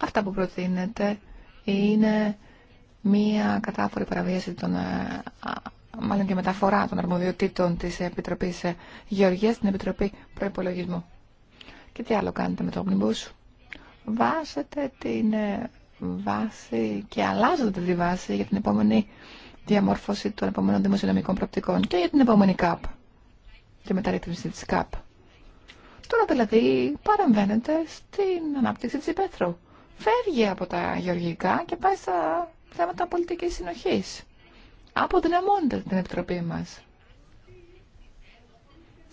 Αυτά που προτείνετε είναι μία κατάφορη παραβίαση των ε, μάλλον και μεταφορά των αρμοδιοτήτων της Επιτροπής ε, Γεωργίας στην Επιτροπή Προϋπολογισμού. Και τι άλλο κάνετε με το Omnibus. Βάζετε την ε, βάση και αλλάζετε τη βάση για την επόμενη διαμόρφωση των επόμενων δημοσιονομικών προπτικών και για την επόμενη ΚΑΠ και μεταρρύθμιση της ΚΑΠ. Τώρα δηλαδή παρεμβαίνετε στην ανάπτυξη της υπαίθρου. Φεύγει από τα γεωργικά και πάει στα θέματα πολιτικής συνοχής αποδυναμώνεται την Επιτροπή μας.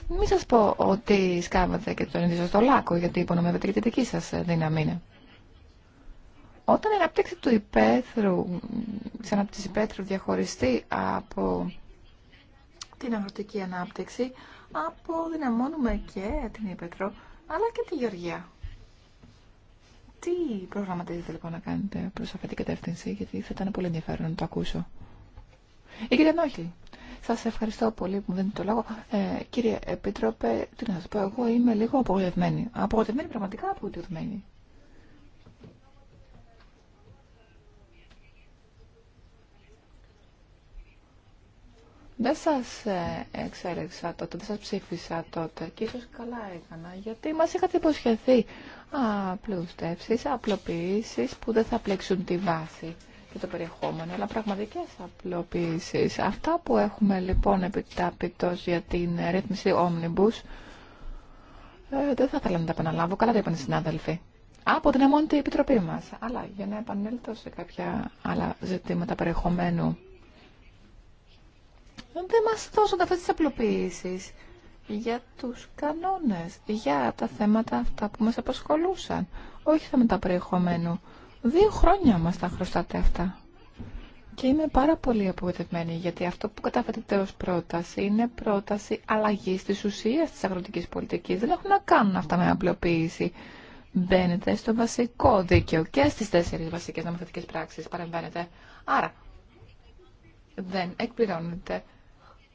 Μην σας πω ότι σκάβατε και τον ίδιο στο λάκκο, γιατί υπονομεύετε και τη δική σας ε, δύναμη Όταν η αναπτύξη του υπαίθρου, της αναπτύξης υπαίθρου διαχωριστεί από την αγροτική ανάπτυξη, αποδυναμώνουμε και την υπαίθρο, αλλά και τη γεωργία. Τι προγραμματίζετε λοιπόν να κάνετε προς αυτή την κατεύθυνση, γιατί θα ήταν πολύ ενδιαφέρον να το ακούσω. Η ε, κυρία Νόχη. Σα ευχαριστώ πολύ που μου δίνετε το λόγο. Ε, κύριε Επίτροπε, τι να σα πω, εγώ είμαι λίγο απογοητευμένη. Απογοητευμένη, πραγματικά απογοητευμένη. Δεν σα ε, εξέλεξα τότε, δεν σα ψήφισα τότε και ίσω καλά έκανα γιατί μα είχατε υποσχεθεί απλούστευσει, απλοποιήσει που δεν θα πλέξουν τη βάση και το περιεχόμενο, αλλά πραγματικές απλοποίησεις. Αυτά που έχουμε λοιπόν επιτάπητος για την ρύθμιση Omnibus, ε, δεν θα ήθελα να τα επαναλάβω, καλά τα είπαν οι συνάδελφοι. Από την αμόντη επιτροπή μας. Αλλά για να επανέλθω σε κάποια άλλα ζητήματα περιεχομένου. Δεν μας δώσουν αυτές τις απλοποίησεις για τους κανόνες, για τα θέματα αυτά που μας απασχολούσαν, όχι θέματα περιεχομένου. Δύο χρόνια μας τα χρωστάτε αυτά. Και είμαι πάρα πολύ απογοητευμένη γιατί αυτό που καταφέρετε ως πρόταση είναι πρόταση αλλαγής της ουσίας της αγροτικής πολιτικής. Δεν έχουν να κάνουν αυτά με απλοποίηση. Μπαίνετε στο βασικό δίκαιο και στις τέσσερις βασικές νομοθετικές πράξεις παρεμβαίνετε. Άρα δεν εκπληρώνετε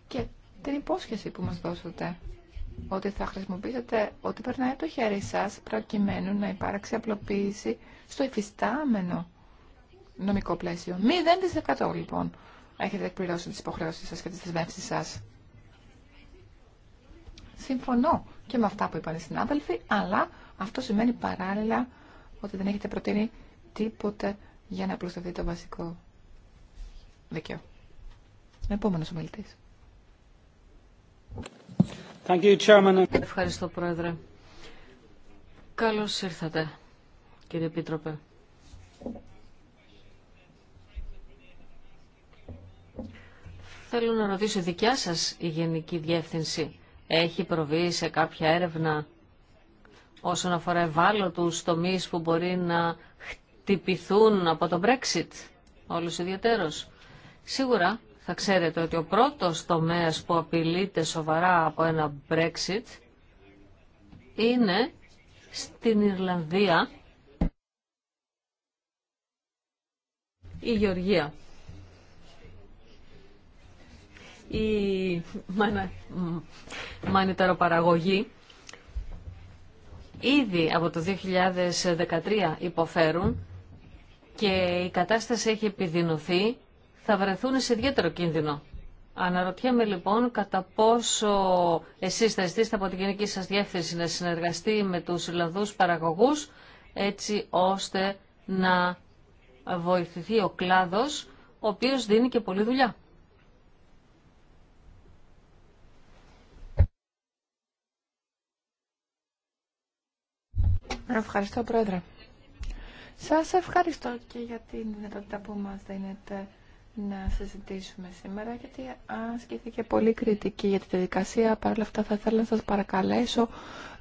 και την υπόσχεση που μας δώσατε ότι θα χρησιμοποιήσετε ό,τι περνάει το χέρι σας προκειμένου να υπάρξει απλοποίηση στο υφιστάμενο νομικό πλαίσιο. 0% λοιπόν έχετε εκπληρώσει τις υποχρεώσεις σας και τις δεσμεύσεις σας. Συμφωνώ και με αυτά που είπαν οι συνάδελφοι, αλλά αυτό σημαίνει παράλληλα ότι δεν έχετε προτείνει τίποτε για να προσταθεί το βασικό δικαίωμα. Επόμενος ομιλητής. Ευχαριστώ, Πρόεδρε. Καλώς ήρθατε, κύριε Επίτροπε. Θέλω να ρωτήσω, δικιά σας η Γενική Διεύθυνση έχει προβεί σε κάποια έρευνα όσον αφορά ευάλωτους τομείς που μπορεί να χτυπηθούν από το Brexit, όλους ιδιαίτερος. Σίγουρα θα ξέρετε ότι ο πρώτος τομέας που απειλείται σοβαρά από ένα Brexit είναι στην Ιρλανδία η Γεωργία. Η μανιταροπαραγωγή ήδη από το 2013 υποφέρουν και η κατάσταση έχει επιδεινωθεί θα βρεθούν σε ιδιαίτερο κίνδυνο. Αναρωτιέμαι λοιπόν κατά πόσο εσείς θα ζητήσετε από την γενική σας διεύθυνση να συνεργαστεί με τους Ιλλανδούς παραγωγούς έτσι ώστε να βοηθηθεί ο κλάδος ο οποίος δίνει και πολλή δουλειά. Ευχαριστώ Πρόεδρε. Σας ευχαριστώ και για την δυνατότητα που μας δίνετε να συζητήσουμε σήμερα, γιατί ασκήθηκε πολύ κριτική για τη διαδικασία. Παρ' όλα αυτά θα ήθελα να σας παρακαλέσω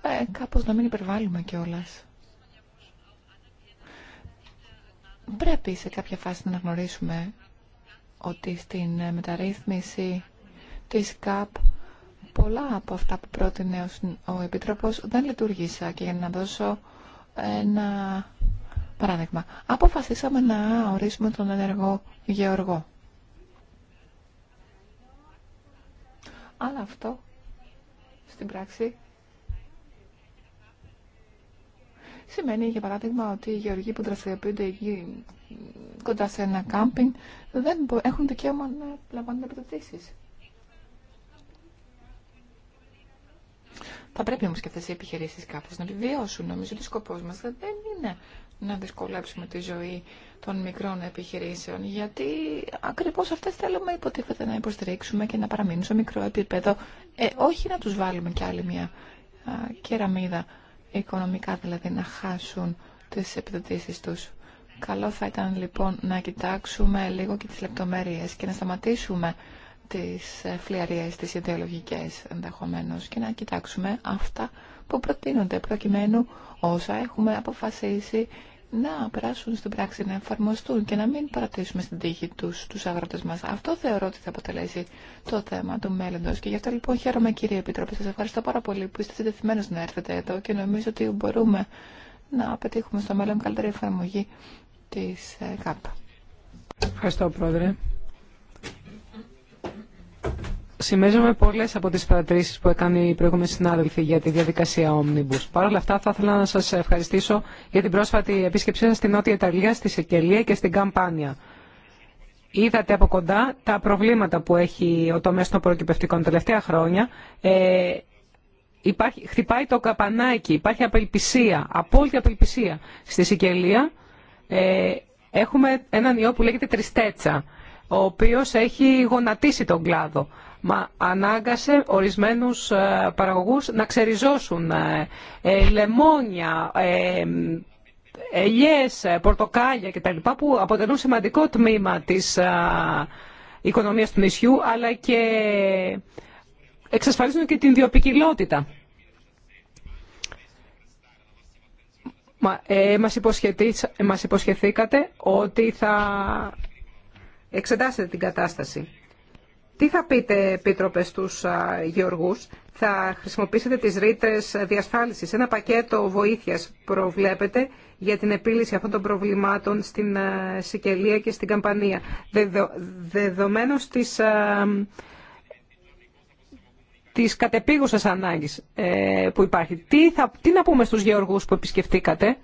ε, κάπως να μην υπερβάλλουμε κιόλα. Πρέπει σε κάποια φάση να γνωρίσουμε ότι στην μεταρρύθμιση της ΚΑΠ πολλά από αυτά που πρότεινε ο Επιτρόπος δεν λειτουργήσα και για να δώσω ένα Παράδειγμα, αποφασίσαμε να ορίσουμε τον ενεργό γεωργό. Αλλά αυτό στην πράξη σημαίνει, για παράδειγμα, ότι οι γεωργοί που δραστηριοποιούνται κοντά σε ένα κάμπινγκ δεν έχουν δικαίωμα να λαμβάνουν επιδοτήσεις. Θα πρέπει όμως, και αυτέ οι επιχειρήσεις κάπως να επιβιώσουν. Νομίζω ότι ο σκοπό μας δεν είναι να δυσκολέψουμε τη ζωή των μικρών επιχειρήσεων, γιατί ακριβώς αυτές θέλουμε υποτίθεται να υποστηρίξουμε και να παραμείνουν σε μικρό επίπεδο, ε, όχι να τους βάλουμε κι άλλη μια α, κεραμίδα οικονομικά, δηλαδή να χάσουν τις επιδοτήσεις τους. Καλό θα ήταν λοιπόν να κοιτάξουμε λίγο και τις λεπτομέρειες και να σταματήσουμε τις ε, φλιαρίες, τις ιδεολογικέ ενδεχομένω και να κοιτάξουμε αυτά που προτείνονται προκειμένου όσα έχουμε αποφασίσει να περάσουν στην πράξη, να εφαρμοστούν και να μην παρατήσουμε στην τύχη τους, τους αγρότες μας. Αυτό θεωρώ ότι θα αποτελέσει το θέμα του μέλλοντος και γι' αυτό λοιπόν χαίρομαι κύριε Επιτροπή. Σας ευχαριστώ πάρα πολύ που είστε συνδεθειμένος να έρθετε εδώ και νομίζω ότι μπορούμε να πετύχουμε στο μέλλον καλύτερη εφαρμογή της ε, ΚΑΠ. Ευχαριστώ Πρόεδρε. Συμμερίζομαι πολλέ από τι παρατηρήσει που έκανε η προηγούμενη συνάδελφοι για τη διαδικασία Omnibus. Παρ' όλα αυτά, θα ήθελα να σα ευχαριστήσω για την πρόσφατη επίσκεψή σα στη Νότια Ιταλία, στη Σικελία και στην Καμπάνια. Είδατε από κοντά τα προβλήματα που έχει ο τομέα των προκυπευτικών τελευταία χρόνια. Ε, υπάρχει, χτυπάει το καπανάκι, υπάρχει απελπισία, απόλυτη απελπισία. Στη Σικελία ε, έχουμε έναν ιό που λέγεται Τριστέτσα, ο οποίος έχει γονατίσει τον κλάδο μα ανάγκασε ορισμένους ε, παραγωγούς να ξεριζώσουν ε, ε, λεμόνια, ελιές, πορτοκάλια κτλ. που αποτελούν σημαντικό τμήμα της οικονομίας του νησιού αλλά και εξασφαλίζουν και την διοπικιλότητα. Μα, ε, μας υποσχεθήκατε ότι θα εξετάσετε την κατάσταση. Τι θα πείτε, Επίτροπε, στου γεωργούς. Θα χρησιμοποιήσετε τις ρήτρε διασφάλισης. Ένα πακέτο βοήθειας προβλέπετε για την επίλυση αυτών των προβλημάτων στην Σικελία και στην Καμπανία. Δεδο, δεδομένως της, της ε, που υπάρχει. Τι, θα, τι να πούμε στους γεωργούς που επισκεφτήκατε.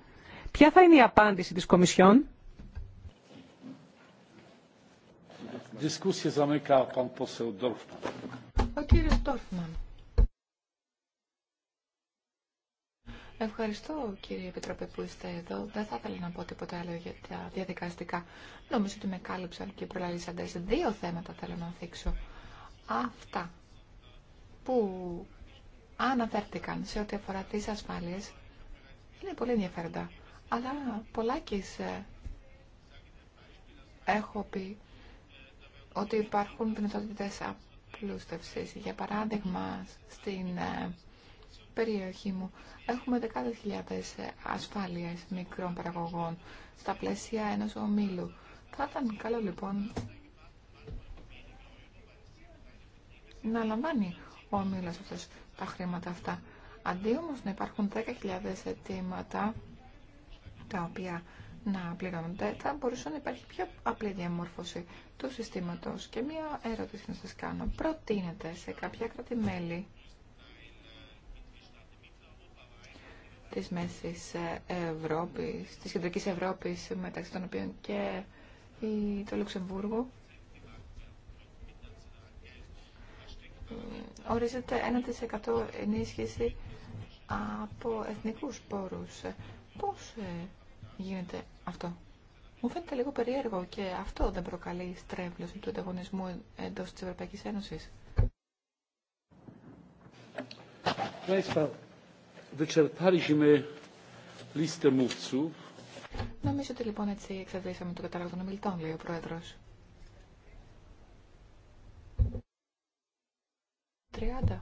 Ποια θα είναι η απάντηση της Κομισιόν. Ευχαριστώ κύριε Επιτροπέ που είστε εδώ. Δεν θα ήθελα να πω τίποτα άλλο για τα διαδικαστικά. Νομίζω ότι με κάλυψαν και σε Δύο θέματα θέλω να θίξω. Αυτά που αναφέρθηκαν σε ό,τι αφορά τις ασφάλειες είναι πολύ ενδιαφέροντα. Αλλά πολλά και σε έχω πει ότι υπάρχουν δυνατότητες απλούστευσης. Για παράδειγμα, στην ε, περιοχή μου έχουμε δεκάδες χιλιάδες ασφάλειες μικρών παραγωγών στα πλαίσια ενός ομίλου. Θα ήταν καλό λοιπόν να λαμβάνει ο ομίλος αυτός τα χρήματα αυτά. Αντί όμως να υπάρχουν 10.000 αιτήματα τα οποία να πληρώνονται, θα μπορούσε να υπάρχει πιο απλή διαμόρφωση του συστήματος. Και μία ερώτηση να σας κάνω. Προτείνεται σε κάποια κράτη-μέλη της Μέσης Ευρώπης, της Κεντρικής Ευρώπης, μεταξύ των οποίων και το Λουξεμβούργο, ορίζεται 1% ενίσχυση από εθνικούς πόρους. Πώς ε, γίνεται αυτό. Μου φαίνεται λίγο περίεργο και αυτό δεν προκαλεί στρέβλωση του ανταγωνισμού εντός της Ευρωπαϊκής Ένωσης. Νομίζω ότι λοιπόν έτσι εξαντλήσαμε το κατάλογο των ομιλητών, λέει ο Πρόεδρος. 30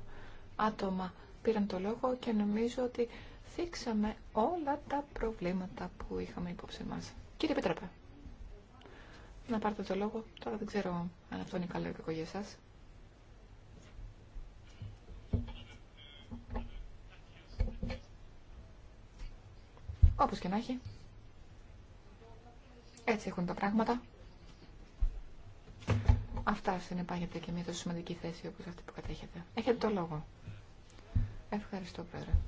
άτομα πήραν το λόγο και νομίζω ότι θίξαμε όλα τα προβλήματα που είχαμε υπόψη μα. Κύριε Πέτραπε, να πάρετε το λόγο. Τώρα δεν ξέρω αν αυτό είναι καλό ή κακό για εσάς. Όπως και να έχει. Έτσι έχουν τα πράγματα. Αυτά συνεπάγεται και μια τόσο σημαντική θέση όπως αυτή που κατέχετε. Έχετε το λόγο. Ευχαριστώ, πέρα.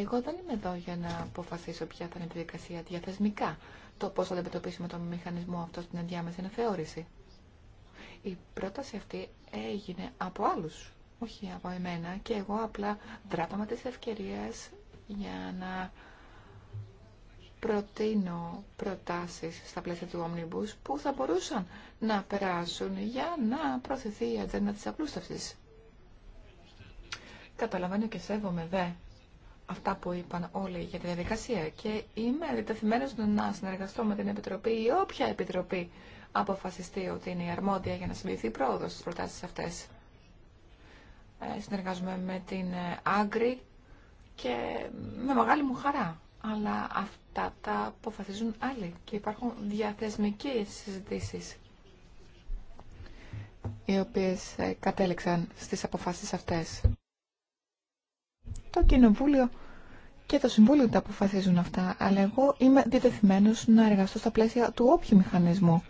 Εγώ δεν είμαι εδώ για να αποφασίσω ποια θα είναι η διαδικασία διαθεσμικά, το πώ θα αντιμετωπίσουμε τον μηχανισμό αυτό στην ενδιάμεση αναθεώρηση. Η πρόταση αυτή έγινε από άλλου, όχι από εμένα, και εγώ απλά δράπαμε τη ευκαιρία για να προτείνω προτάσεις στα πλαίσια του Omnibus που θα μπορούσαν να περάσουν για να προωθηθεί η ατζέντα της απλούστευσης. Καταλαβαίνω και σέβομαι δε αυτά που είπαν όλοι για τη διαδικασία και είμαι διτεθειμένος να συνεργαστώ με την Επιτροπή ή όποια Επιτροπή αποφασιστεί ότι είναι η αρμόδια για να συμπληθεί η πρόοδος στις προτάσεις αυτές. Ε, συνεργάζομαι με την ε, Άγκρη και με μεγάλη μου χαρά. Αλλά αυτά τα αποφασίζουν άλλοι και υπάρχουν διαθεσμικές συζητήσεις οι οποίες ε, κατέληξαν στις αποφάσεις αυτές. Το Κοινοβούλιο και το Συμβούλιο τα αποφασίζουν αυτά, αλλά εγώ είμαι διτεθειμένος να εργαστώ στα πλαίσια του όποιου μηχανισμού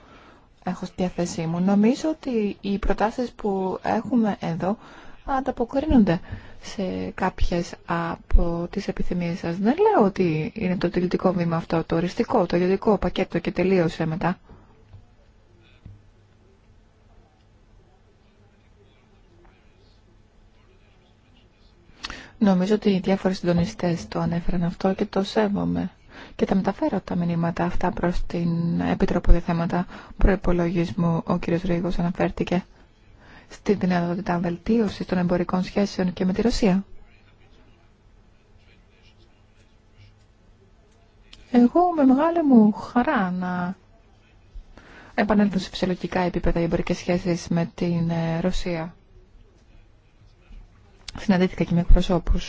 έχω στη διάθεσή μου. Νομίζω ότι οι προτάσεις που έχουμε εδώ ανταποκρίνονται σε κάποιες από τις επιθυμίες σας. Δεν λέω ότι είναι το τελειωτικό βήμα αυτό, το οριστικό, το ιδιωτικό πακέτο και τελείωσε μετά. Νομίζω ότι οι διάφοροι συντονιστέ το ανέφεραν αυτό και το σέβομαι. Και τα μεταφέρω τα μηνύματα αυτά προ την Επίτροπο για Θέματα Προπολογισμού. Ο κ. Ρίγο αναφέρθηκε στη δυνατότητα βελτίωση των εμπορικών σχέσεων και με τη Ρωσία. Εγώ με μεγάλη μου χαρά να επανέλθω σε φυσιολογικά επίπεδα οι εμπορικές σχέσεις με την ε, Ρωσία συναντήθηκα και με εκπροσώπου.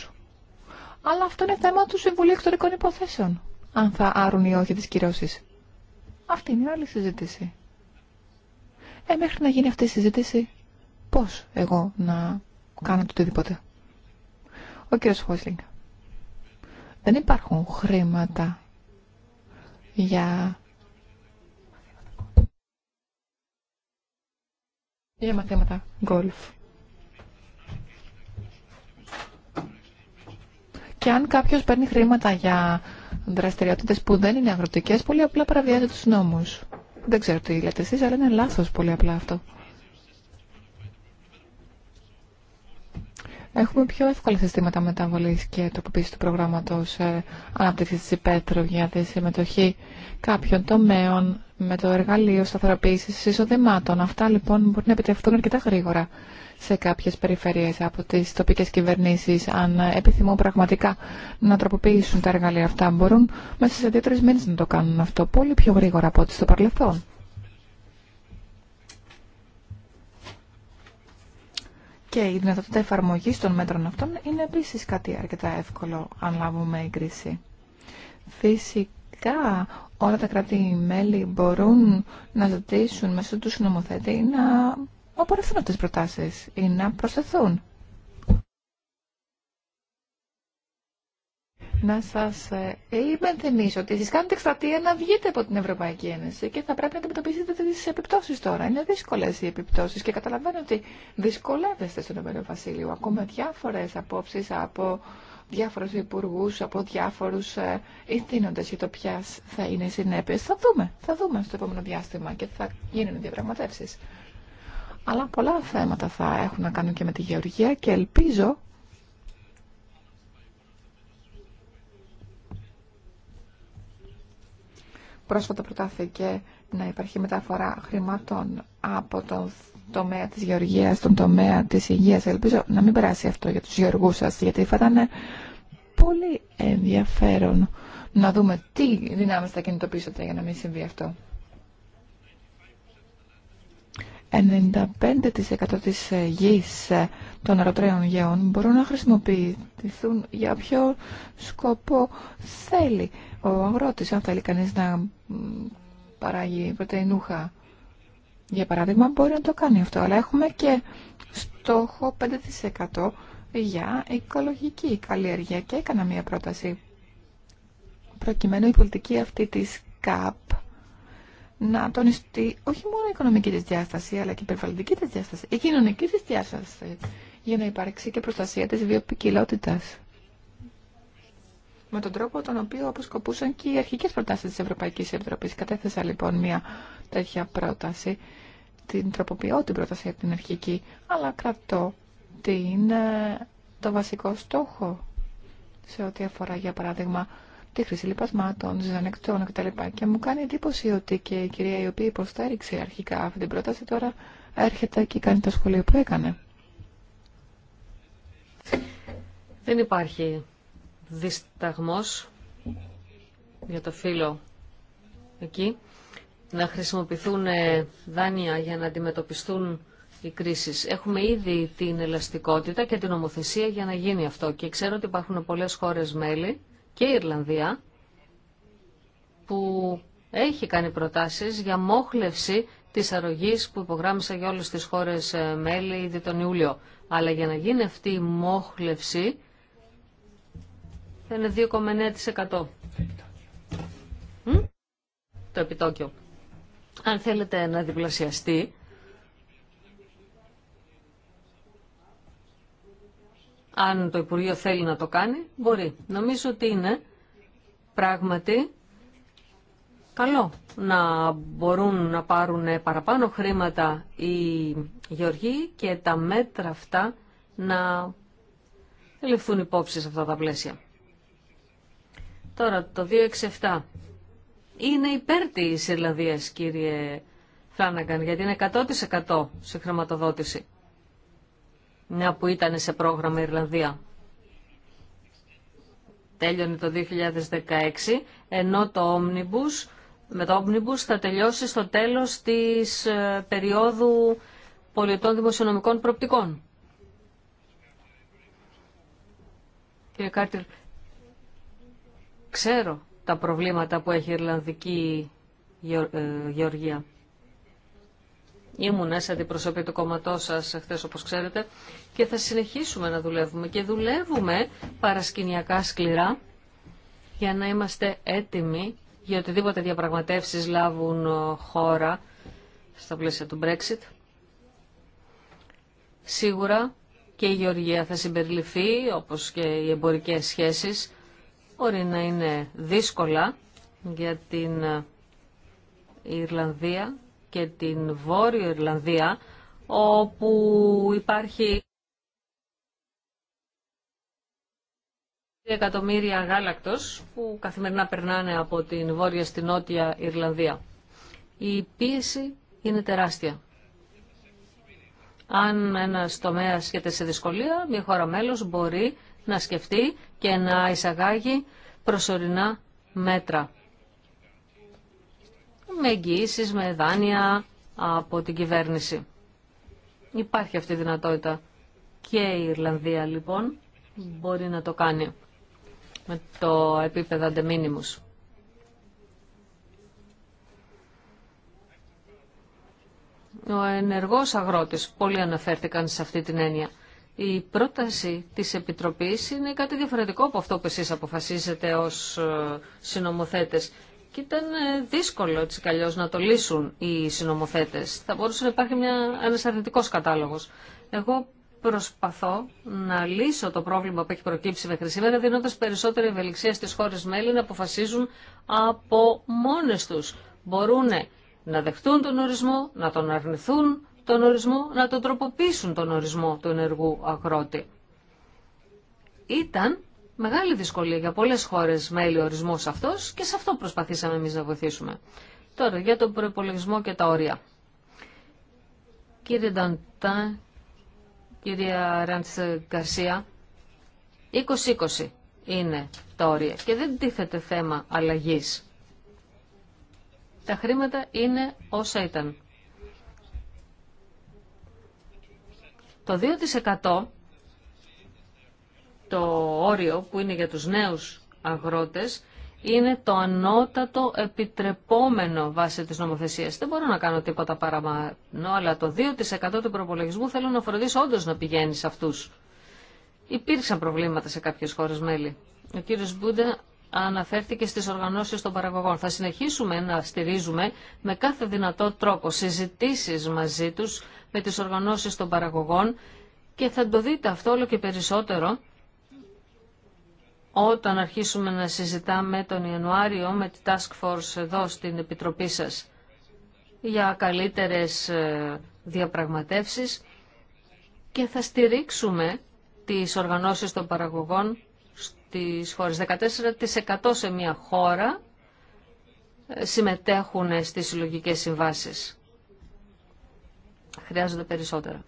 Αλλά αυτό είναι θέμα του Συμβουλίου Εκτορικών Υποθέσεων. Αν θα άρουν ή όχι τις κυρώσεις. Αυτή είναι άλλη συζήτηση. Ε, μέχρι να γίνει αυτή η οχι τι κυρωσει πώς εγώ να κάνω το οτιδήποτε. Ο κύριος Χόσλινγκ. Δεν υπάρχουν χρήματα για... για μαθήματα γκολφ. Και αν κάποιο παίρνει χρήματα για δραστηριότητε που δεν είναι αγροτικέ, πολύ απλά παραβιάζει του νόμου. Δεν ξέρω τι λέτε εσεί, αλλά είναι λάθο πολύ απλά αυτό. Έχουμε πιο εύκολα συστήματα μεταβολή και τοποποίηση του προγράμματο ε, ανάπτυξη τη υπέτρου για τη συμμετοχή κάποιων τομέων με το εργαλείο σταθεροποίηση εισοδημάτων. Αυτά λοιπόν μπορεί να επιτευχθούν αρκετά γρήγορα σε κάποιες περιφερειές από τις τοπικές κυβερνήσεις αν επιθυμούν πραγματικά να τροποποιήσουν τα εργαλεία αυτά μπορούν μέσα σε δύο-τρεις μήνες να το κάνουν αυτό πολύ πιο γρήγορα από ό,τι στο παρελθόν. Και η δυνατότητα εφαρμογής των μέτρων αυτών είναι επίσης κάτι αρκετά εύκολο αν λάβουμε έγκριση. Φυσικά όλα τα κράτη-μέλη μπορούν να ζητήσουν μέσω του συνομοθέτη να απορριφθούν αυτές τις προτάσεις ή να προσθεθούν. Να σας ε, υπενθυμίσω ότι εσείς κάνετε εκστρατεία να βγείτε από την Ευρωπαϊκή Ένωση και θα πρέπει να αντιμετωπίσετε τις επιπτώσεις τώρα. Είναι δύσκολες οι επιπτώσεις και καταλαβαίνω ότι δυσκολεύεστε στον Ευρωπαϊκό Βασίλειο. Ακόμα διάφορες απόψεις από διάφορους υπουργούς, από διάφορους ε, ηθήνοντες για το ποιε θα είναι οι συνέπειες. Θα δούμε, θα δούμε στο επόμενο διάστημα και θα γίνουν διαπραγματεύσεις αλλά πολλά θέματα θα έχουν να κάνουν και με τη γεωργία και ελπίζω Πρόσφατα προτάθηκε να υπάρχει μεταφορά χρημάτων από τον τομέα της γεωργίας στον τομέα της υγείας. Ελπίζω να μην περάσει αυτό για τους γεωργούς σας, γιατί θα ήταν πολύ ενδιαφέρον να δούμε τι δυνάμεις θα κινητοποιήσετε για να μην συμβεί αυτό. 95% της ε, γης ε, των αεροτρέων γεών μπορούν να χρησιμοποιηθούν για ποιο σκοπό θέλει ο αγρότης, αν θέλει κανείς να παράγει πρωτεϊνούχα. Για παράδειγμα, μπορεί να το κάνει αυτό, αλλά έχουμε και στόχο 5% για οικολογική καλλιέργεια και έκανα μία πρόταση προκειμένου η πολιτική αυτή της ΚΑΠ να τονιστεί όχι μόνο η οικονομική της διάσταση, αλλά και η περιβαλλοντική της διάσταση, η κοινωνική της διάσταση, για να υπάρξει και προστασία της βιοπικιλότητας. Με τον τρόπο τον οποίο αποσκοπούσαν και οι αρχικές προτάσεις της Ευρωπαϊκής Επιτροπής. Κατέθεσα λοιπόν μια τέτοια πρόταση, την τροποποιώ την πρόταση από την αρχική, αλλά κρατώ την, ε, το βασικό στόχο σε ό,τι αφορά για παράδειγμα τη χρήση λιπασμάτων, ζυζανεκτών κτλ. Και μου κάνει εντύπωση ότι και η κυρία η οποία υποστήριξε αρχικά αυτή την πρόταση τώρα έρχεται και κάνει το σχολείο που έκανε. Δεν υπάρχει δισταγμός για το φίλο εκεί να χρησιμοποιηθούν ε, δάνεια για να αντιμετωπιστούν οι κρίσεις. Έχουμε ήδη την ελαστικότητα και την ομοθεσία για να γίνει αυτό και ξέρω ότι υπάρχουν πολλές χώρες μέλη και η Ιρλανδία που έχει κάνει προτάσεις για μόχλευση της αρρωγής που υπογράμμισα για όλες τις χώρες ε, μέλη ήδη τον Ιούλιο. Αλλά για να γίνει αυτή η μόχλευση θα είναι 2,9%. Hm? Το επιτόκιο. Αν θέλετε να διπλασιαστεί, αν το Υπουργείο θέλει να το κάνει, μπορεί. Νομίζω ότι είναι πράγματι καλό να μπορούν να πάρουν παραπάνω χρήματα οι γεωργοί και τα μέτρα αυτά να ληφθούν υπόψη σε αυτά τα πλαίσια. Τώρα το 267. Είναι υπέρ της Ιρλανδίας κύριε Φλάνναγκαν, γιατί είναι 100% σε χρηματοδότηση μια που ήταν σε πρόγραμμα Ιρλανδία. Τέλειωνε το 2016, ενώ το Omnibus, με το Omnibus θα τελειώσει στο τέλος της ε, περίοδου πολιτών δημοσιονομικών προπτικών. Κύριε Κάρτιρ, ξέρω τα προβλήματα που έχει η Ιρλανδική ε, Γεωργία. Ήμουν σε αντιπροσωπή του κόμματό σα χθε, όπω ξέρετε, και θα συνεχίσουμε να δουλεύουμε. Και δουλεύουμε παρασκηνιακά σκληρά για να είμαστε έτοιμοι για οτιδήποτε διαπραγματεύσεις λάβουν ε, χώρα στα πλαίσια του Brexit. Σίγουρα και η γεωργία θα συμπεριληφθεί, όπως και οι εμπορικές σχέσεις. Μπορεί να είναι δύσκολα για την ε, Ιρλανδία και την Βόρεια Ιρλανδία, όπου υπάρχει εκατομμύρια γάλακτος που καθημερινά περνάνε από την Βόρεια στην Νότια Ιρλανδία. Η πίεση είναι τεράστια. Αν ένα τομέα σχέται σε δυσκολία, μια χώρα μέλος μπορεί να σκεφτεί και να εισαγάγει προσωρινά μέτρα με εγγυήσει, με δάνεια από την κυβέρνηση. Υπάρχει αυτή η δυνατότητα. Και η Ιρλανδία λοιπόν μπορεί να το κάνει με το επίπεδο αντεμίνιμους. Ο ενεργός αγρότης, πολλοί αναφέρθηκαν σε αυτή την έννοια. Η πρόταση της Επιτροπής είναι κάτι διαφορετικό από αυτό που εσείς αποφασίζετε ως ε, συνομοθέτες. Και ήταν ε, δύσκολο έτσι κι να το λύσουν οι συνομοθέτε. Θα μπορούσε να υπάρχει ένα αρνητικό κατάλογο. Εγώ προσπαθώ να λύσω το πρόβλημα που έχει προκύψει μέχρι σήμερα, δίνοντα περισσότερη ευελιξία στι χώρε μέλη να αποφασίζουν από μόνες του. Μπορούν να δεχτούν τον ορισμό, να τον αρνηθούν τον ορισμό, να τον τροποποιήσουν τον ορισμό του ενεργού αγρότη. Ήταν μεγάλη δυσκολία για πολλές χώρες μέλη ορισμό αυτός και σε αυτό προσπαθήσαμε εμείς να βοηθήσουμε. Τώρα για τον προπολογισμό και τα όρια. Κύριε Νταντά, κυρία Ράντς Γκαρσία, 20-20 είναι τα όρια και δεν τίθεται θέμα αλλαγής. Τα χρήματα είναι όσα ήταν. Το 2% το όριο που είναι για τους νέους αγρότες είναι το ανώτατο επιτρεπόμενο βάσει της νομοθεσίας. Δεν μπορώ να κάνω τίποτα παραμανώ, αλλά το 2% του προπολογισμού θέλω να φροντίσω όντω να πηγαίνει σε αυτούς. Υπήρξαν προβλήματα σε κάποιες χώρες μέλη. Ο κύριος Μπούντα αναφέρθηκε στις οργανώσεις των παραγωγών. Θα συνεχίσουμε να στηρίζουμε με κάθε δυνατό τρόπο συζητήσεις μαζί τους με τις οργανώσεις των παραγωγών και θα το δείτε αυτό όλο και περισσότερο όταν αρχίσουμε να συζητάμε τον Ιανουάριο με τη Task Force εδώ στην Επιτροπή σας για καλύτερες ε, διαπραγματεύσεις και θα στηρίξουμε τις οργανώσεις των παραγωγών στις χώρες. 14% σε μια χώρα ε, συμμετέχουν στις συλλογικές συμβάσεις. Χρειάζονται περισσότερα.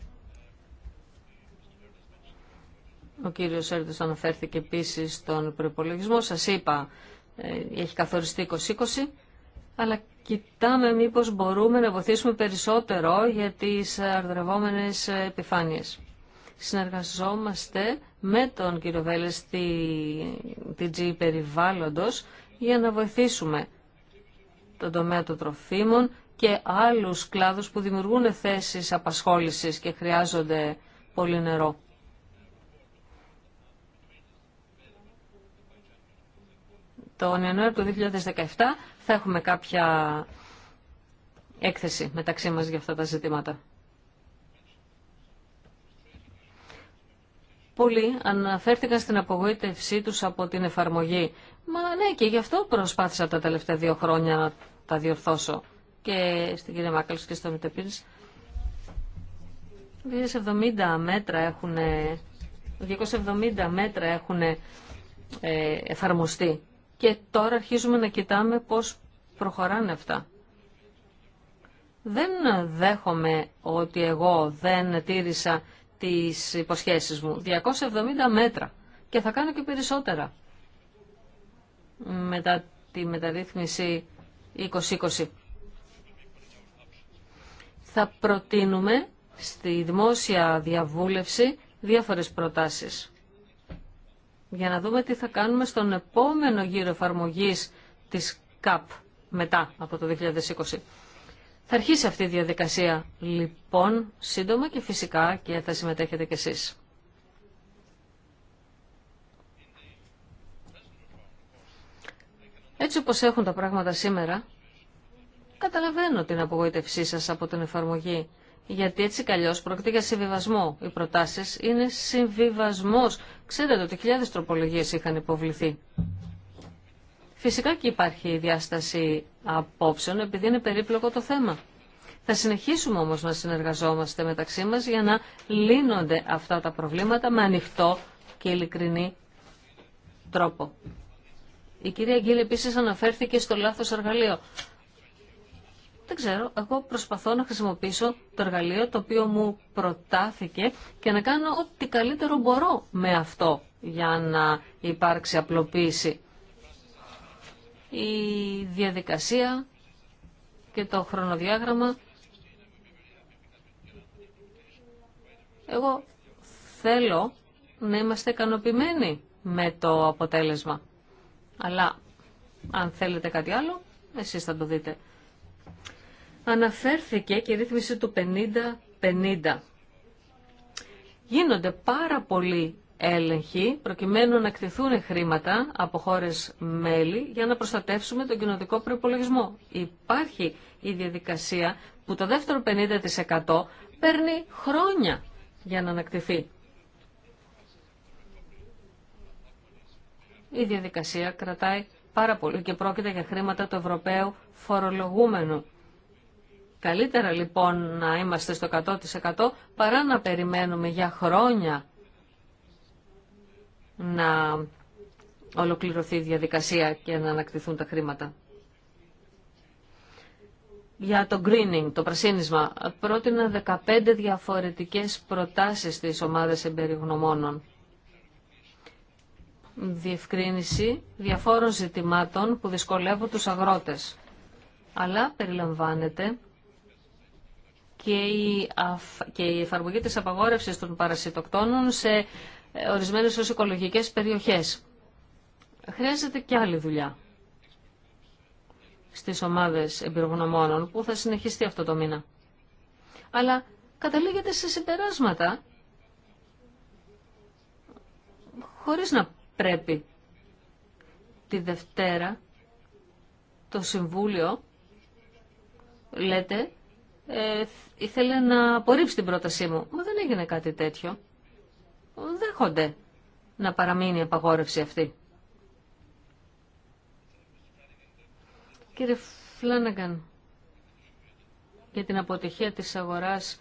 Ο κύριος Έρντος αναφέρθηκε επίσης στον προπολογισμό. Σας είπα, ε, έχει καθοριστεί 2020, αλλά κοιτάμε μήπως μπορούμε να βοηθήσουμε περισσότερο για τις αρδρευόμενες επιφάνειες. Συνεργαζόμαστε με τον κύριο Βέλε την GE Περιβάλλοντος για να βοηθήσουμε τον τομέα των τροφίμων και άλλους κλάδους που δημιουργούν θέσεις απασχόλησης και χρειάζονται πολύ νερό. τον Ιανουάριο του 2017 θα έχουμε κάποια έκθεση μεταξύ μας για αυτά τα ζητήματα. Πολλοί αναφέρθηκαν στην απογοήτευσή τους από την εφαρμογή. Μα ναι, και γι' αυτό προσπάθησα τα τελευταία δύο χρόνια να τα διορθώσω. Και στην κυρία Μάκαλς και στον Μητεπίνης. 270 μέτρα έχουν, 270 μέτρα έχουν ε, εφαρμοστεί και τώρα αρχίζουμε να κοιτάμε πώς προχωράνε αυτά. Δεν δέχομαι ότι εγώ δεν τήρησα τις υποσχέσεις μου. 270 μέτρα και θα κάνω και περισσότερα μετά τη μεταρρύθμιση 2020. Θα προτείνουμε στη δημόσια διαβούλευση διάφορες προτάσεις για να δούμε τι θα κάνουμε στον επόμενο γύρο εφαρμογή της ΚΑΠ μετά από το 2020. Θα αρχίσει αυτή η διαδικασία λοιπόν σύντομα και φυσικά και θα συμμετέχετε κι εσείς. Έτσι όπως έχουν τα πράγματα σήμερα, καταλαβαίνω την απογοήτευσή σας από την εφαρμογή γιατί έτσι καλλιώς πρόκειται για συμβιβασμό. Οι προτάσεις είναι συμβιβασμό. Ξέρετε ότι χιλιάδες τροπολογίες είχαν υποβληθεί. Φυσικά και υπάρχει η διάσταση απόψεων επειδή είναι περίπλοκο το θέμα. Θα συνεχίσουμε όμως να συνεργαζόμαστε μεταξύ μας για να λύνονται αυτά τα προβλήματα με ανοιχτό και ειλικρινή τρόπο. Η κυρία Γκίλη επίσης αναφέρθηκε στο λάθος εργαλείο. Δεν ξέρω, εγώ προσπαθώ να χρησιμοποιήσω το εργαλείο το οποίο μου προτάθηκε και να κάνω ό,τι καλύτερο μπορώ με αυτό για να υπάρξει απλοποίηση. Η διαδικασία και το χρονοδιάγραμμα. Εγώ θέλω να είμαστε ικανοποιημένοι με το αποτέλεσμα. Αλλά αν θέλετε κάτι άλλο, εσείς θα το δείτε αναφέρθηκε και η ρύθμιση του 50-50. Γίνονται πάρα πολλοί έλεγχοι προκειμένου να κτηθούν χρήματα από χώρες μέλη για να προστατεύσουμε τον κοινοτικό προπολογισμό. Υπάρχει η διαδικασία που το δεύτερο 50% παίρνει χρόνια για να ανακτηθεί. Η διαδικασία κρατάει πάρα πολύ και πρόκειται για χρήματα του Ευρωπαίου φορολογούμενου. Καλύτερα λοιπόν να είμαστε στο 100% παρά να περιμένουμε για χρόνια να ολοκληρωθεί η διαδικασία και να ανακτηθούν τα χρήματα. Για το greening, το πρασίνισμα, πρότεινα 15 διαφορετικές προτάσεις της ομάδας εμπεριγνωμόνων. Διευκρίνηση διαφόρων ζητημάτων που δυσκολεύουν τους αγρότες. Αλλά περιλαμβάνεται και η, και εφαρμογή της απαγόρευσης των παρασιτοκτόνων σε ε, ορισμένες ως οικολογικές περιοχές. Χρειάζεται και άλλη δουλειά στις ομάδες εμπειρογνωμόνων που θα συνεχιστεί αυτό το μήνα. Αλλά καταλήγεται σε συμπεράσματα χωρίς να πρέπει τη Δευτέρα το Συμβούλιο λέτε ε, ήθελε να απορρίψει την πρότασή μου. Μα δεν έγινε κάτι τέτοιο. Δέχονται να παραμείνει η απαγόρευση αυτή. Κύριε Φλάνεγκαν, για την αποτυχία της αγοράς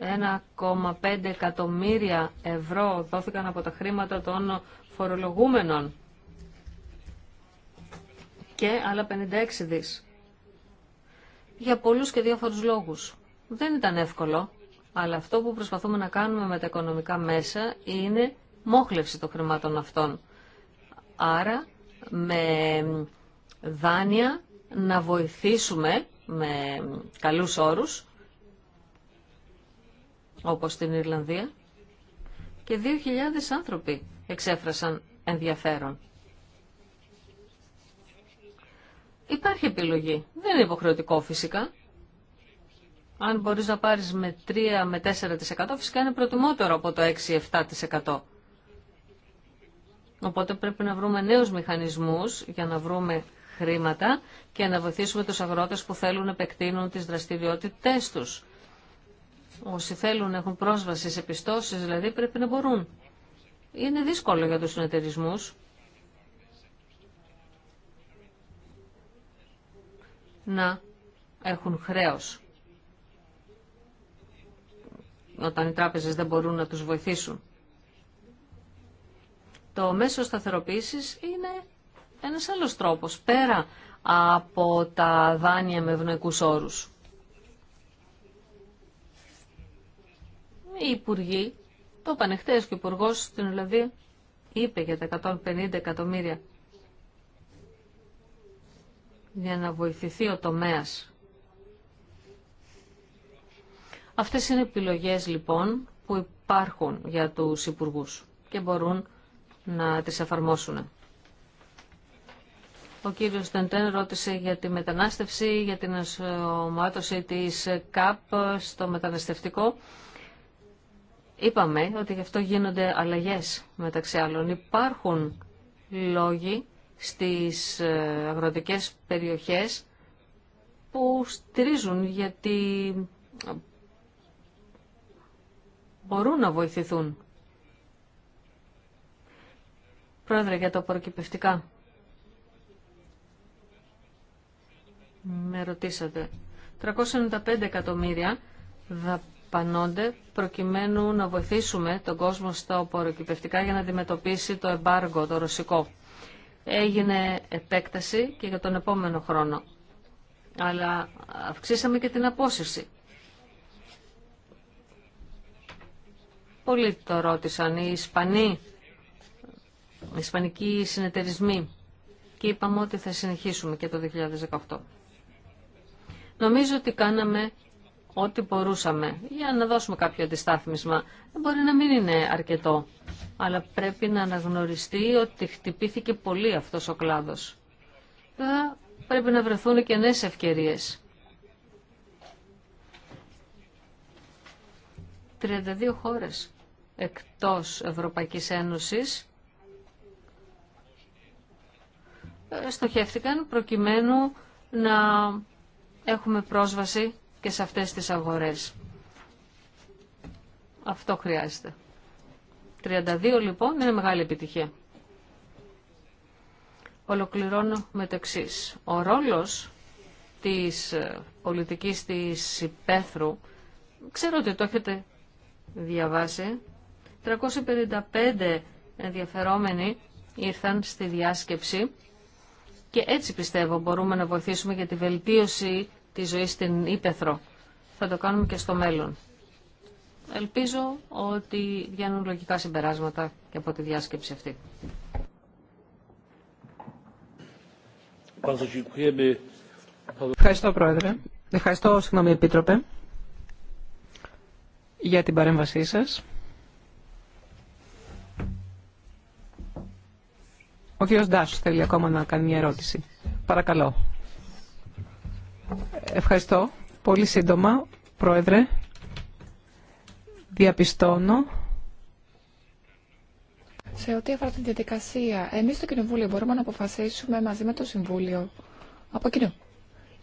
1,5 εκατομμύρια ευρώ δόθηκαν από τα χρήματα των φορολογούμενων και άλλα 56 δις για πολλούς και διάφορους λόγους. Δεν ήταν εύκολο, αλλά αυτό που προσπαθούμε να κάνουμε με τα οικονομικά μέσα είναι μόχλευση των χρημάτων αυτών. Άρα με δάνεια να βοηθήσουμε με καλούς όρους, όπως στην Ιρλανδία, και 2.000 άνθρωποι εξέφρασαν ενδιαφέρον. Υπάρχει επιλογή. Δεν είναι υποχρεωτικό φυσικά. Αν μπορείς να πάρεις με 3 με 4% φυσικά είναι προτιμότερο από το 6-7%. Οπότε πρέπει να βρούμε νέους μηχανισμούς για να βρούμε χρήματα και να βοηθήσουμε τους αγρότες που θέλουν να επεκτείνουν τις δραστηριότητές τους. Όσοι θέλουν να έχουν πρόσβαση σε πιστώσεις, δηλαδή πρέπει να μπορούν. Είναι δύσκολο για τους συνεταιρισμού να έχουν χρέος όταν οι τράπεζες δεν μπορούν να τους βοηθήσουν. Το μέσο σταθεροποίησης είναι ένας άλλος τρόπος, πέρα από τα δάνεια με ευνοϊκούς όρους. Οι υπουργοί, το πανεχτές και ο υπουργό στην Ολλανδία, είπε για τα 150 εκατομμύρια για να βοηθηθεί ο τομέας. Αυτές είναι επιλογές λοιπόν που υπάρχουν για τους υπουργούς και μπορούν να τις εφαρμόσουν. Ο κύριος Τεντέν ρώτησε για τη μετανάστευση, για την ασωμάτωση της ΚΑΠ στο μεταναστευτικό. Είπαμε ότι γι' αυτό γίνονται αλλαγές μεταξύ άλλων. Υπάρχουν λόγοι στις ε, αγροτικές περιοχές που στηρίζουν γιατί ε, μπορούν να βοηθηθούν. Πρόεδρε, για το προκυπευτικά. Με ρωτήσατε. 395 εκατομμύρια δαπανώνται προκειμένου να βοηθήσουμε τον κόσμο στα οποροκυπευτικά για να αντιμετωπίσει το εμπάργο, το ρωσικό έγινε επέκταση και για τον επόμενο χρόνο. Αλλά αυξήσαμε και την απόσυρση. Πολλοί το ρώτησαν, οι Ισπανοί, οι Ισπανικοί συνεταιρισμοί και είπαμε ότι θα συνεχίσουμε και το 2018. Νομίζω ότι κάναμε ό,τι μπορούσαμε για να δώσουμε κάποιο αντιστάθμισμα. Δεν μπορεί να μην είναι αρκετό, αλλά πρέπει να αναγνωριστεί ότι χτυπήθηκε πολύ αυτός ο κλάδος. Βέβαια, πρέπει να βρεθούν και νέες ευκαιρίες. 32 χώρες εκτός Ευρωπαϊκής Ένωσης ε, στοχεύτηκαν προκειμένου να έχουμε πρόσβαση και σε αυτές τις αγορές. Αυτό χρειάζεται. 32 λοιπόν είναι μεγάλη επιτυχία. Ολοκληρώνω με το εξή. Ο ρόλος της ε, πολιτικής της υπαίθρου, ξέρω ότι το έχετε διαβάσει, 355 ενδιαφερόμενοι ήρθαν στη διάσκεψη και έτσι πιστεύω μπορούμε να βοηθήσουμε για τη βελτίωση τη ζωή στην Ήπεθρο. Θα το κάνουμε και στο μέλλον. Ελπίζω ότι βγαίνουν λογικά συμπεράσματα και από τη διάσκεψη αυτή. Ευχαριστώ, Πρόεδρε. Ευχαριστώ, συγγνώμη, Επίτροπε, για την παρέμβασή σας. Ο κύριος Ντάσος θέλει ακόμα να κάνει μια ερώτηση. Παρακαλώ. Ευχαριστώ. Πολύ σύντομα, Πρόεδρε. Διαπιστώνω. Σε ό,τι αφορά την διαδικασία, εμείς στο Κοινοβούλιο μπορούμε να αποφασίσουμε μαζί με το Συμβούλιο από κοινού.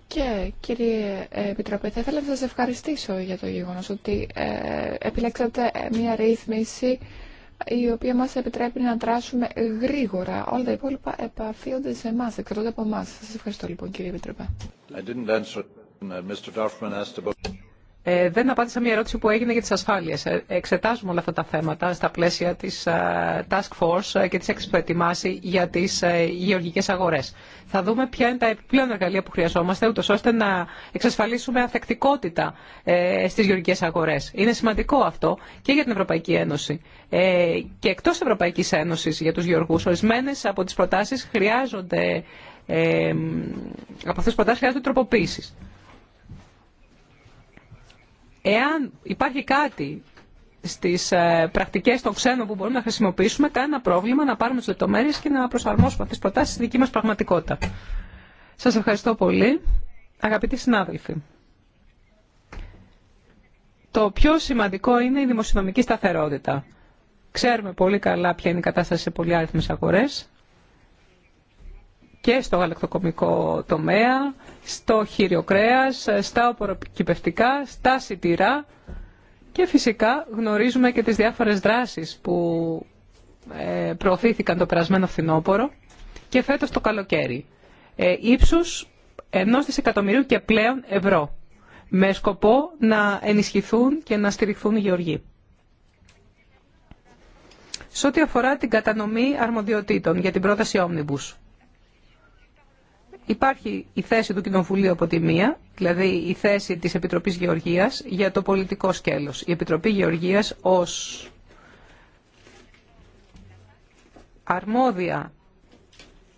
Και κύριε Επιτροπέ, θα ήθελα να σας ευχαριστήσω για το γεγονός ότι ε, επιλέξατε μια ρύθμιση η οποία μας επιτρέπει να τράσουμε γρήγορα. Όλα τα υπόλοιπα επαφίονται σε εμάς, εκτρώνται από εμάς. Σας ευχαριστώ λοιπόν κύριε Επιτροπέ. Ε, δεν απάντησα μια ερώτηση που έγινε για τις ασφάλειες. Ε, εξετάζουμε όλα αυτά τα θέματα στα πλαίσια της ε, Task Force ε, και της έχεις προετοιμάσει για τις uh, γεωργικές αγορές. Θα δούμε ποια είναι τα επιπλέον εργαλεία που χρειαζόμαστε, ούτω ώστε να εξασφαλίσουμε αθεκτικότητα ε, στις γεωργικές αγορές. Είναι σημαντικό αυτό και για την Ευρωπαϊκή Ένωση. Ε, και εκτός Ευρωπαϊκής Ένωσης για τους γεωργούς, ορισμένε από τις προτάσεις χρειάζονται, ε, από αυτές τις προτάσεις χρειάζονται τροποποίησεις. Εάν υπάρχει κάτι στις ε, πρακτικές των ξένων που μπορούμε να χρησιμοποιήσουμε, κανένα πρόβλημα να πάρουμε τις λεπτομέρειες και να προσαρμόσουμε αυτές τις προτάσεις στη δική μας πραγματικότητα. Σας ευχαριστώ πολύ, αγαπητοί συνάδελφοι. Το πιο σημαντικό είναι η δημοσιονομική σταθερότητα. Ξέρουμε πολύ καλά ποια είναι η κατάσταση σε πολλοί αριθμέ αγορές και στο γαλακτοκομικό τομέα, στο χείριο κρέας, στα οποροκυπευτικά, στα σιτηρά και φυσικά γνωρίζουμε και τις διάφορες δράσεις που ε, προωθήθηκαν το περασμένο φθινόπωρο και φέτος το καλοκαίρι. ήψους ε, ύψους ενός εκατομμυρίου και πλέον ευρώ με σκοπό να ενισχυθούν και να στηριχθούν οι γεωργοί. Σε ό,τι αφορά την κατανομή αρμοδιοτήτων για την πρόταση Omnibus. Υπάρχει η θέση του Κοινοβουλίου από τη μία, δηλαδή η θέση της Επιτροπής Γεωργίας για το πολιτικό σκέλος. Η Επιτροπή Γεωργίας ως αρμόδια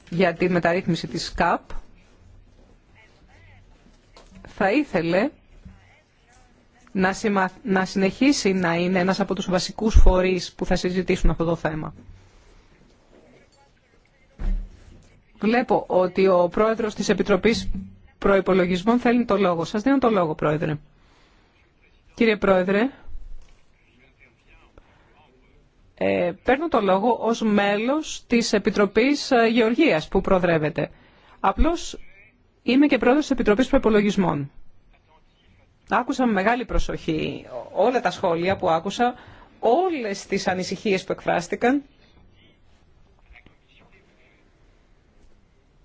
για τη μεταρρύθμιση της ΚΑΠ θα ήθελε να συνεχίσει να είναι ένας από τους βασικούς φορείς που θα συζητήσουν αυτό το θέμα. Βλέπω ότι ο πρόεδρος της Επιτροπής Προϋπολογισμών θέλει το λόγο. Σας δίνω το λόγο, πρόεδρε. Κύριε πρόεδρε, ε, παίρνω το λόγο ως μέλος της Επιτροπής ε, Γεωργίας που προδρεύεται. Απλώς είμαι και πρόεδρος της Επιτροπής Προϋπολογισμών. Άκουσα με μεγάλη προσοχή όλα τα σχόλια που άκουσα, όλες τις ανησυχίες που εκφράστηκαν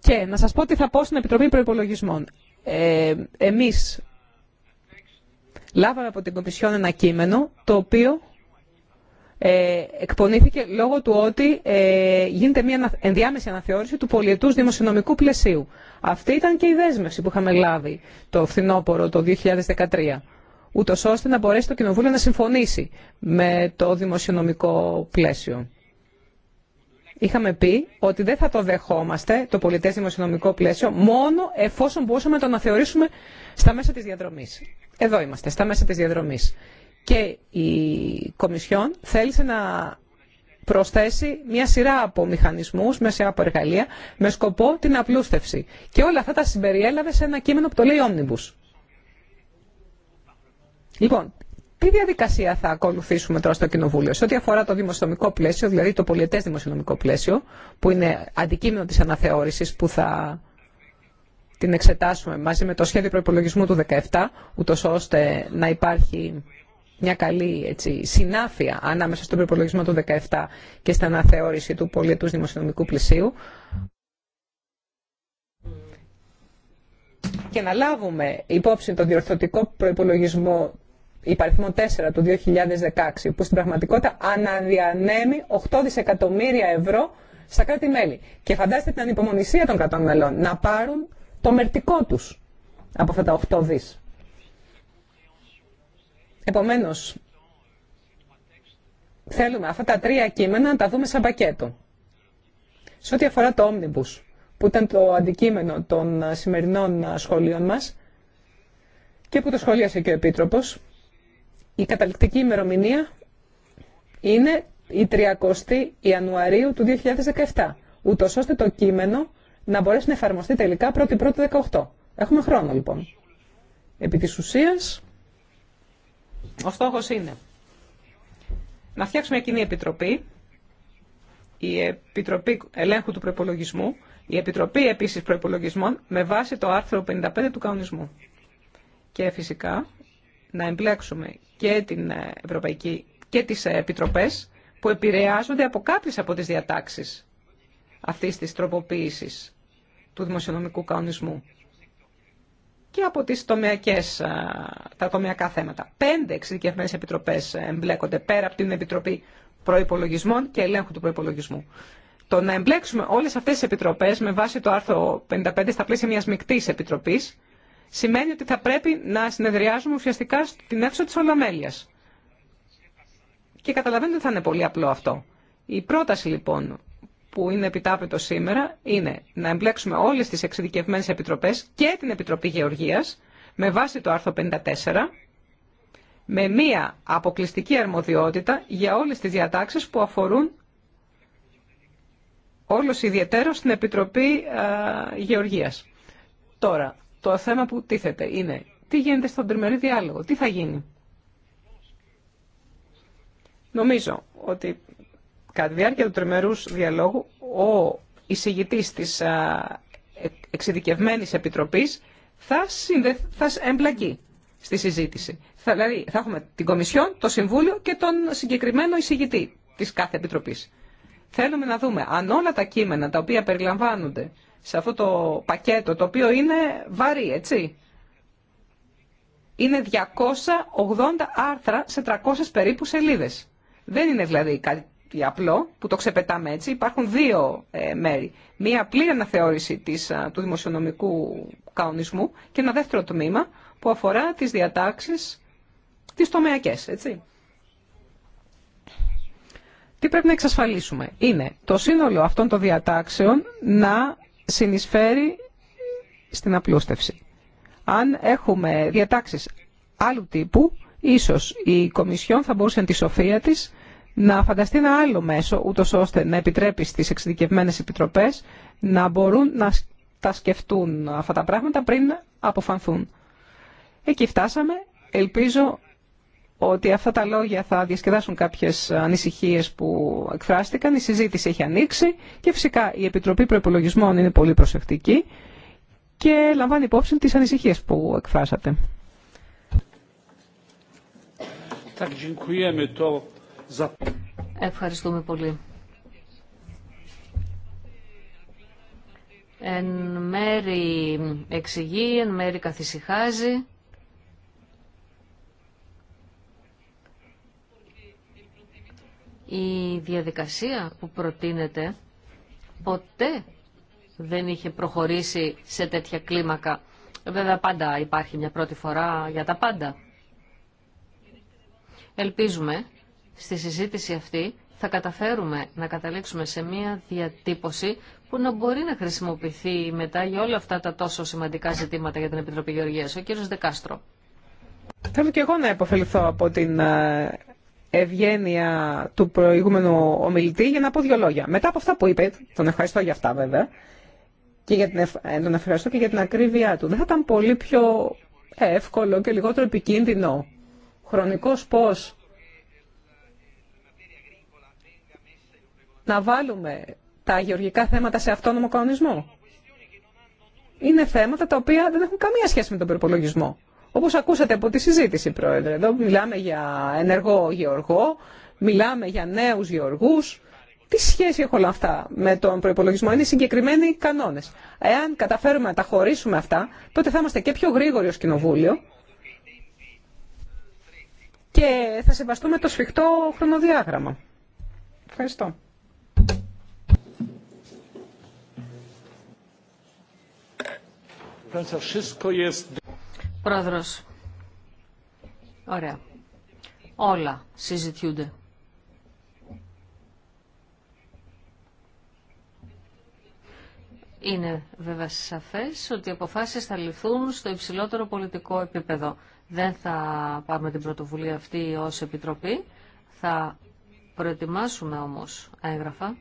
Και να σας πω τι θα πω στην Επιτροπή Προϋπολογισμών. Ε, εμείς λάβαμε από την Κομισιόν ένα κείμενο το οποίο ε, εκπονήθηκε λόγω του ότι ε, γίνεται μια ενδιάμεση αναθεώρηση του πολιετούς δημοσιονομικού πλαισίου. Αυτή ήταν και η δέσμευση που είχαμε λάβει το φθινόπωρο το 2013, ούτως ώστε να μπορέσει το Κοινοβούλιο να συμφωνήσει με το δημοσιονομικό πλαίσιο είχαμε πει ότι δεν θα το δεχόμαστε το πολιτές δημοσιονομικό πλαίσιο μόνο εφόσον μπορούσαμε το αναθεωρήσουμε στα μέσα της διαδρομής. Εδώ είμαστε, στα μέσα της διαδρομής. Και η Κομισιόν θέλησε να προσθέσει μια σειρά από μηχανισμούς, μια σειρά από εργαλεία, με σκοπό την απλούστευση. Και όλα αυτά τα συμπεριέλαβε σε ένα κείμενο που το λέει Omnibus. Λοιπόν, τι διαδικασία θα ακολουθήσουμε τώρα στο Κοινοβούλιο σε ό,τι αφορά το δημοσιονομικό πλαίσιο, δηλαδή το πολιετέ δημοσιονομικό πλαίσιο, που είναι αντικείμενο τη αναθεώρηση που θα την εξετάσουμε μαζί με το σχέδιο προπολογισμού του 2017, ούτω ώστε να υπάρχει μια καλή έτσι, συνάφεια ανάμεσα στον προπολογισμό του 2017 και στην αναθεώρηση του πολιετού δημοσιονομικού πλησίου και να λάβουμε υπόψη τον διορθωτικό προπολογισμό υπαριθμό 4 του 2016, που στην πραγματικότητα αναδιανέμει 8 δισεκατομμύρια ευρώ στα κράτη-μέλη. Και φαντάστε την ανυπομονησία των κρατών μελών να πάρουν το μερτικό τους από αυτά τα 8 δις. Επομένως, θέλουμε αυτά τα τρία κείμενα να τα δούμε σαν πακέτο. Σε ό,τι αφορά το Omnibus, που ήταν το αντικείμενο των σημερινών σχολείων μας και που το σχολίασε και ο Επίτροπος, η καταληκτική ημερομηνία είναι η 30η Ιανουαρίου του 2017, ούτω ώστε το κείμενο να μπορέσει να εφαρμοστεί τελικά 1η-1η-18. Έχουμε χρόνο λοιπόν. Επί της ουσίας, ο στόχος είναι να φτιάξουμε μια κοινή επιτροπή, η Επιτροπή Ελέγχου του Προπολογισμού, η Επιτροπή επίσης Προπολογισμών, με βάση το άρθρο 55 του κανονισμού. Και φυσικά να εμπλέξουμε και, την ε, Ευρωπαϊκή, και τις ε, επιτροπές που επηρεάζονται από κάποιες από τις διατάξεις αυτής της τροποποίησης του δημοσιονομικού κανονισμού και από τις τομεακές, ε, τα τομεακά θέματα. Πέντε εξειδικευμένες επιτροπές εμπλέκονται πέρα από την Επιτροπή Προϋπολογισμών και Ελέγχου του Προϋπολογισμού. Το να εμπλέξουμε όλες αυτές τις επιτροπές με βάση το άρθρο 55 στα πλαίσια μιας μεικτής επιτροπής σημαίνει ότι θα πρέπει να συνεδριάζουμε ουσιαστικά στην αίθουσα της Ολομέλειας. Και καταλαβαίνετε ότι θα είναι πολύ απλό αυτό. Η πρόταση λοιπόν που είναι επιτάπητο σήμερα είναι να εμπλέξουμε όλες τις εξειδικευμένες επιτροπές και την Επιτροπή Γεωργίας με βάση το άρθρο 54 με μία αποκλειστική αρμοδιότητα για όλες τις διατάξεις που αφορούν όλος ιδιαίτερο την Επιτροπή ε, Γεωργίας. Τώρα, το θέμα που τίθεται είναι τι γίνεται στον τριμερή διάλογο, τι θα γίνει. Νομίζω ότι κατά τη διάρκεια του τριμερούς διαλόγου ο εισηγητής της εξειδικευμένης επιτροπής θα, συνδεθ, θα εμπλακεί στη συζήτηση. Θα, δηλαδή θα έχουμε την Κομισιόν, το Συμβούλιο και τον συγκεκριμένο εισηγητή της κάθε επιτροπής. Θέλουμε να δούμε αν όλα τα κείμενα τα οποία περιλαμβάνονται σε αυτό το πακέτο, το οποίο είναι βαρύ, έτσι. Είναι 280 άρθρα σε 300 περίπου σελίδες. Δεν είναι δηλαδή κάτι απλό που το ξεπετάμε έτσι. Υπάρχουν δύο ε, μέρη. Μία απλή αναθεώρηση της, του δημοσιονομικού κανονισμού και ένα δεύτερο τμήμα που αφορά τις διατάξεις τις τομεακές, έτσι. Τι πρέπει να εξασφαλίσουμε είναι το σύνολο αυτών των διατάξεων να συνεισφέρει στην απλούστευση. Αν έχουμε διατάξεις άλλου τύπου, ίσως η Κομισιόν θα μπορούσε τη σοφία της να φανταστεί ένα άλλο μέσο, ούτως ώστε να επιτρέπει στις εξειδικευμένες επιτροπές να μπορούν να τα σκεφτούν αυτά τα πράγματα πριν αποφανθούν. Εκεί φτάσαμε. Ελπίζω ότι αυτά τα λόγια θα διασκεδάσουν κάποιες ανησυχίες που εκφράστηκαν. Η συζήτηση έχει ανοίξει και φυσικά η Επιτροπή Προπολογισμών είναι πολύ προσεκτική και λαμβάνει υπόψη τις ανησυχίες που εκφράσατε. Ευχαριστούμε πολύ. Εν μέρη εξηγεί, εν μέρη καθησυχάζει. Η διαδικασία που προτείνεται ποτέ δεν είχε προχωρήσει σε τέτοια κλίμακα. Βέβαια πάντα υπάρχει μια πρώτη φορά για τα πάντα. Ελπίζουμε στη συζήτηση αυτή θα καταφέρουμε να καταλήξουμε σε μια διατύπωση που να μπορεί να χρησιμοποιηθεί μετά για όλα αυτά τα τόσο σημαντικά ζητήματα για την Επιτροπή Γεωργίας. Ο κύριος Δεκάστρο. Θέλω και εγώ να υποφεληθώ από την ε, ευγένεια του προηγούμενου ομιλητή για να πω δύο λόγια. Μετά από αυτά που είπε, τον ευχαριστώ για αυτά βέβαια, και για την, ε, τον ευχαριστώ και για την ακρίβειά του. Δεν θα ήταν πολύ πιο εύκολο και λιγότερο επικίνδυνο χρονικός πώς να βάλουμε τα γεωργικά θέματα σε αυτόνομο κανονισμό. Είναι θέματα τα οποία δεν έχουν καμία σχέση με τον προπολογισμό. Όπω ακούσατε από τη συζήτηση, Πρόεδρε, εδώ μιλάμε για ενεργό γεωργό, μιλάμε για νέους γεωργού. Τι σχέση έχουν όλα αυτά με τον προπολογισμό, είναι συγκεκριμένοι κανόνες. Εάν καταφέρουμε να τα χωρίσουμε αυτά, τότε θα είμαστε και πιο γρήγοροι ω Κοινοβούλιο και θα σεβαστούμε το σφιχτό χρονοδιάγραμμα. Ευχαριστώ. Πρόεδρος, ωραία. Όλα συζητιούνται. Είναι βέβαια σαφές ότι οι αποφάσεις θα ληφθούν στο υψηλότερο πολιτικό επίπεδο. Δεν θα πάμε την πρωτοβουλία αυτή ως Επιτροπή. Θα προετοιμάσουμε όμως έγγραφα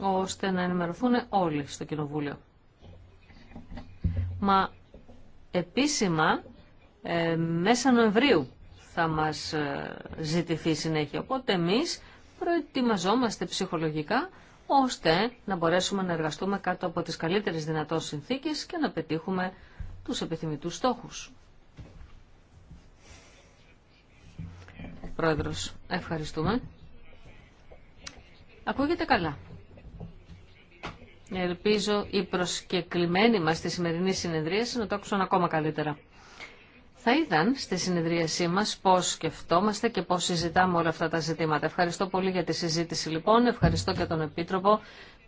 ώστε να ενημερωθούν όλοι στο Κοινοβούλιο. Μα επίσημα ε, μέσα Νοεμβρίου θα μας ε, ζητηθεί συνέχεια. Οπότε εμείς προετοιμαζόμαστε ψυχολογικά ώστε να μπορέσουμε να εργαστούμε κάτω από τις καλύτερες δυνατές συνθήκες και να πετύχουμε τους επιθυμητούς στόχους. Πρόεδρος, ευχαριστούμε. Ακούγεται καλά. Ελπίζω οι προσκεκλημένοι μας στη σημερινή συνεδρίαση να το άκουσαν ακόμα καλύτερα. Θα είδαν στη συνεδρίασή μας πώς σκεφτόμαστε και πώς συζητάμε όλα αυτά τα ζητήματα. Ευχαριστώ πολύ για τη συζήτηση λοιπόν, ευχαριστώ και τον Επίτροπο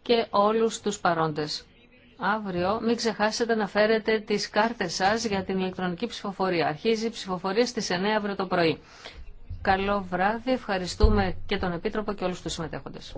και όλους τους παρόντες. Αύριο μην ξεχάσετε να φέρετε τις κάρτες σας για την ηλεκτρονική ψηφοφορία. Αρχίζει η ψηφοφορία στις 9 αύριο το πρωί. Καλό βράδυ, ευχαριστούμε και τον Επίτροπο και όλους τους συμμετέχοντες.